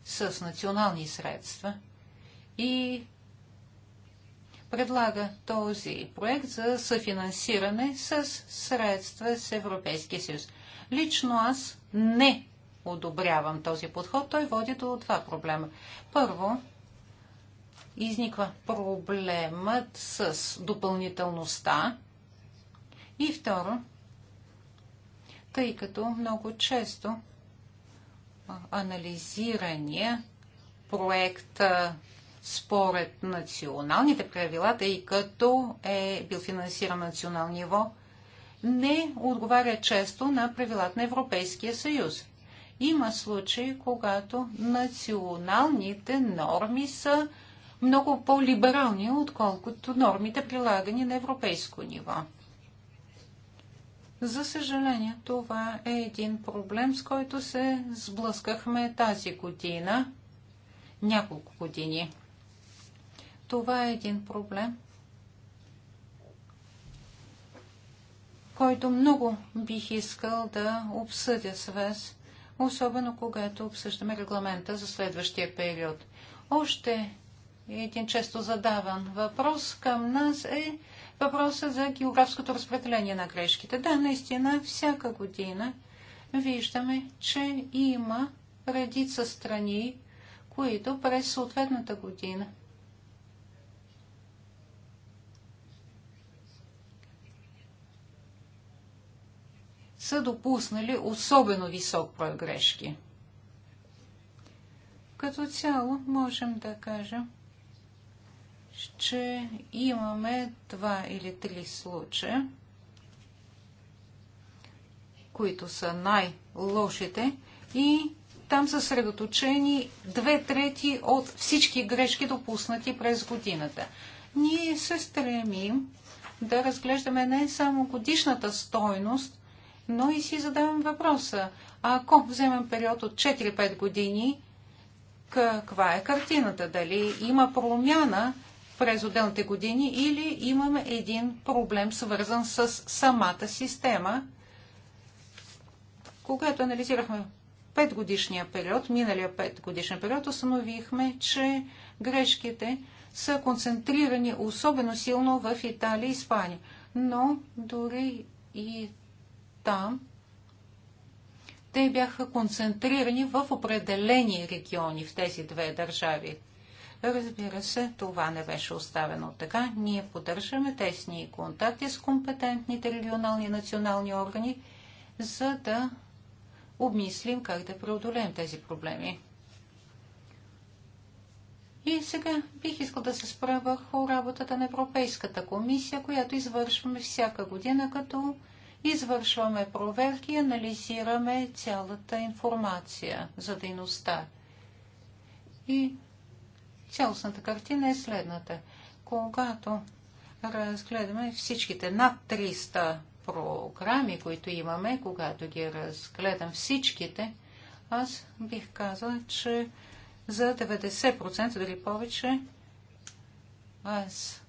с национални средства и предлага този проект за съфинансиране с средства с Европейския съюз. Лично аз не одобрявам този подход. Той води до два проблема. Първо, изниква проблемът с допълнителността. И второ, тъй като много често анализирания проект според националните правила, тъй като е бил финансиран на национално ниво, не отговаря често на правилата на Европейския съюз. Има случаи, когато националните норми са много по-либерални, отколкото нормите прилагани на европейско ниво. За съжаление, това е един проблем, с който се сблъскахме тази година, няколко години. Това е един проблем, който много бих искал да обсъдя с вас, особено когато обсъждаме регламента за следващия период. Още един често задаван въпрос към нас е въпроса за географското разпределение на грешките. Да, наистина, всяка година виждаме, че има редица страни, които през съответната година са допуснали особено висок брой грешки. Като цяло можем да кажем, че имаме два или три случая, които са най-лошите и там са средоточени две трети от всички грешки, допуснати през годината. Ние се стремим да разглеждаме не само годишната стойност, но и си задавам въпроса. Ако вземем период от 4-5 години, каква е картината? Дали има промяна през отделните години или имаме един проблем свързан с самата система. Когато анализирахме 5 годишния период, миналия 5 годишен период, установихме, че грешките са концентрирани особено силно в Италия и Испания. Но дори и там те бяха концентрирани в определени региони в тези две държави. Разбира се, това не беше оставено така. Ние поддържаме тесни контакти с компетентните регионални и национални органи, за да обмислим как да преодолеем тези проблеми. И сега бих искал да се спра върху работата на Европейската комисия, която извършваме всяка година, като извършваме проверки и анализираме цялата информация за дейността. И Цялостната картина е следната. Когато разгледаме всичките над 300 програми, които имаме, когато ги разгледам всичките, аз бих казал, че за 90% дали повече аз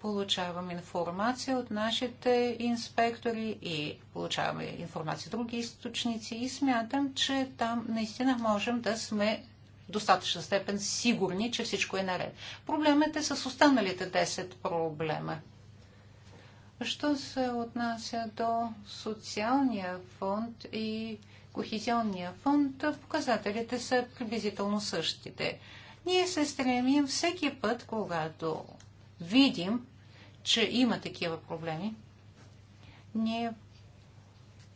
получавам информация от нашите инспектори и получаваме информация от други източници и смятам, че там наистина можем да сме достатъчна степен сигурни, че всичко е наред. Проблемът е с останалите 10 проблема. Що се отнася до социалния фонд и кохезионния фонд, показателите са приблизително същите. Ние се стремим всеки път, когато видим, че има такива проблеми, ние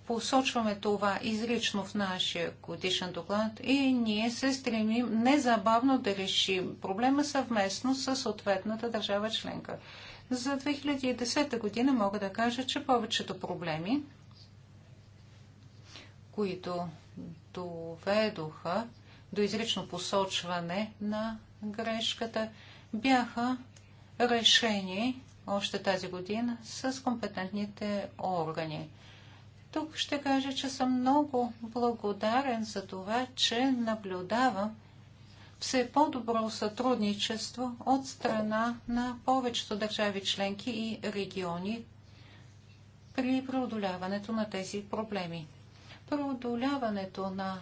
посочваме това изрично в нашия годишен доклад и ние се стремим незабавно да решим проблема съвместно с съответната държава членка. За 2010 година мога да кажа, че повечето проблеми, които доведоха до изрично посочване на грешката, бяха решени още тази година с компетентните органи. Тук ще кажа, че съм много благодарен за това, че наблюдавам все по-добро сътрудничество от страна на повечето държави членки и региони при преодоляването на тези проблеми. Преодоляването на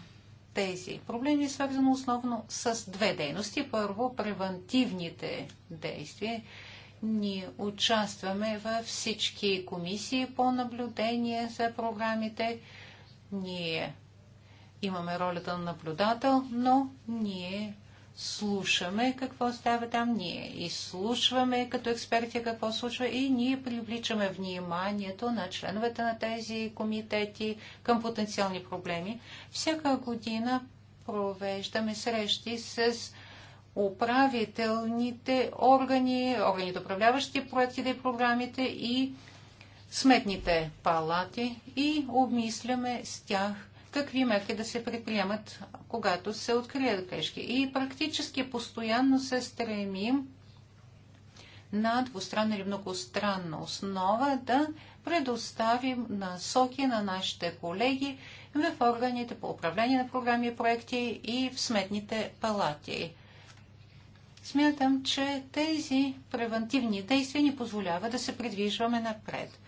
тези проблеми е свързано основно с две дейности. Първо, превентивните действия ние участваме във всички комисии по наблюдение за програмите. Ние имаме ролята на наблюдател, но ние слушаме какво става там, ние изслушваме като експерти какво случва и ние привличаме вниманието на членовете на тези комитети към потенциални проблеми. Всяка година провеждаме срещи с управителните органи, органите управляващи проектите и програмите и сметните палати и обмисляме с тях какви мерки да се предприемат, когато се открият грешки. И практически постоянно се стремим на двустранна или многостранна основа да предоставим насоки на нашите колеги в органите по управление на програми и проекти и в сметните палати. Смятам, че тези превентивни действия ни позволяват да се придвижваме напред.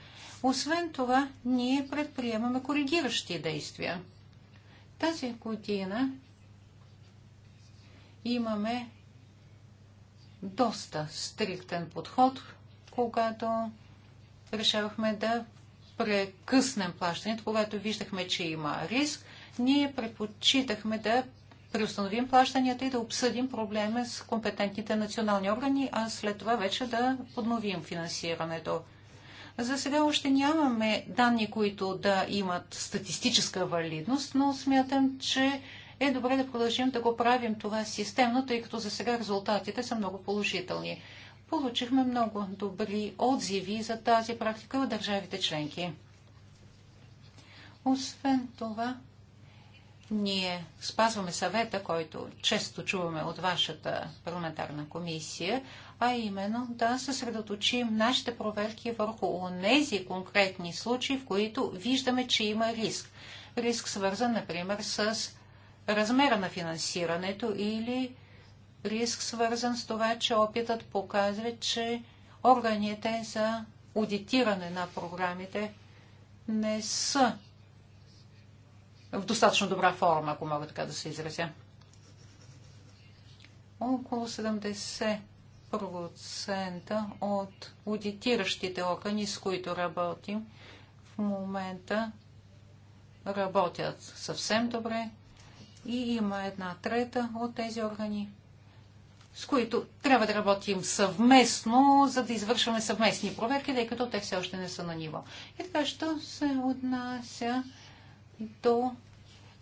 Освен това, ние предприемаме коригиращи действия. Тази година имаме доста стриктен подход, когато решавахме да прекъснем плащането, когато виждахме, че има риск, ние предпочитахме да преустановим плащанията и да обсъдим проблема с компетентните национални органи, а след това вече да подновим финансирането. За сега още нямаме данни, които да имат статистическа валидност, но смятам, че е добре да продължим да го правим това системно, тъй като за сега резултатите са много положителни. Получихме много добри отзиви за тази практика от държавите членки. Освен това, ние спазваме съвета, който често чуваме от вашата парламентарна комисия, а именно да съсредоточим нашите проверки върху онези конкретни случаи, в които виждаме, че има риск. Риск свързан, например, с размера на финансирането или риск свързан с това, че опитът показва, че органите за аудитиране на програмите не са в достатъчно добра форма, ако мога така да се изразя. Около 70% от аудитиращите органи, с които работим, в момента работят съвсем добре и има една трета от тези органи, с които трябва да работим съвместно, за да извършваме съвместни проверки, тъй като те все още не са на ниво. И така, що се отнася до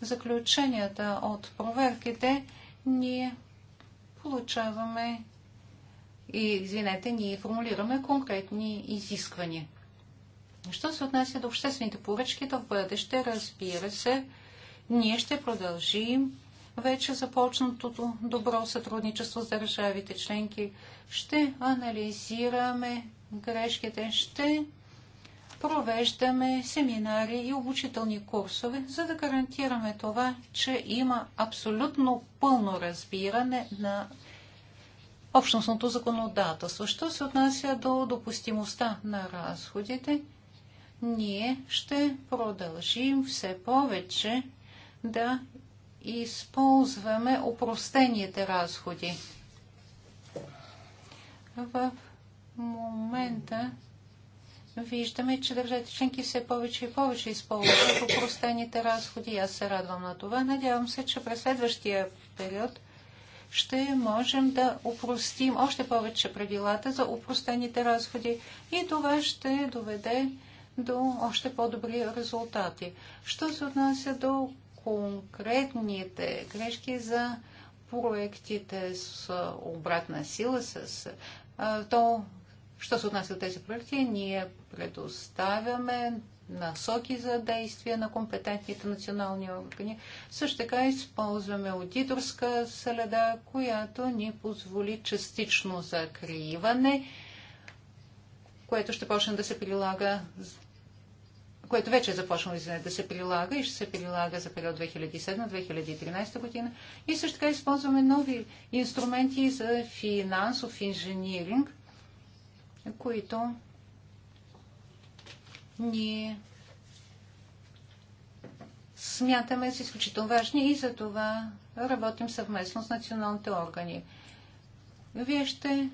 заключенията от проверките, ние получаваме и, извинете, ние формулираме конкретни изисквания. Що се отнася до обществените поръчки, то в бъдеще, разбира се, ние ще продължим вече започнатото добро сътрудничество с държавите членки. Ще анализираме грешките, ще провеждаме семинари и обучителни курсове, за да гарантираме това, че има абсолютно пълно разбиране на общностното законодателство. Що се отнася до допустимостта на разходите, ние ще продължим все повече да използваме упростените разходи. В момента виждаме, че държавите членки все повече и повече използват упростените разходи. Аз се радвам на това. Надявам се, че през следващия период ще можем да упростим още повече правилата за упростените разходи и това ще доведе до още по-добри резултати. Що се отнася до конкретните грешки за проектите с обратна сила, с, то Що се отнася до тези проекти, ние предоставяме насоки за действие на компетентните национални органи. Също така използваме аудиторска следа, която ни позволи частично закриване, което ще почне да се прилага което вече е започнало да се прилага и ще се прилага за период 2007-2013 година. И също така използваме нови инструменти за финансов инжиниринг които ние смятаме с изключително важни и за това работим съвместно с националните органи. Вие ще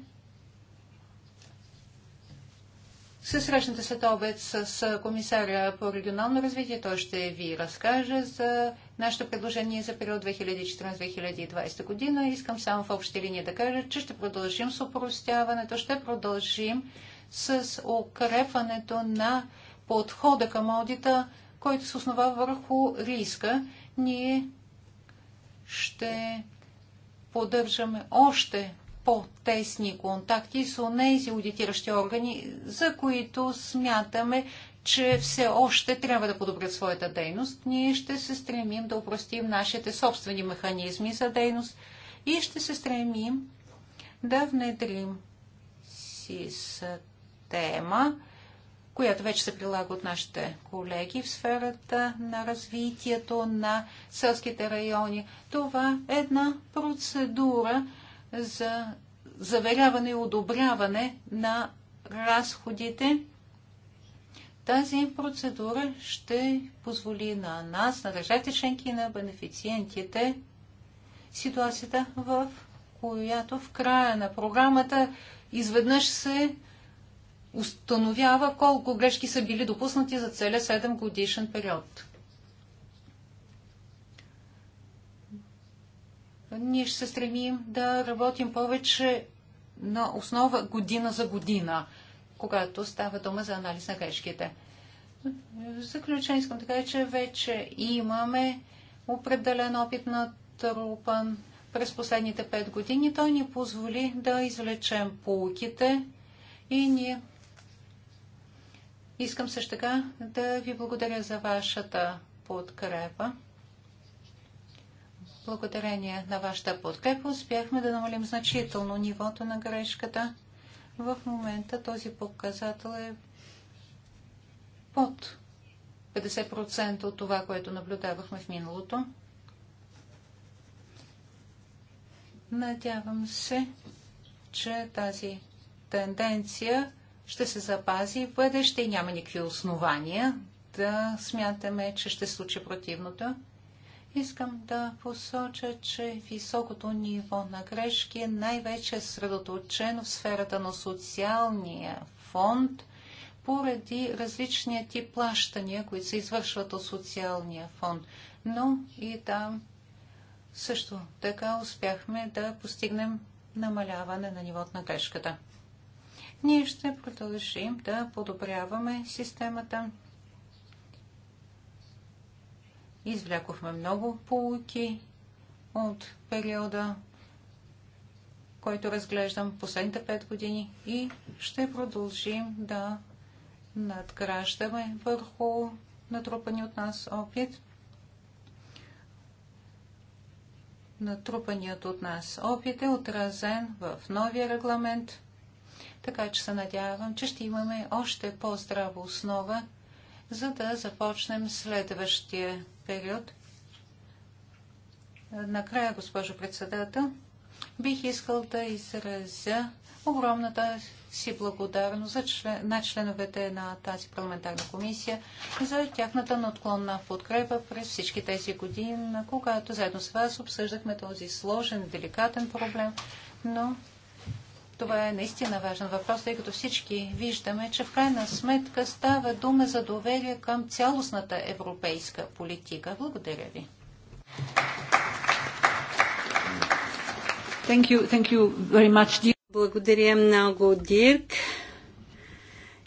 се срещнете след обед с комисаря по регионално развитие. Той ще ви разкаже за нашето предложение за период 2014-2020 година. Искам само в общи линии да кажа, че ще продължим с упростяването, ще продължим с укрепването на подхода към аудита, който се основава върху риска. Ние ще поддържаме още по-тесни контакти с онези аудитиращи органи, за които смятаме, че все още трябва да подобрят своята дейност. Ние ще се стремим да упростим нашите собствени механизми за дейност и ще се стремим да внедрим система, която вече се прилага от нашите колеги в сферата на развитието на селските райони. Това е една процедура, за заверяване и одобряване на разходите. Тази процедура ще позволи на нас, на държавите членки и на бенефициентите ситуацията, в която в края на програмата изведнъж се установява колко грешки са били допуснати за целия 7 годишен период. ние ще се стремим да работим повече на основа година за година, когато става дума за анализ на грешките. В заключение искам да кажа, че вече имаме определен опит на трупан през последните пет години. Той ни позволи да извлечем полуките и ние искам също така да ви благодаря за вашата подкрепа благодарение на вашата подкрепа успяхме да намалим значително нивото на грешката. В момента този показател е под 50% от това, което наблюдавахме в миналото. Надявам се, че тази тенденция ще се запази в бъдеще и няма никакви основания да смятаме, че ще случи противното. Искам да посоча, че високото ниво на грешки е най-вече е средоточено в сферата на социалния фонд поради различния тип плащания, които се извършват от социалния фонд. Но и там също така успяхме да постигнем намаляване на нивото на грешката. Ние ще продължим да подобряваме системата Извлякохме много полуки от периода, който разглеждам последните 5 години и ще продължим да надграждаме върху натрупани от нас опит. Натрупаният от нас опит е отразен в новия регламент, така че се надявам, че ще имаме още по-здрава основа за да започнем следващия период. Накрая, госпожо председател, бих искал да изразя огромната си благодарност за член, на членовете на тази парламентарна комисия за тяхната неотклонна подкрепа през всички тези години, когато заедно с вас обсъждахме този сложен, деликатен проблем, но това е наистина важен въпрос, тъй като всички виждаме, че в крайна сметка става дума за доверие към цялостната европейска политика. Благодаря ви. Thank you, thank you very much, Благодаря много, Дирк.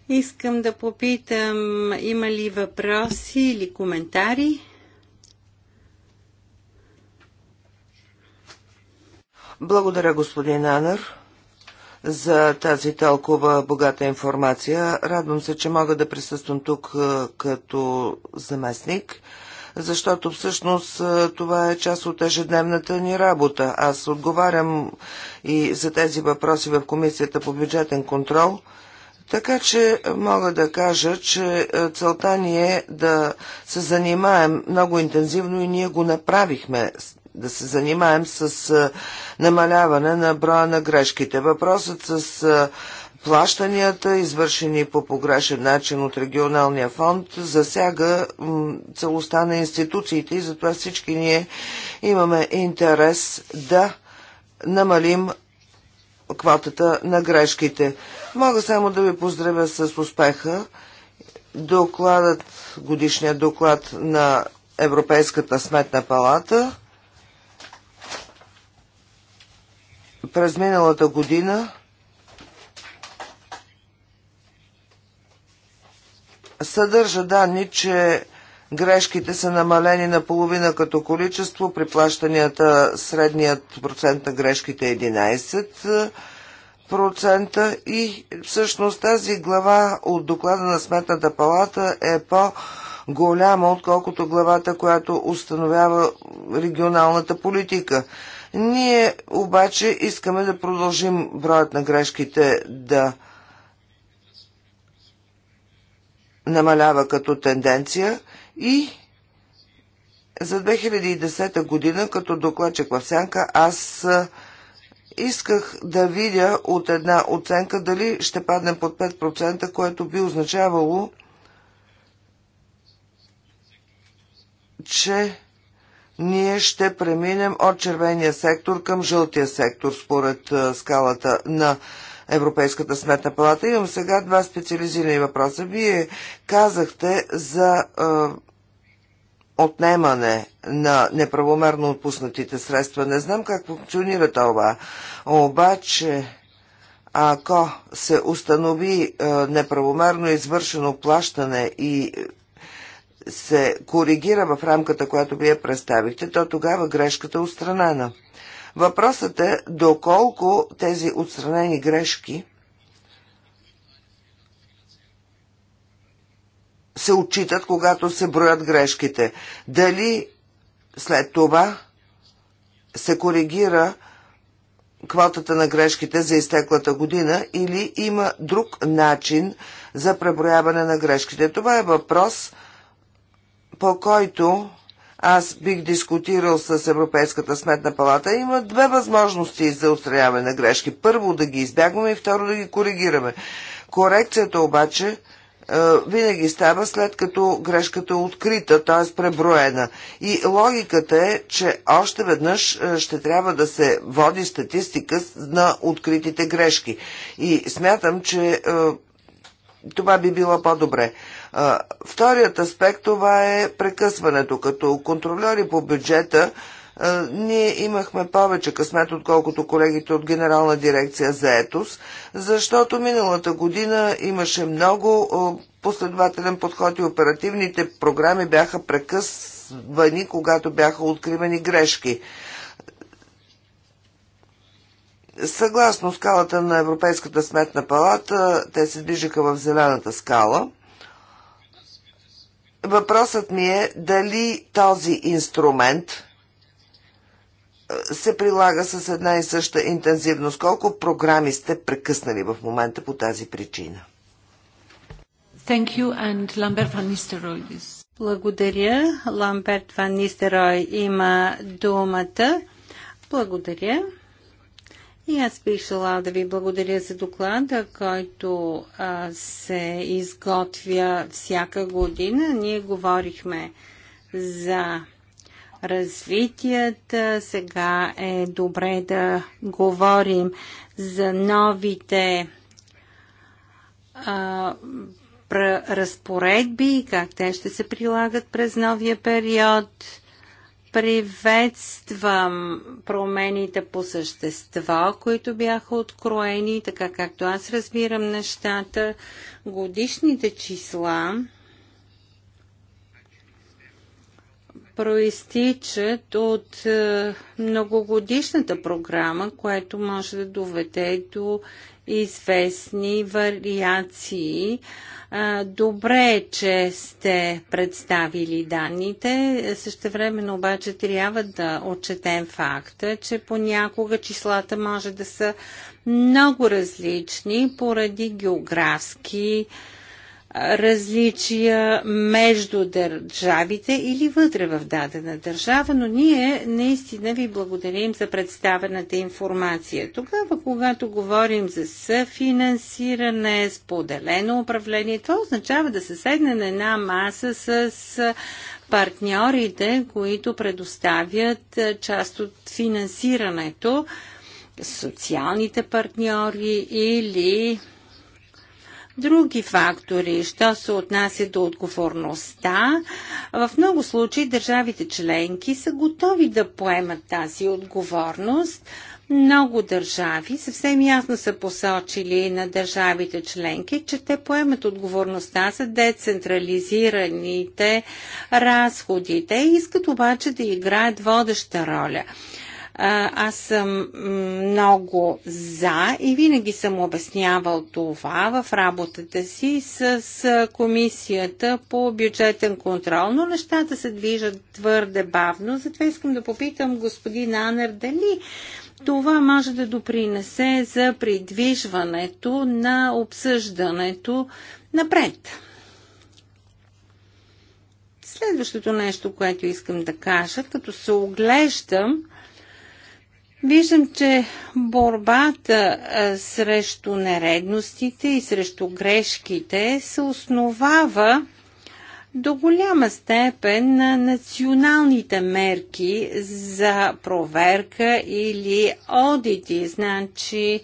Искам да попитам, има ли въпроси или коментари? Благодаря, господин Анър за тази толкова богата информация. Радвам се, че мога да присъствам тук е, като заместник, защото всъщност е, това е част от ежедневната ни работа. Аз отговарям и за тези въпроси в Комисията по бюджетен контрол. Така че мога да кажа, че е, целта ни е да се занимаем много интензивно и ние го направихме да се занимаем с намаляване на броя на грешките. Въпросът с плащанията, извършени по погрешен начин от регионалния фонд, засяга целостта на институциите и затова всички ние имаме интерес да намалим квотата на грешките. Мога само да ви поздравя с успеха. Докладът, годишният доклад на Европейската сметна палата през миналата година съдържа данни, че грешките са намалени на половина като количество, при плащанията средният процент на грешките е 11%, процента и всъщност тази глава от доклада на Сметната палата е по-голяма, отколкото главата, която установява регионалната политика. Ние обаче искаме да продължим броят на грешките да намалява като тенденция и за 2010 година като докладчик в Сянка аз исках да видя от една оценка дали ще паднем под 5%, което би означавало, че ние ще преминем от червения сектор към жълтия сектор според скалата на Европейската сметна палата. Имам сега два специализирани въпроса. Вие казахте за отнемане на неправомерно отпуснатите средства. Не знам как функционира това. Обаче, ако се установи неправомерно извършено плащане и се коригира в рамката, която вие представихте, то тогава грешката е отстранена. Въпросът е доколко тези отстранени грешки се отчитат, когато се броят грешките. Дали след това се коригира квотата на грешките за изтеклата година или има друг начин за преброяване на грешките. Това е въпрос, по който аз бих дискутирал с Европейската сметна палата, има две възможности за устраняване на грешки. Първо да ги избягваме и второ да ги коригираме. Корекцията обаче е, винаги става след като грешката е открита, т.е. преброена. И логиката е, че още веднъж е, ще трябва да се води статистика на откритите грешки. И смятам, че е, това би било по-добре. Вторият аспект това е прекъсването. Като контролери по бюджета ние имахме повече късмет, отколкото колегите от Генерална дирекция за етос, защото миналата година имаше много последователен подход и оперативните програми бяха прекъсвани, когато бяха откривани грешки. Съгласно скалата на Европейската сметна палата, те се движиха в зелената скала – Въпросът ми е дали този инструмент е, се прилага с една и съща интензивност. Колко програми сте прекъснали в момента по тази причина? Thank you and Lambert van Nistelrooy. Благодаря. Ламберт Ван Нистерой има думата. Благодаря. И аз бих желала да ви благодаря за доклада, който а, се изготвя всяка година. Ние говорихме за развитията. Сега е добре да говорим за новите а, разпоредби, как те ще се прилагат през новия период Приветствам промените по същества, които бяха откроени, така както аз разбирам нещата. Годишните числа проистичат от е, многогодишната програма, което може да доведе до известни вариации. Добре е, че сте представили данните, същевременно обаче трябва да отчетем факта, че понякога числата може да са много различни поради географски различия между държавите или вътре в дадена държава, но ние наистина ви благодарим за представената информация. Тогава, когато говорим за съфинансиране, споделено управление, това означава да се седне на една маса с партньорите, които предоставят е, част от финансирането, социалните партньори или други фактори. Що се отнася до отговорността, в много случаи държавите членки са готови да поемат тази отговорност. Много държави съвсем ясно са посочили на държавите членки, че те поемат отговорността за децентрализираните разходи. Те искат обаче да играят водеща роля. Аз съм много за и винаги съм обяснявал това в работата си с комисията по бюджетен контрол, но нещата се движат твърде бавно. Затова искам да попитам господин Анер дали това може да допринесе за придвижването на обсъждането напред. Следващото нещо, което искам да кажа, като се оглеждам Виждам, че борбата срещу нередностите и срещу грешките се основава до голяма степен на националните мерки за проверка или одити. Значи,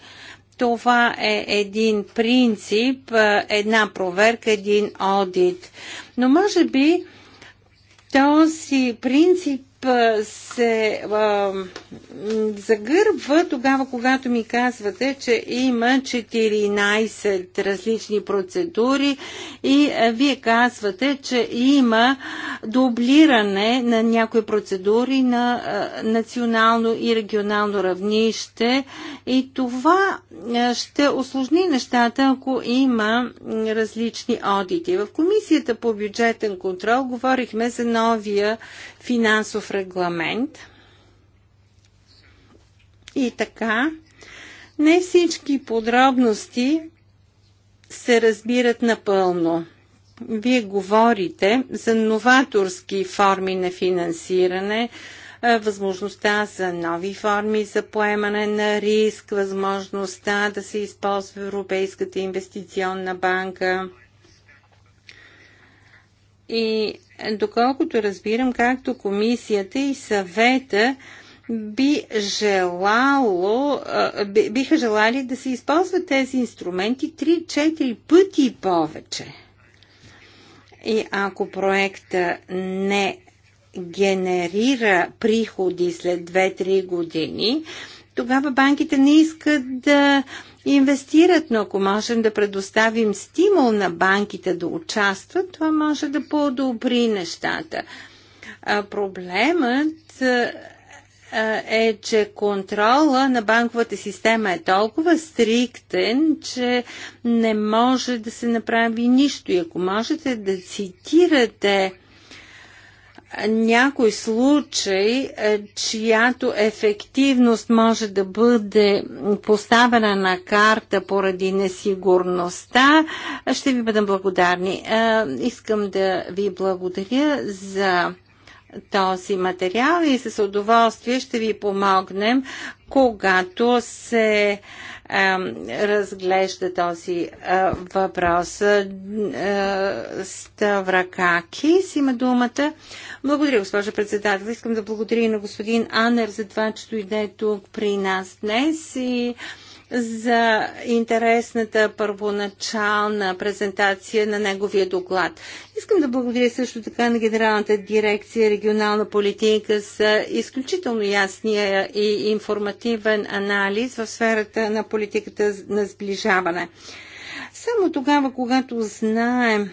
това е един принцип, една проверка, един одит. Но може би този принцип се а, загърбва тогава, когато ми казвате, че има 14 различни процедури и а, вие казвате, че има дублиране на някои процедури на а, национално и регионално равнище и това а, ще осложни нещата, ако има различни одити. В Комисията по бюджетен контрол говорихме за новия финансов регламент. И така, не всички подробности се разбират напълно. Вие говорите за новаторски форми на финансиране, възможността за нови форми за поемане на риск, възможността да се използва Европейската инвестиционна банка. И доколкото разбирам, както комисията и съвета би желало, биха желали да се използват тези инструменти 3-4 пъти повече. И ако проекта не генерира приходи след 2-3 години, тогава банките не искат да инвестират, но ако можем да предоставим стимул на банките да участват, това може да подобри нещата. А, проблемът е, че контрола на банковата система е толкова стриктен, че не може да се направи нищо. И ако можете да цитирате някой случай, е, чиято ефективност може да бъде поставена на карта поради несигурността, ще ви бъдам благодарни. Е, искам да ви благодаря за този материал и с удоволствие ще ви помогнем, когато се разглежда този въпрос. Ставракакис има думата. Благодаря, госпожа председател. Искам да благодаря и на господин Анер за това, че дойде тук при нас днес и за интересната първоначална презентация на неговия доклад. Искам да благодаря също така на Генералната дирекция регионална политика за изключително ясния и информативен анализ в сферата на политиката на сближаване. Само тогава, когато знаем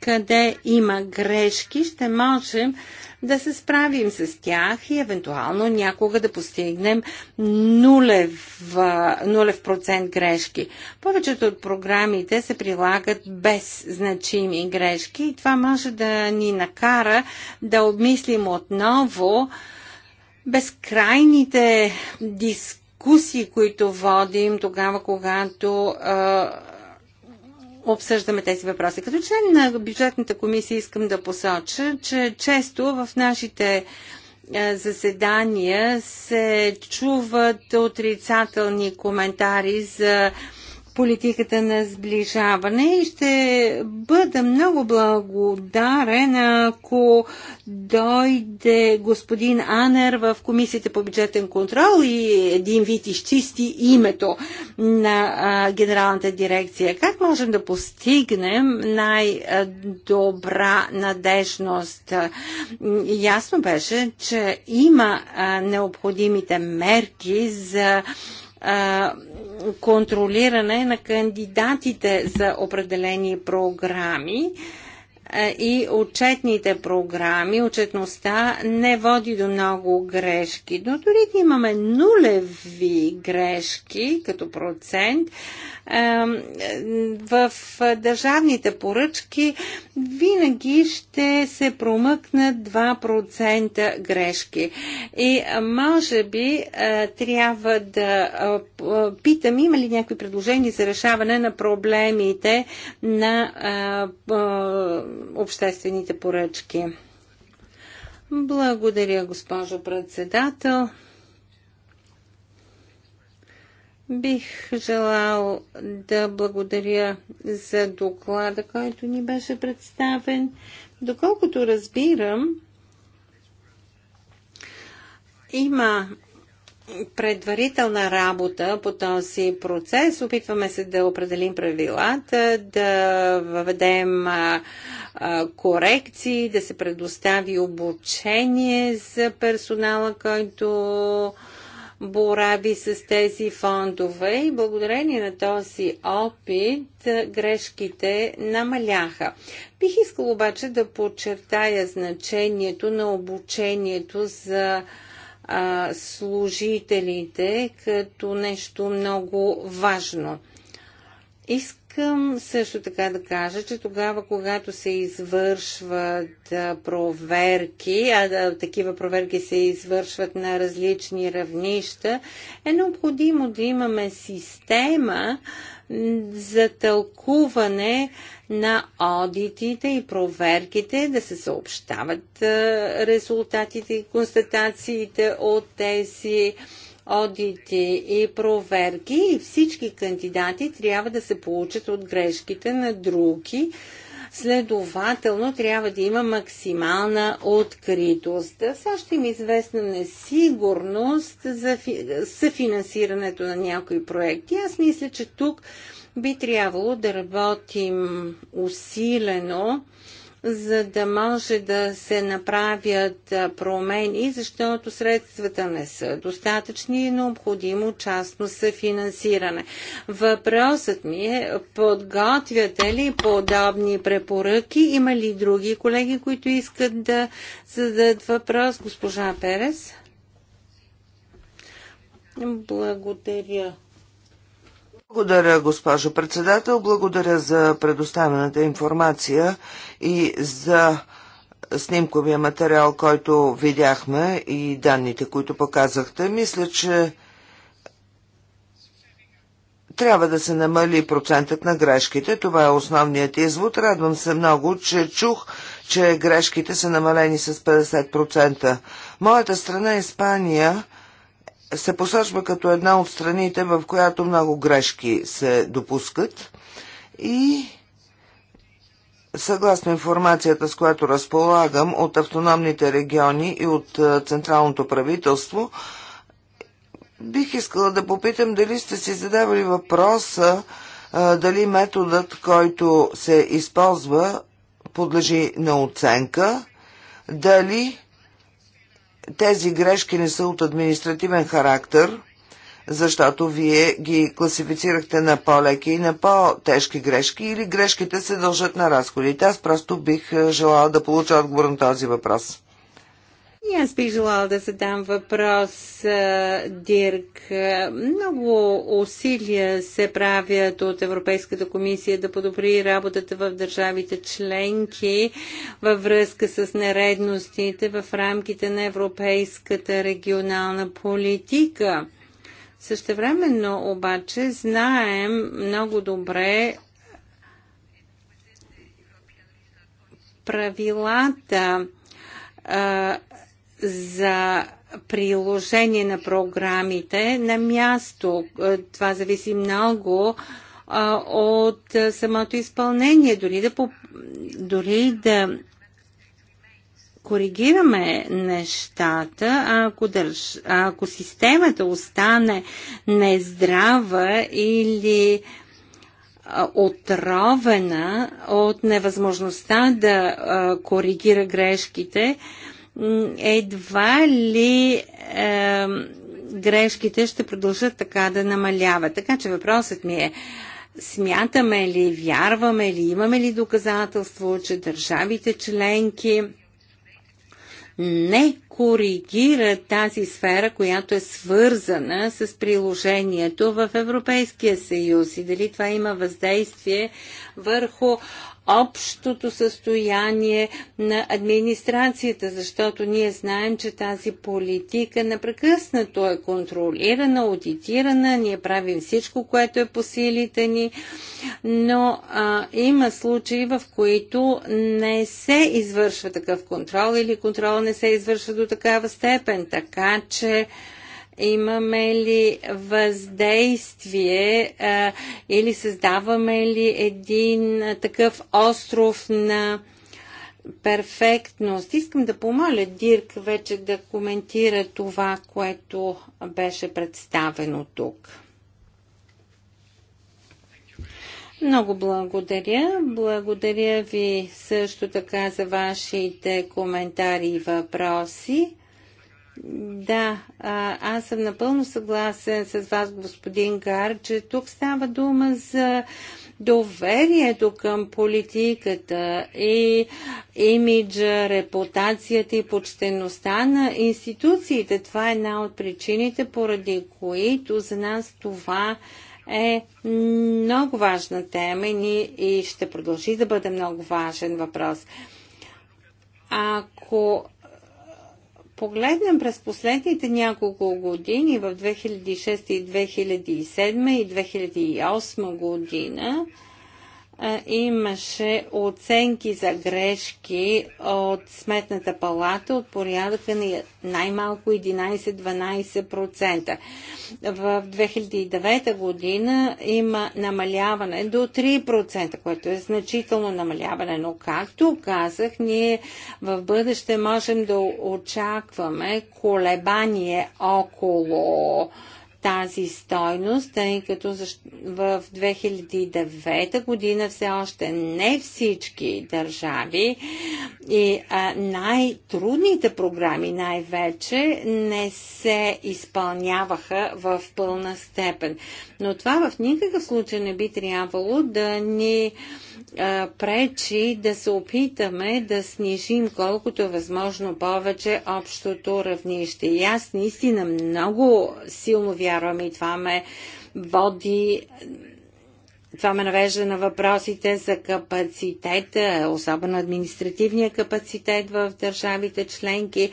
къде има грешки, ще можем да се справим с тях и евентуално някога да постигнем нулев, нулев процент грешки. Повечето от програмите се прилагат без значими грешки и това може да ни накара да обмислим отново безкрайните дискусии, които водим тогава, когато а, обсъждаме тези въпроси. Като член на бюджетната комисия искам да посоча, че често в нашите е, заседания се чуват отрицателни коментари за политиката на сближаване и ще бъда много благодарен, ако дойде господин Анер в Комисията по бюджетен контрол и един вид изчисти името на а, Генералната дирекция. Как можем да постигнем най-добра надежност? Ясно беше, че има а, необходимите мерки за а, контролиране на кандидатите за определени програми. А, е, и отчетните програми, отчетността не води до много грешки. Но дори да имаме нулеви грешки като процент, в държавните поръчки винаги ще се промъкнат 2% грешки. И е, може би е, трябва да питам, има ли някакви предложения за решаване на проблемите на обществените поръчки. Благодаря, госпожо председател. Бих желал да благодаря за доклада, който ни беше представен. Доколкото разбирам, има предварителна работа по този процес. Опитваме се да определим правилата, да въведем корекции, да се предостави обучение за персонала, който борави с тези фондове и благодарение на този опит грешките намаляха. Бих искал обаче да подчертая значението на обучението за а, служителите като нещо много важно. Искам също така да кажа, че тогава, когато се извършват проверки, а такива проверки се извършват на различни равнища, е необходимо да имаме система, за тълкуване на одитите и проверките, да се съобщават резултатите и констатациите от тези одити и проверки и всички кандидати трябва да се получат от грешките на други Следователно трябва да има максимална откритост. Също ще им известна несигурност за съфинансирането на някои проекти. Аз мисля, че тук би трябвало да работим усилено за да може да се направят промени, защото средствата не са достатъчни и е необходимо частно съфинансиране. Въпросът ми е, подготвяте ли подобни препоръки? Има ли други колеги, които искат да зададат въпрос? Госпожа Перес? Благодаря. Благодаря, госпожо председател. Благодаря за предоставената информация и за снимковия материал, който видяхме и данните, които показахте. Мисля, че трябва да се намали процентът на грешките. Това е основният извод. Радвам се много, че чух, че грешките са намалени с 50%. Моята страна Испания се посочва като една от страните, в която много грешки се допускат и Съгласно информацията, с която разполагам от автономните региони и от е, Централното правителство, бих искала да попитам дали сте си задавали въпроса е, дали методът, който се използва, подлежи на оценка, дали тези грешки не са от административен характер, защото вие ги класифицирахте на по-леки и на по-тежки грешки или грешките се дължат на разходите. Аз просто бих е, желала да получа отговор на този въпрос. И аз бих желала да задам въпрос, Дирк. Много усилия се правят от Европейската комисия да подобри работата в държавите членки във връзка с нередностите в рамките на европейската регионална политика. Същевременно обаче знаем много добре правилата за приложение на програмите на място. Е, това зависи много от самото изпълнение. Дори да, по, дори да коригираме нещата, ако, държ, ако системата остане нездрава или отровена от невъзможността да коригира грешките, едва ли е, грешките ще продължат така да намаляват. Така че въпросът ми е, смятаме ли, вярваме ли, имаме ли доказателство, че държавите членки не коригират тази сфера, която е свързана с приложението в Европейския съюз и дали това има въздействие върху общото състояние на администрацията, защото ние знаем, че тази политика напрекъснато е контролирана, аудитирана, ние правим всичко, което е по силите ни, но а, има случаи, в които не се извършва такъв контрол или контрол не се извършва до такава степен, така че имаме ли въздействие а, или създаваме ли един а, такъв остров на перфектност. Искам да помоля Дирк вече да коментира това, което беше представено тук. Много благодаря. Благодаря ви също така за вашите коментари и въпроси. Да, аз съм напълно съгласен с вас, господин Гар, че тук става дума за доверието към политиката и имиджа, репутацията и почтеността на институциите. Това е една от причините, поради които за нас това е много важна тема и ще продължи да бъде много важен въпрос. Ако погледнем през последните няколко години, в 2006 и 2007 и 2008 година, имаше оценки за грешки от Сметната палата от порядъка на най-малко 11-12%. В 2009 година има намаляване до 3%, което е значително намаляване, но както казах, ние в бъдеще можем да очакваме колебание около тази стойност, тъй като в 2009 година все още не всички държави и най-трудните програми най-вече не се изпълняваха в пълна степен. Но това в никакъв случай не би трябвало да ни а, пречи да се опитаме да снижим колкото е възможно повече общото равнище. И аз наистина много силно вярвам и това ме води това ме навежда на въпросите за капацитета, особено административния капацитет в държавите членки.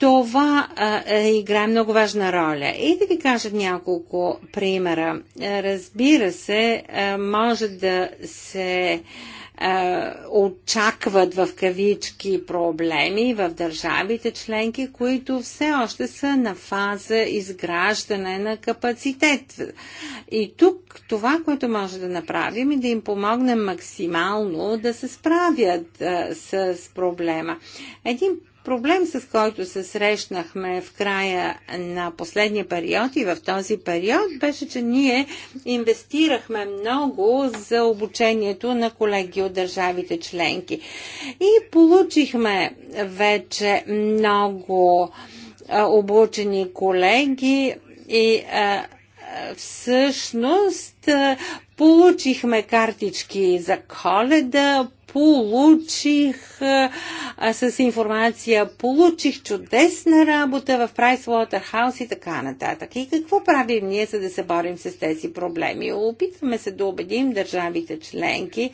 Това а, е, играе много важна роля. И да ви кажа няколко примера. Е, разбира се, а, е, може да се а, очакват в кавички проблеми в държавите членки, които все още са на фаза изграждане на капацитет. И тук това, което може да направим е да им помогнем максимално да се справят а, с проблема. Един Проблем, с който се срещнахме в края на последния период и в този период, беше, че ние инвестирахме много за обучението на колеги от държавите членки. И получихме вече много обучени колеги и всъщност Получихме картички за коледа, получих а, с информация, получих чудесна работа в Pricewaterhouse и така нататък. И какво правим ние, за да се борим с тези проблеми? Опитваме се да убедим държавите членки,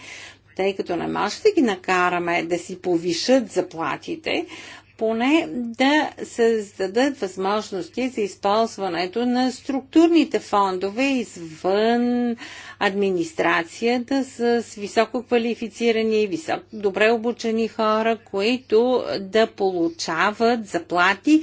тъй като не може да ги накараме да си повишат заплатите, поне да създадат възможности за използването на структурните фондове извън администрацията с високо квалифицирани, високо, добре обучени хора, които да получават заплати,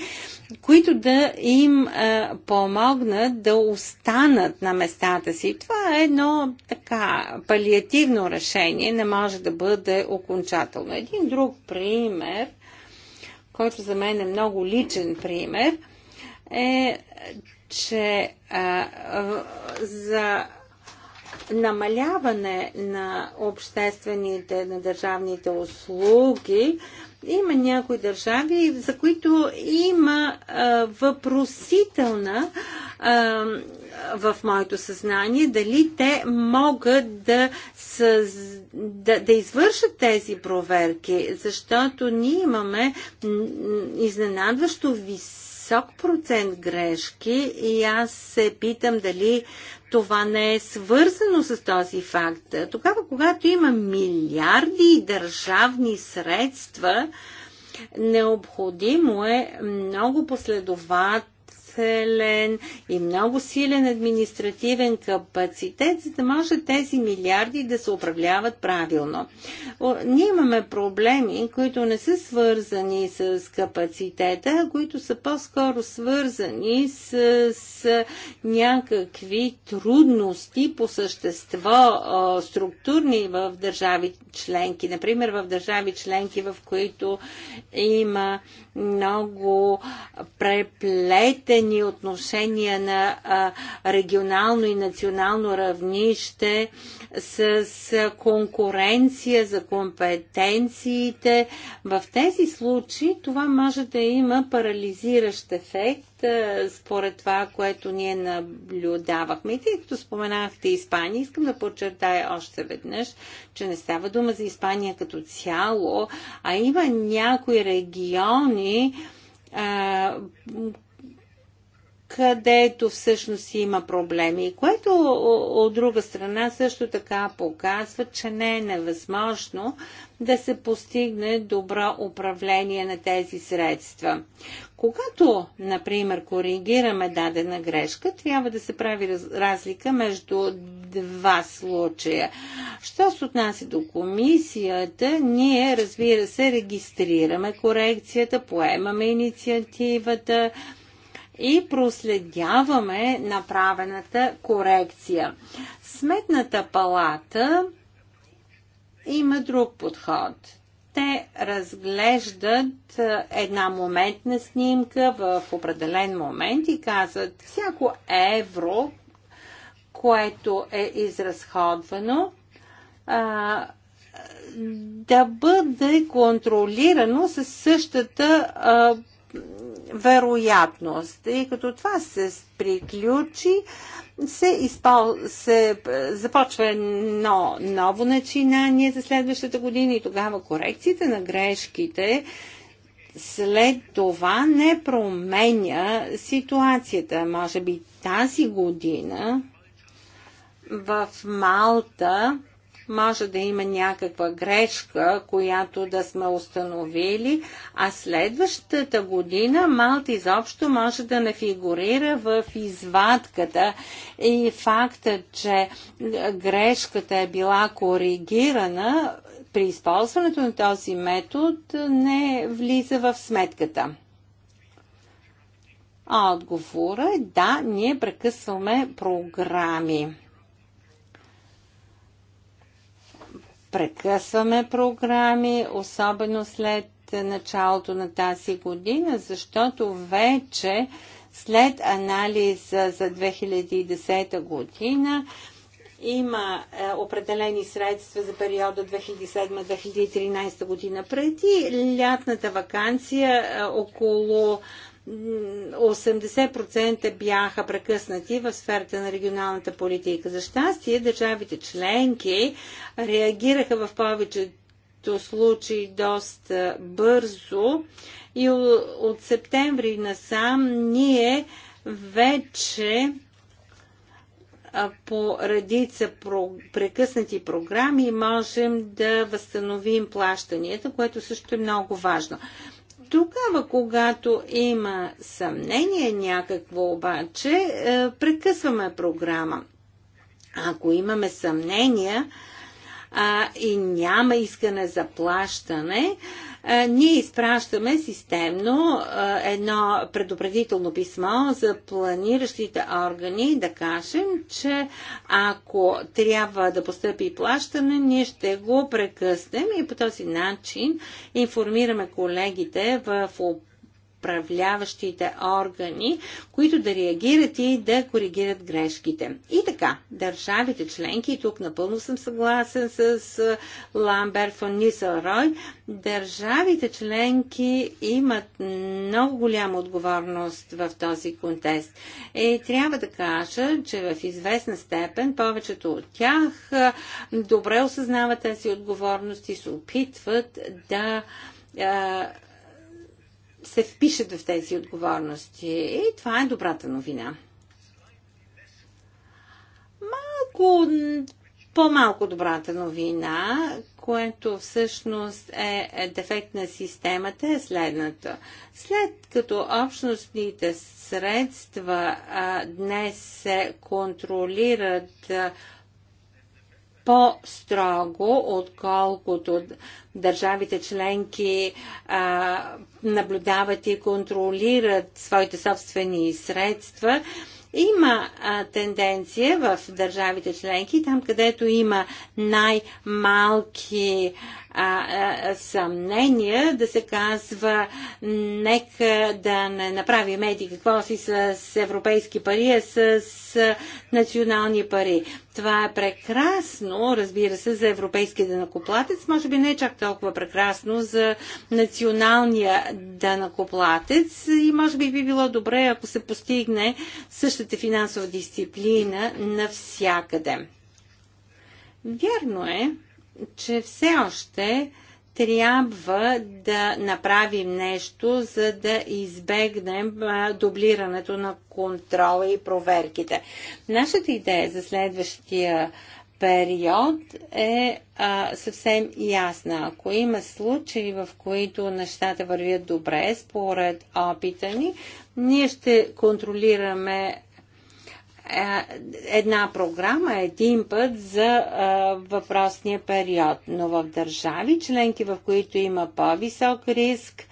които да им а, помогнат да останат на местата си. Това е едно така палиативно решение, не може да бъде окончателно. Един друг пример – който за мен е много личен пример, е, че а, за намаляване на обществените, на държавните услуги, има някои държави, за които има а, въпросителна а, в моето съзнание дали те могат да да, да извършат тези проверки, защото ние имаме изненадващо висок процент грешки и аз се питам дали това не е свързано с този факт. Тогава, когато има милиарди държавни средства, необходимо е много последователно положителен и много силен административен капацитет, за да може тези милиарди да се управляват правилно. Ние имаме проблеми, които не са свързани с капацитета, а които са по-скоро свързани с, с някакви трудности по същество, структурни в държави членки. Например, в държави членки, в които има много преплетени отношения на регионално и национално равнище с конкуренция за компетенциите. В тези случаи това може да има парализиращ ефект според това, което ние наблюдавахме. И тъй като споменахте Испания, искам да подчертая още веднъж, че не става дума за Испания като цяло, а има някои региони, където всъщност има проблеми, което от друга страна също така показва, че не е невъзможно да се постигне добро управление на тези средства. Когато, например, коригираме дадена грешка, трябва да се прави разлика между два случая. Що се отнася до комисията, ние, разбира се, регистрираме корекцията, поемаме инициативата, и проследяваме направената корекция. Сметната палата има друг подход. Те разглеждат е, една моментна снимка в определен момент и казват всяко евро, което е изразходвано, да бъде контролирано със същата вероятност. И като това се приключи, се, изпол... се е, започва едно ново начинание за следващата година и тогава корекцията на грешките след това не променя ситуацията. Може би тази година в Малта може да има някаква грешка, която да сме установили, а следващата година Малт изобщо може да не фигурира в извадката и факта, че грешката е била коригирана при използването на този метод не влиза в сметката. А отговора е да, ние прекъсваме програми. прекъсваме програми, особено след началото на тази година, защото вече след анализа за 2010 година има е, определени средства за периода 2007-2013 година. Преди лятната вакансия е, около 80% бяха прекъснати в сферата на регионалната политика. За щастие, държавите членки реагираха в повечето случаи доста бързо и от септември насам ние вече по редица прекъснати програми можем да възстановим плащанията, което също е много важно. Тогава, когато има съмнение някакво обаче, е, прекъсваме програма. Ако имаме съмнения а, и няма искане за плащане, а, ние изпращаме системно едно предупредително писмо за планиращите органи да кажем, че ако трябва да постъпи плащане, ние ще го прекъснем и по този начин информираме колегите в управляващите органи, които да реагират и да коригират грешките. И така, държавите членки, и тук напълно съм съгласен с Ламбер фон Нисълрой, държавите членки имат много голяма отговорност в този контест. И трябва да кажа, че в известна степен повечето от тях добре осъзнават тези отговорности и се опитват да се впишат в тези отговорности. И това е добрата новина. Малко по-малко добрата новина, което всъщност е дефект на системата, е следната. След като общностните средства а, днес се контролират а, по-строго, отколкото държавите членки а, наблюдават и контролират своите собствени средства. Има а, тенденция в държавите членки, там където има най-малки а, а, съмнения, да се казва, нека да не направим еди какво си с, с европейски пари, а с, с национални пари. Това е прекрасно, разбира се, за европейския данакоплатец, може би не е чак толкова прекрасно за националния данакоплатец и може би би било добре, ако се постигне същата финансова дисциплина навсякъде. Вярно е, че все още трябва да направим нещо, за да избегнем дублирането на контрола и проверките. Нашата идея за следващия период е а, съвсем ясна. Ако има случаи, в които нещата вървят добре, според опита ни, ние ще контролираме е, една програма един път за а, е, въпросния период. Но в държави, членки, в които има по-висок риск,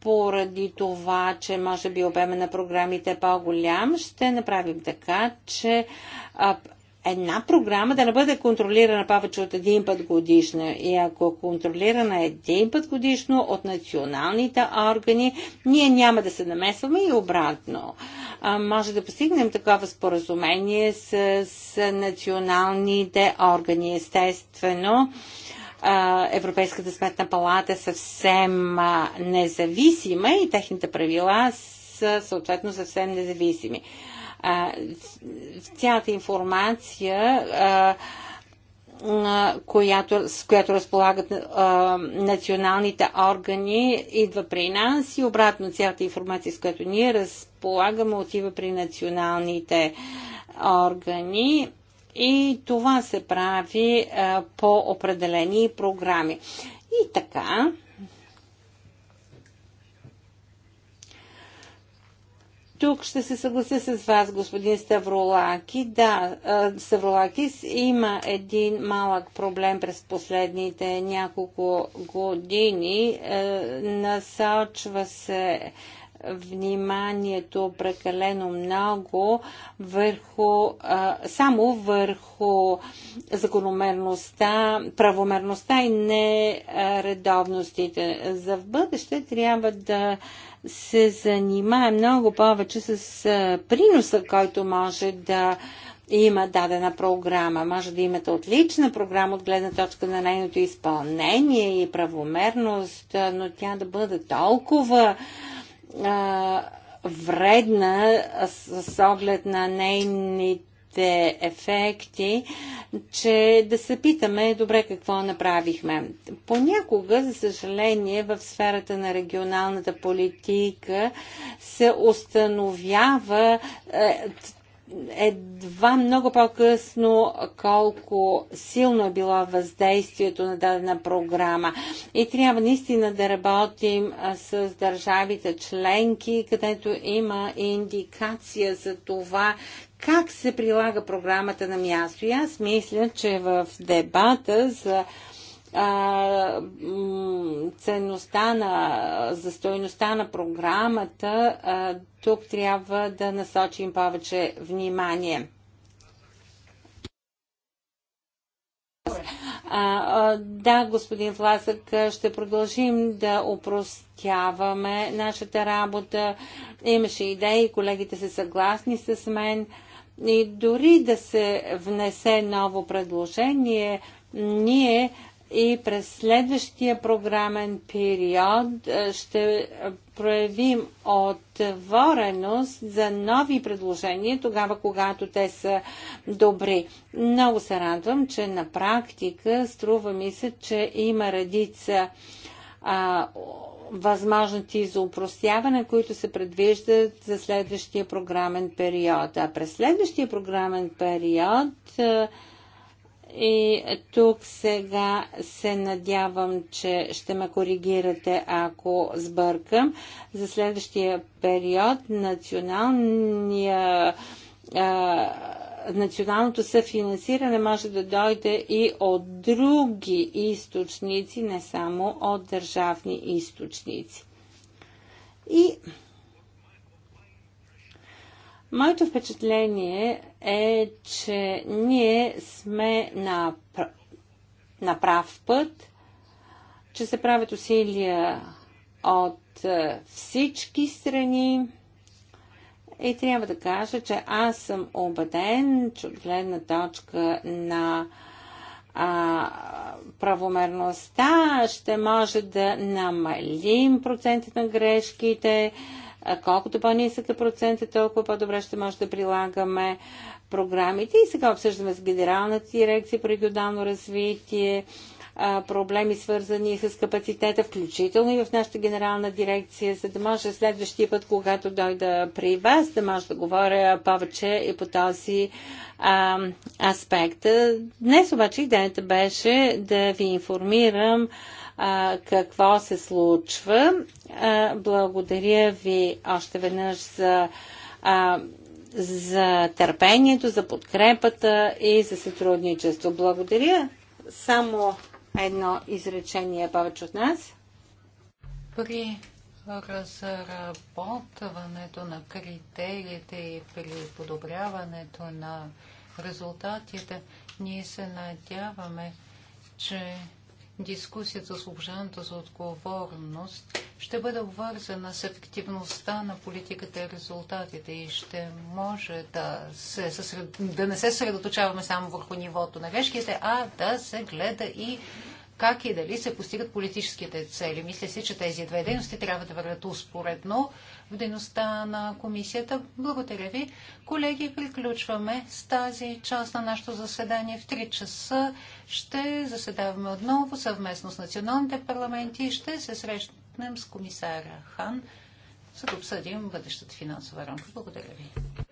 поради това, че може би обема на програмите е по-голям, ще направим така, че а, една програма да не бъде контролирана повече от един път годишно. И ако контролирана един път годишно от националните органи, ние няма да се намесваме и обратно. А, може да постигнем такова споразумение с, с националните органи. Естествено, а, Европейската сметна палата е съвсем а, независима и техните правила са съответно съвсем независими цялата информация, която, с която разполагат а, националните органи, идва при нас и обратно цялата информация, с която ние разполагаме, отива при националните органи. И това се прави а, по определени програми. И така, Тук ще се съглася с вас, господин Ставролаки. Да, Ставролакис има един малък проблем през последните няколко години. Е, насочва се вниманието прекалено много върху, а, само върху закономерността, правомерността и нередовностите. За в бъдеще трябва да се занимае много повече с приноса, който може да има дадена програма. Може да имате отлична програма от гледна точка на нейното изпълнение и правомерност, но тя да бъде толкова а, вредна с, с оглед на нейните те ефекти, че да се питаме добре какво направихме. Понякога, за съжаление, в сферата на регионалната политика се установява е, едва много по-късно колко силно е било въздействието на дадена програма. И трябва наистина да работим с държавите членки, където има индикация за това как се прилага програмата на място. И аз мисля, че в дебата за а, ценността на, за стойността на програмата, а, тук трябва да насочим повече внимание. А, да, господин Власък, ще продължим да упростяваме нашата работа. Имаше идеи, колегите са съгласни с мен. А, и дори да се внесе ново предложение, ние и през следващия програмен период е, ще проявим отвореност за нови предложения тогава, когато те са добри. Много се радвам, че на практика струва ми се, че има редица а, възможности за упростяване, които се предвиждат за следващия програмен период. А през следващия програмен период е, и тук сега се надявам, че ще ме коригирате, ако сбъркам. За следващия период националния е, националното съфинансиране може да дойде и от други източници, не само от държавни източници. И моето впечатление е, че ние сме на, на прав път, че се правят усилия от е, всички страни, и трябва да кажа, че аз съм убеден, че от гледна точка на а, правомерността ще може да намалим процентът на грешките. Колкото по-нисък е процентът, толкова по-добре ще може да прилагаме програмите. И сега обсъждаме с Генералната дирекция по регионално развитие проблеми, свързани с капацитета, включително и в нашата генерална дирекция, за да може следващия път, когато дойда при вас, да може да говоря повече и по този а, аспект. Днес обаче идеята беше да ви информирам а, какво се случва. А, благодаря ви още веднъж за. А, за търпението, за подкрепата и за сътрудничество. Благодаря. Само едно изречение повече от нас. При разработването на критериите и при подобряването на резултатите, ние се надяваме, че дискусията с обжената за отговорност ще бъде обвързана с ефективността на политиката и резултатите и ще може да, се, да не се средоточаваме само върху нивото на грешките, а да се гледа и как и дали се постигат политическите цели. Мисля си, че тези две дейности трябва да вървят успоредно в дейността на комисията. Благодаря ви. Колеги, приключваме с тази част на нашето заседание в 3 часа. Ще заседаваме отново съвместно с националните парламенти и ще се срещнем с комисара Хан, за да обсъдим бъдещата финансова рамка. Благодаря ви.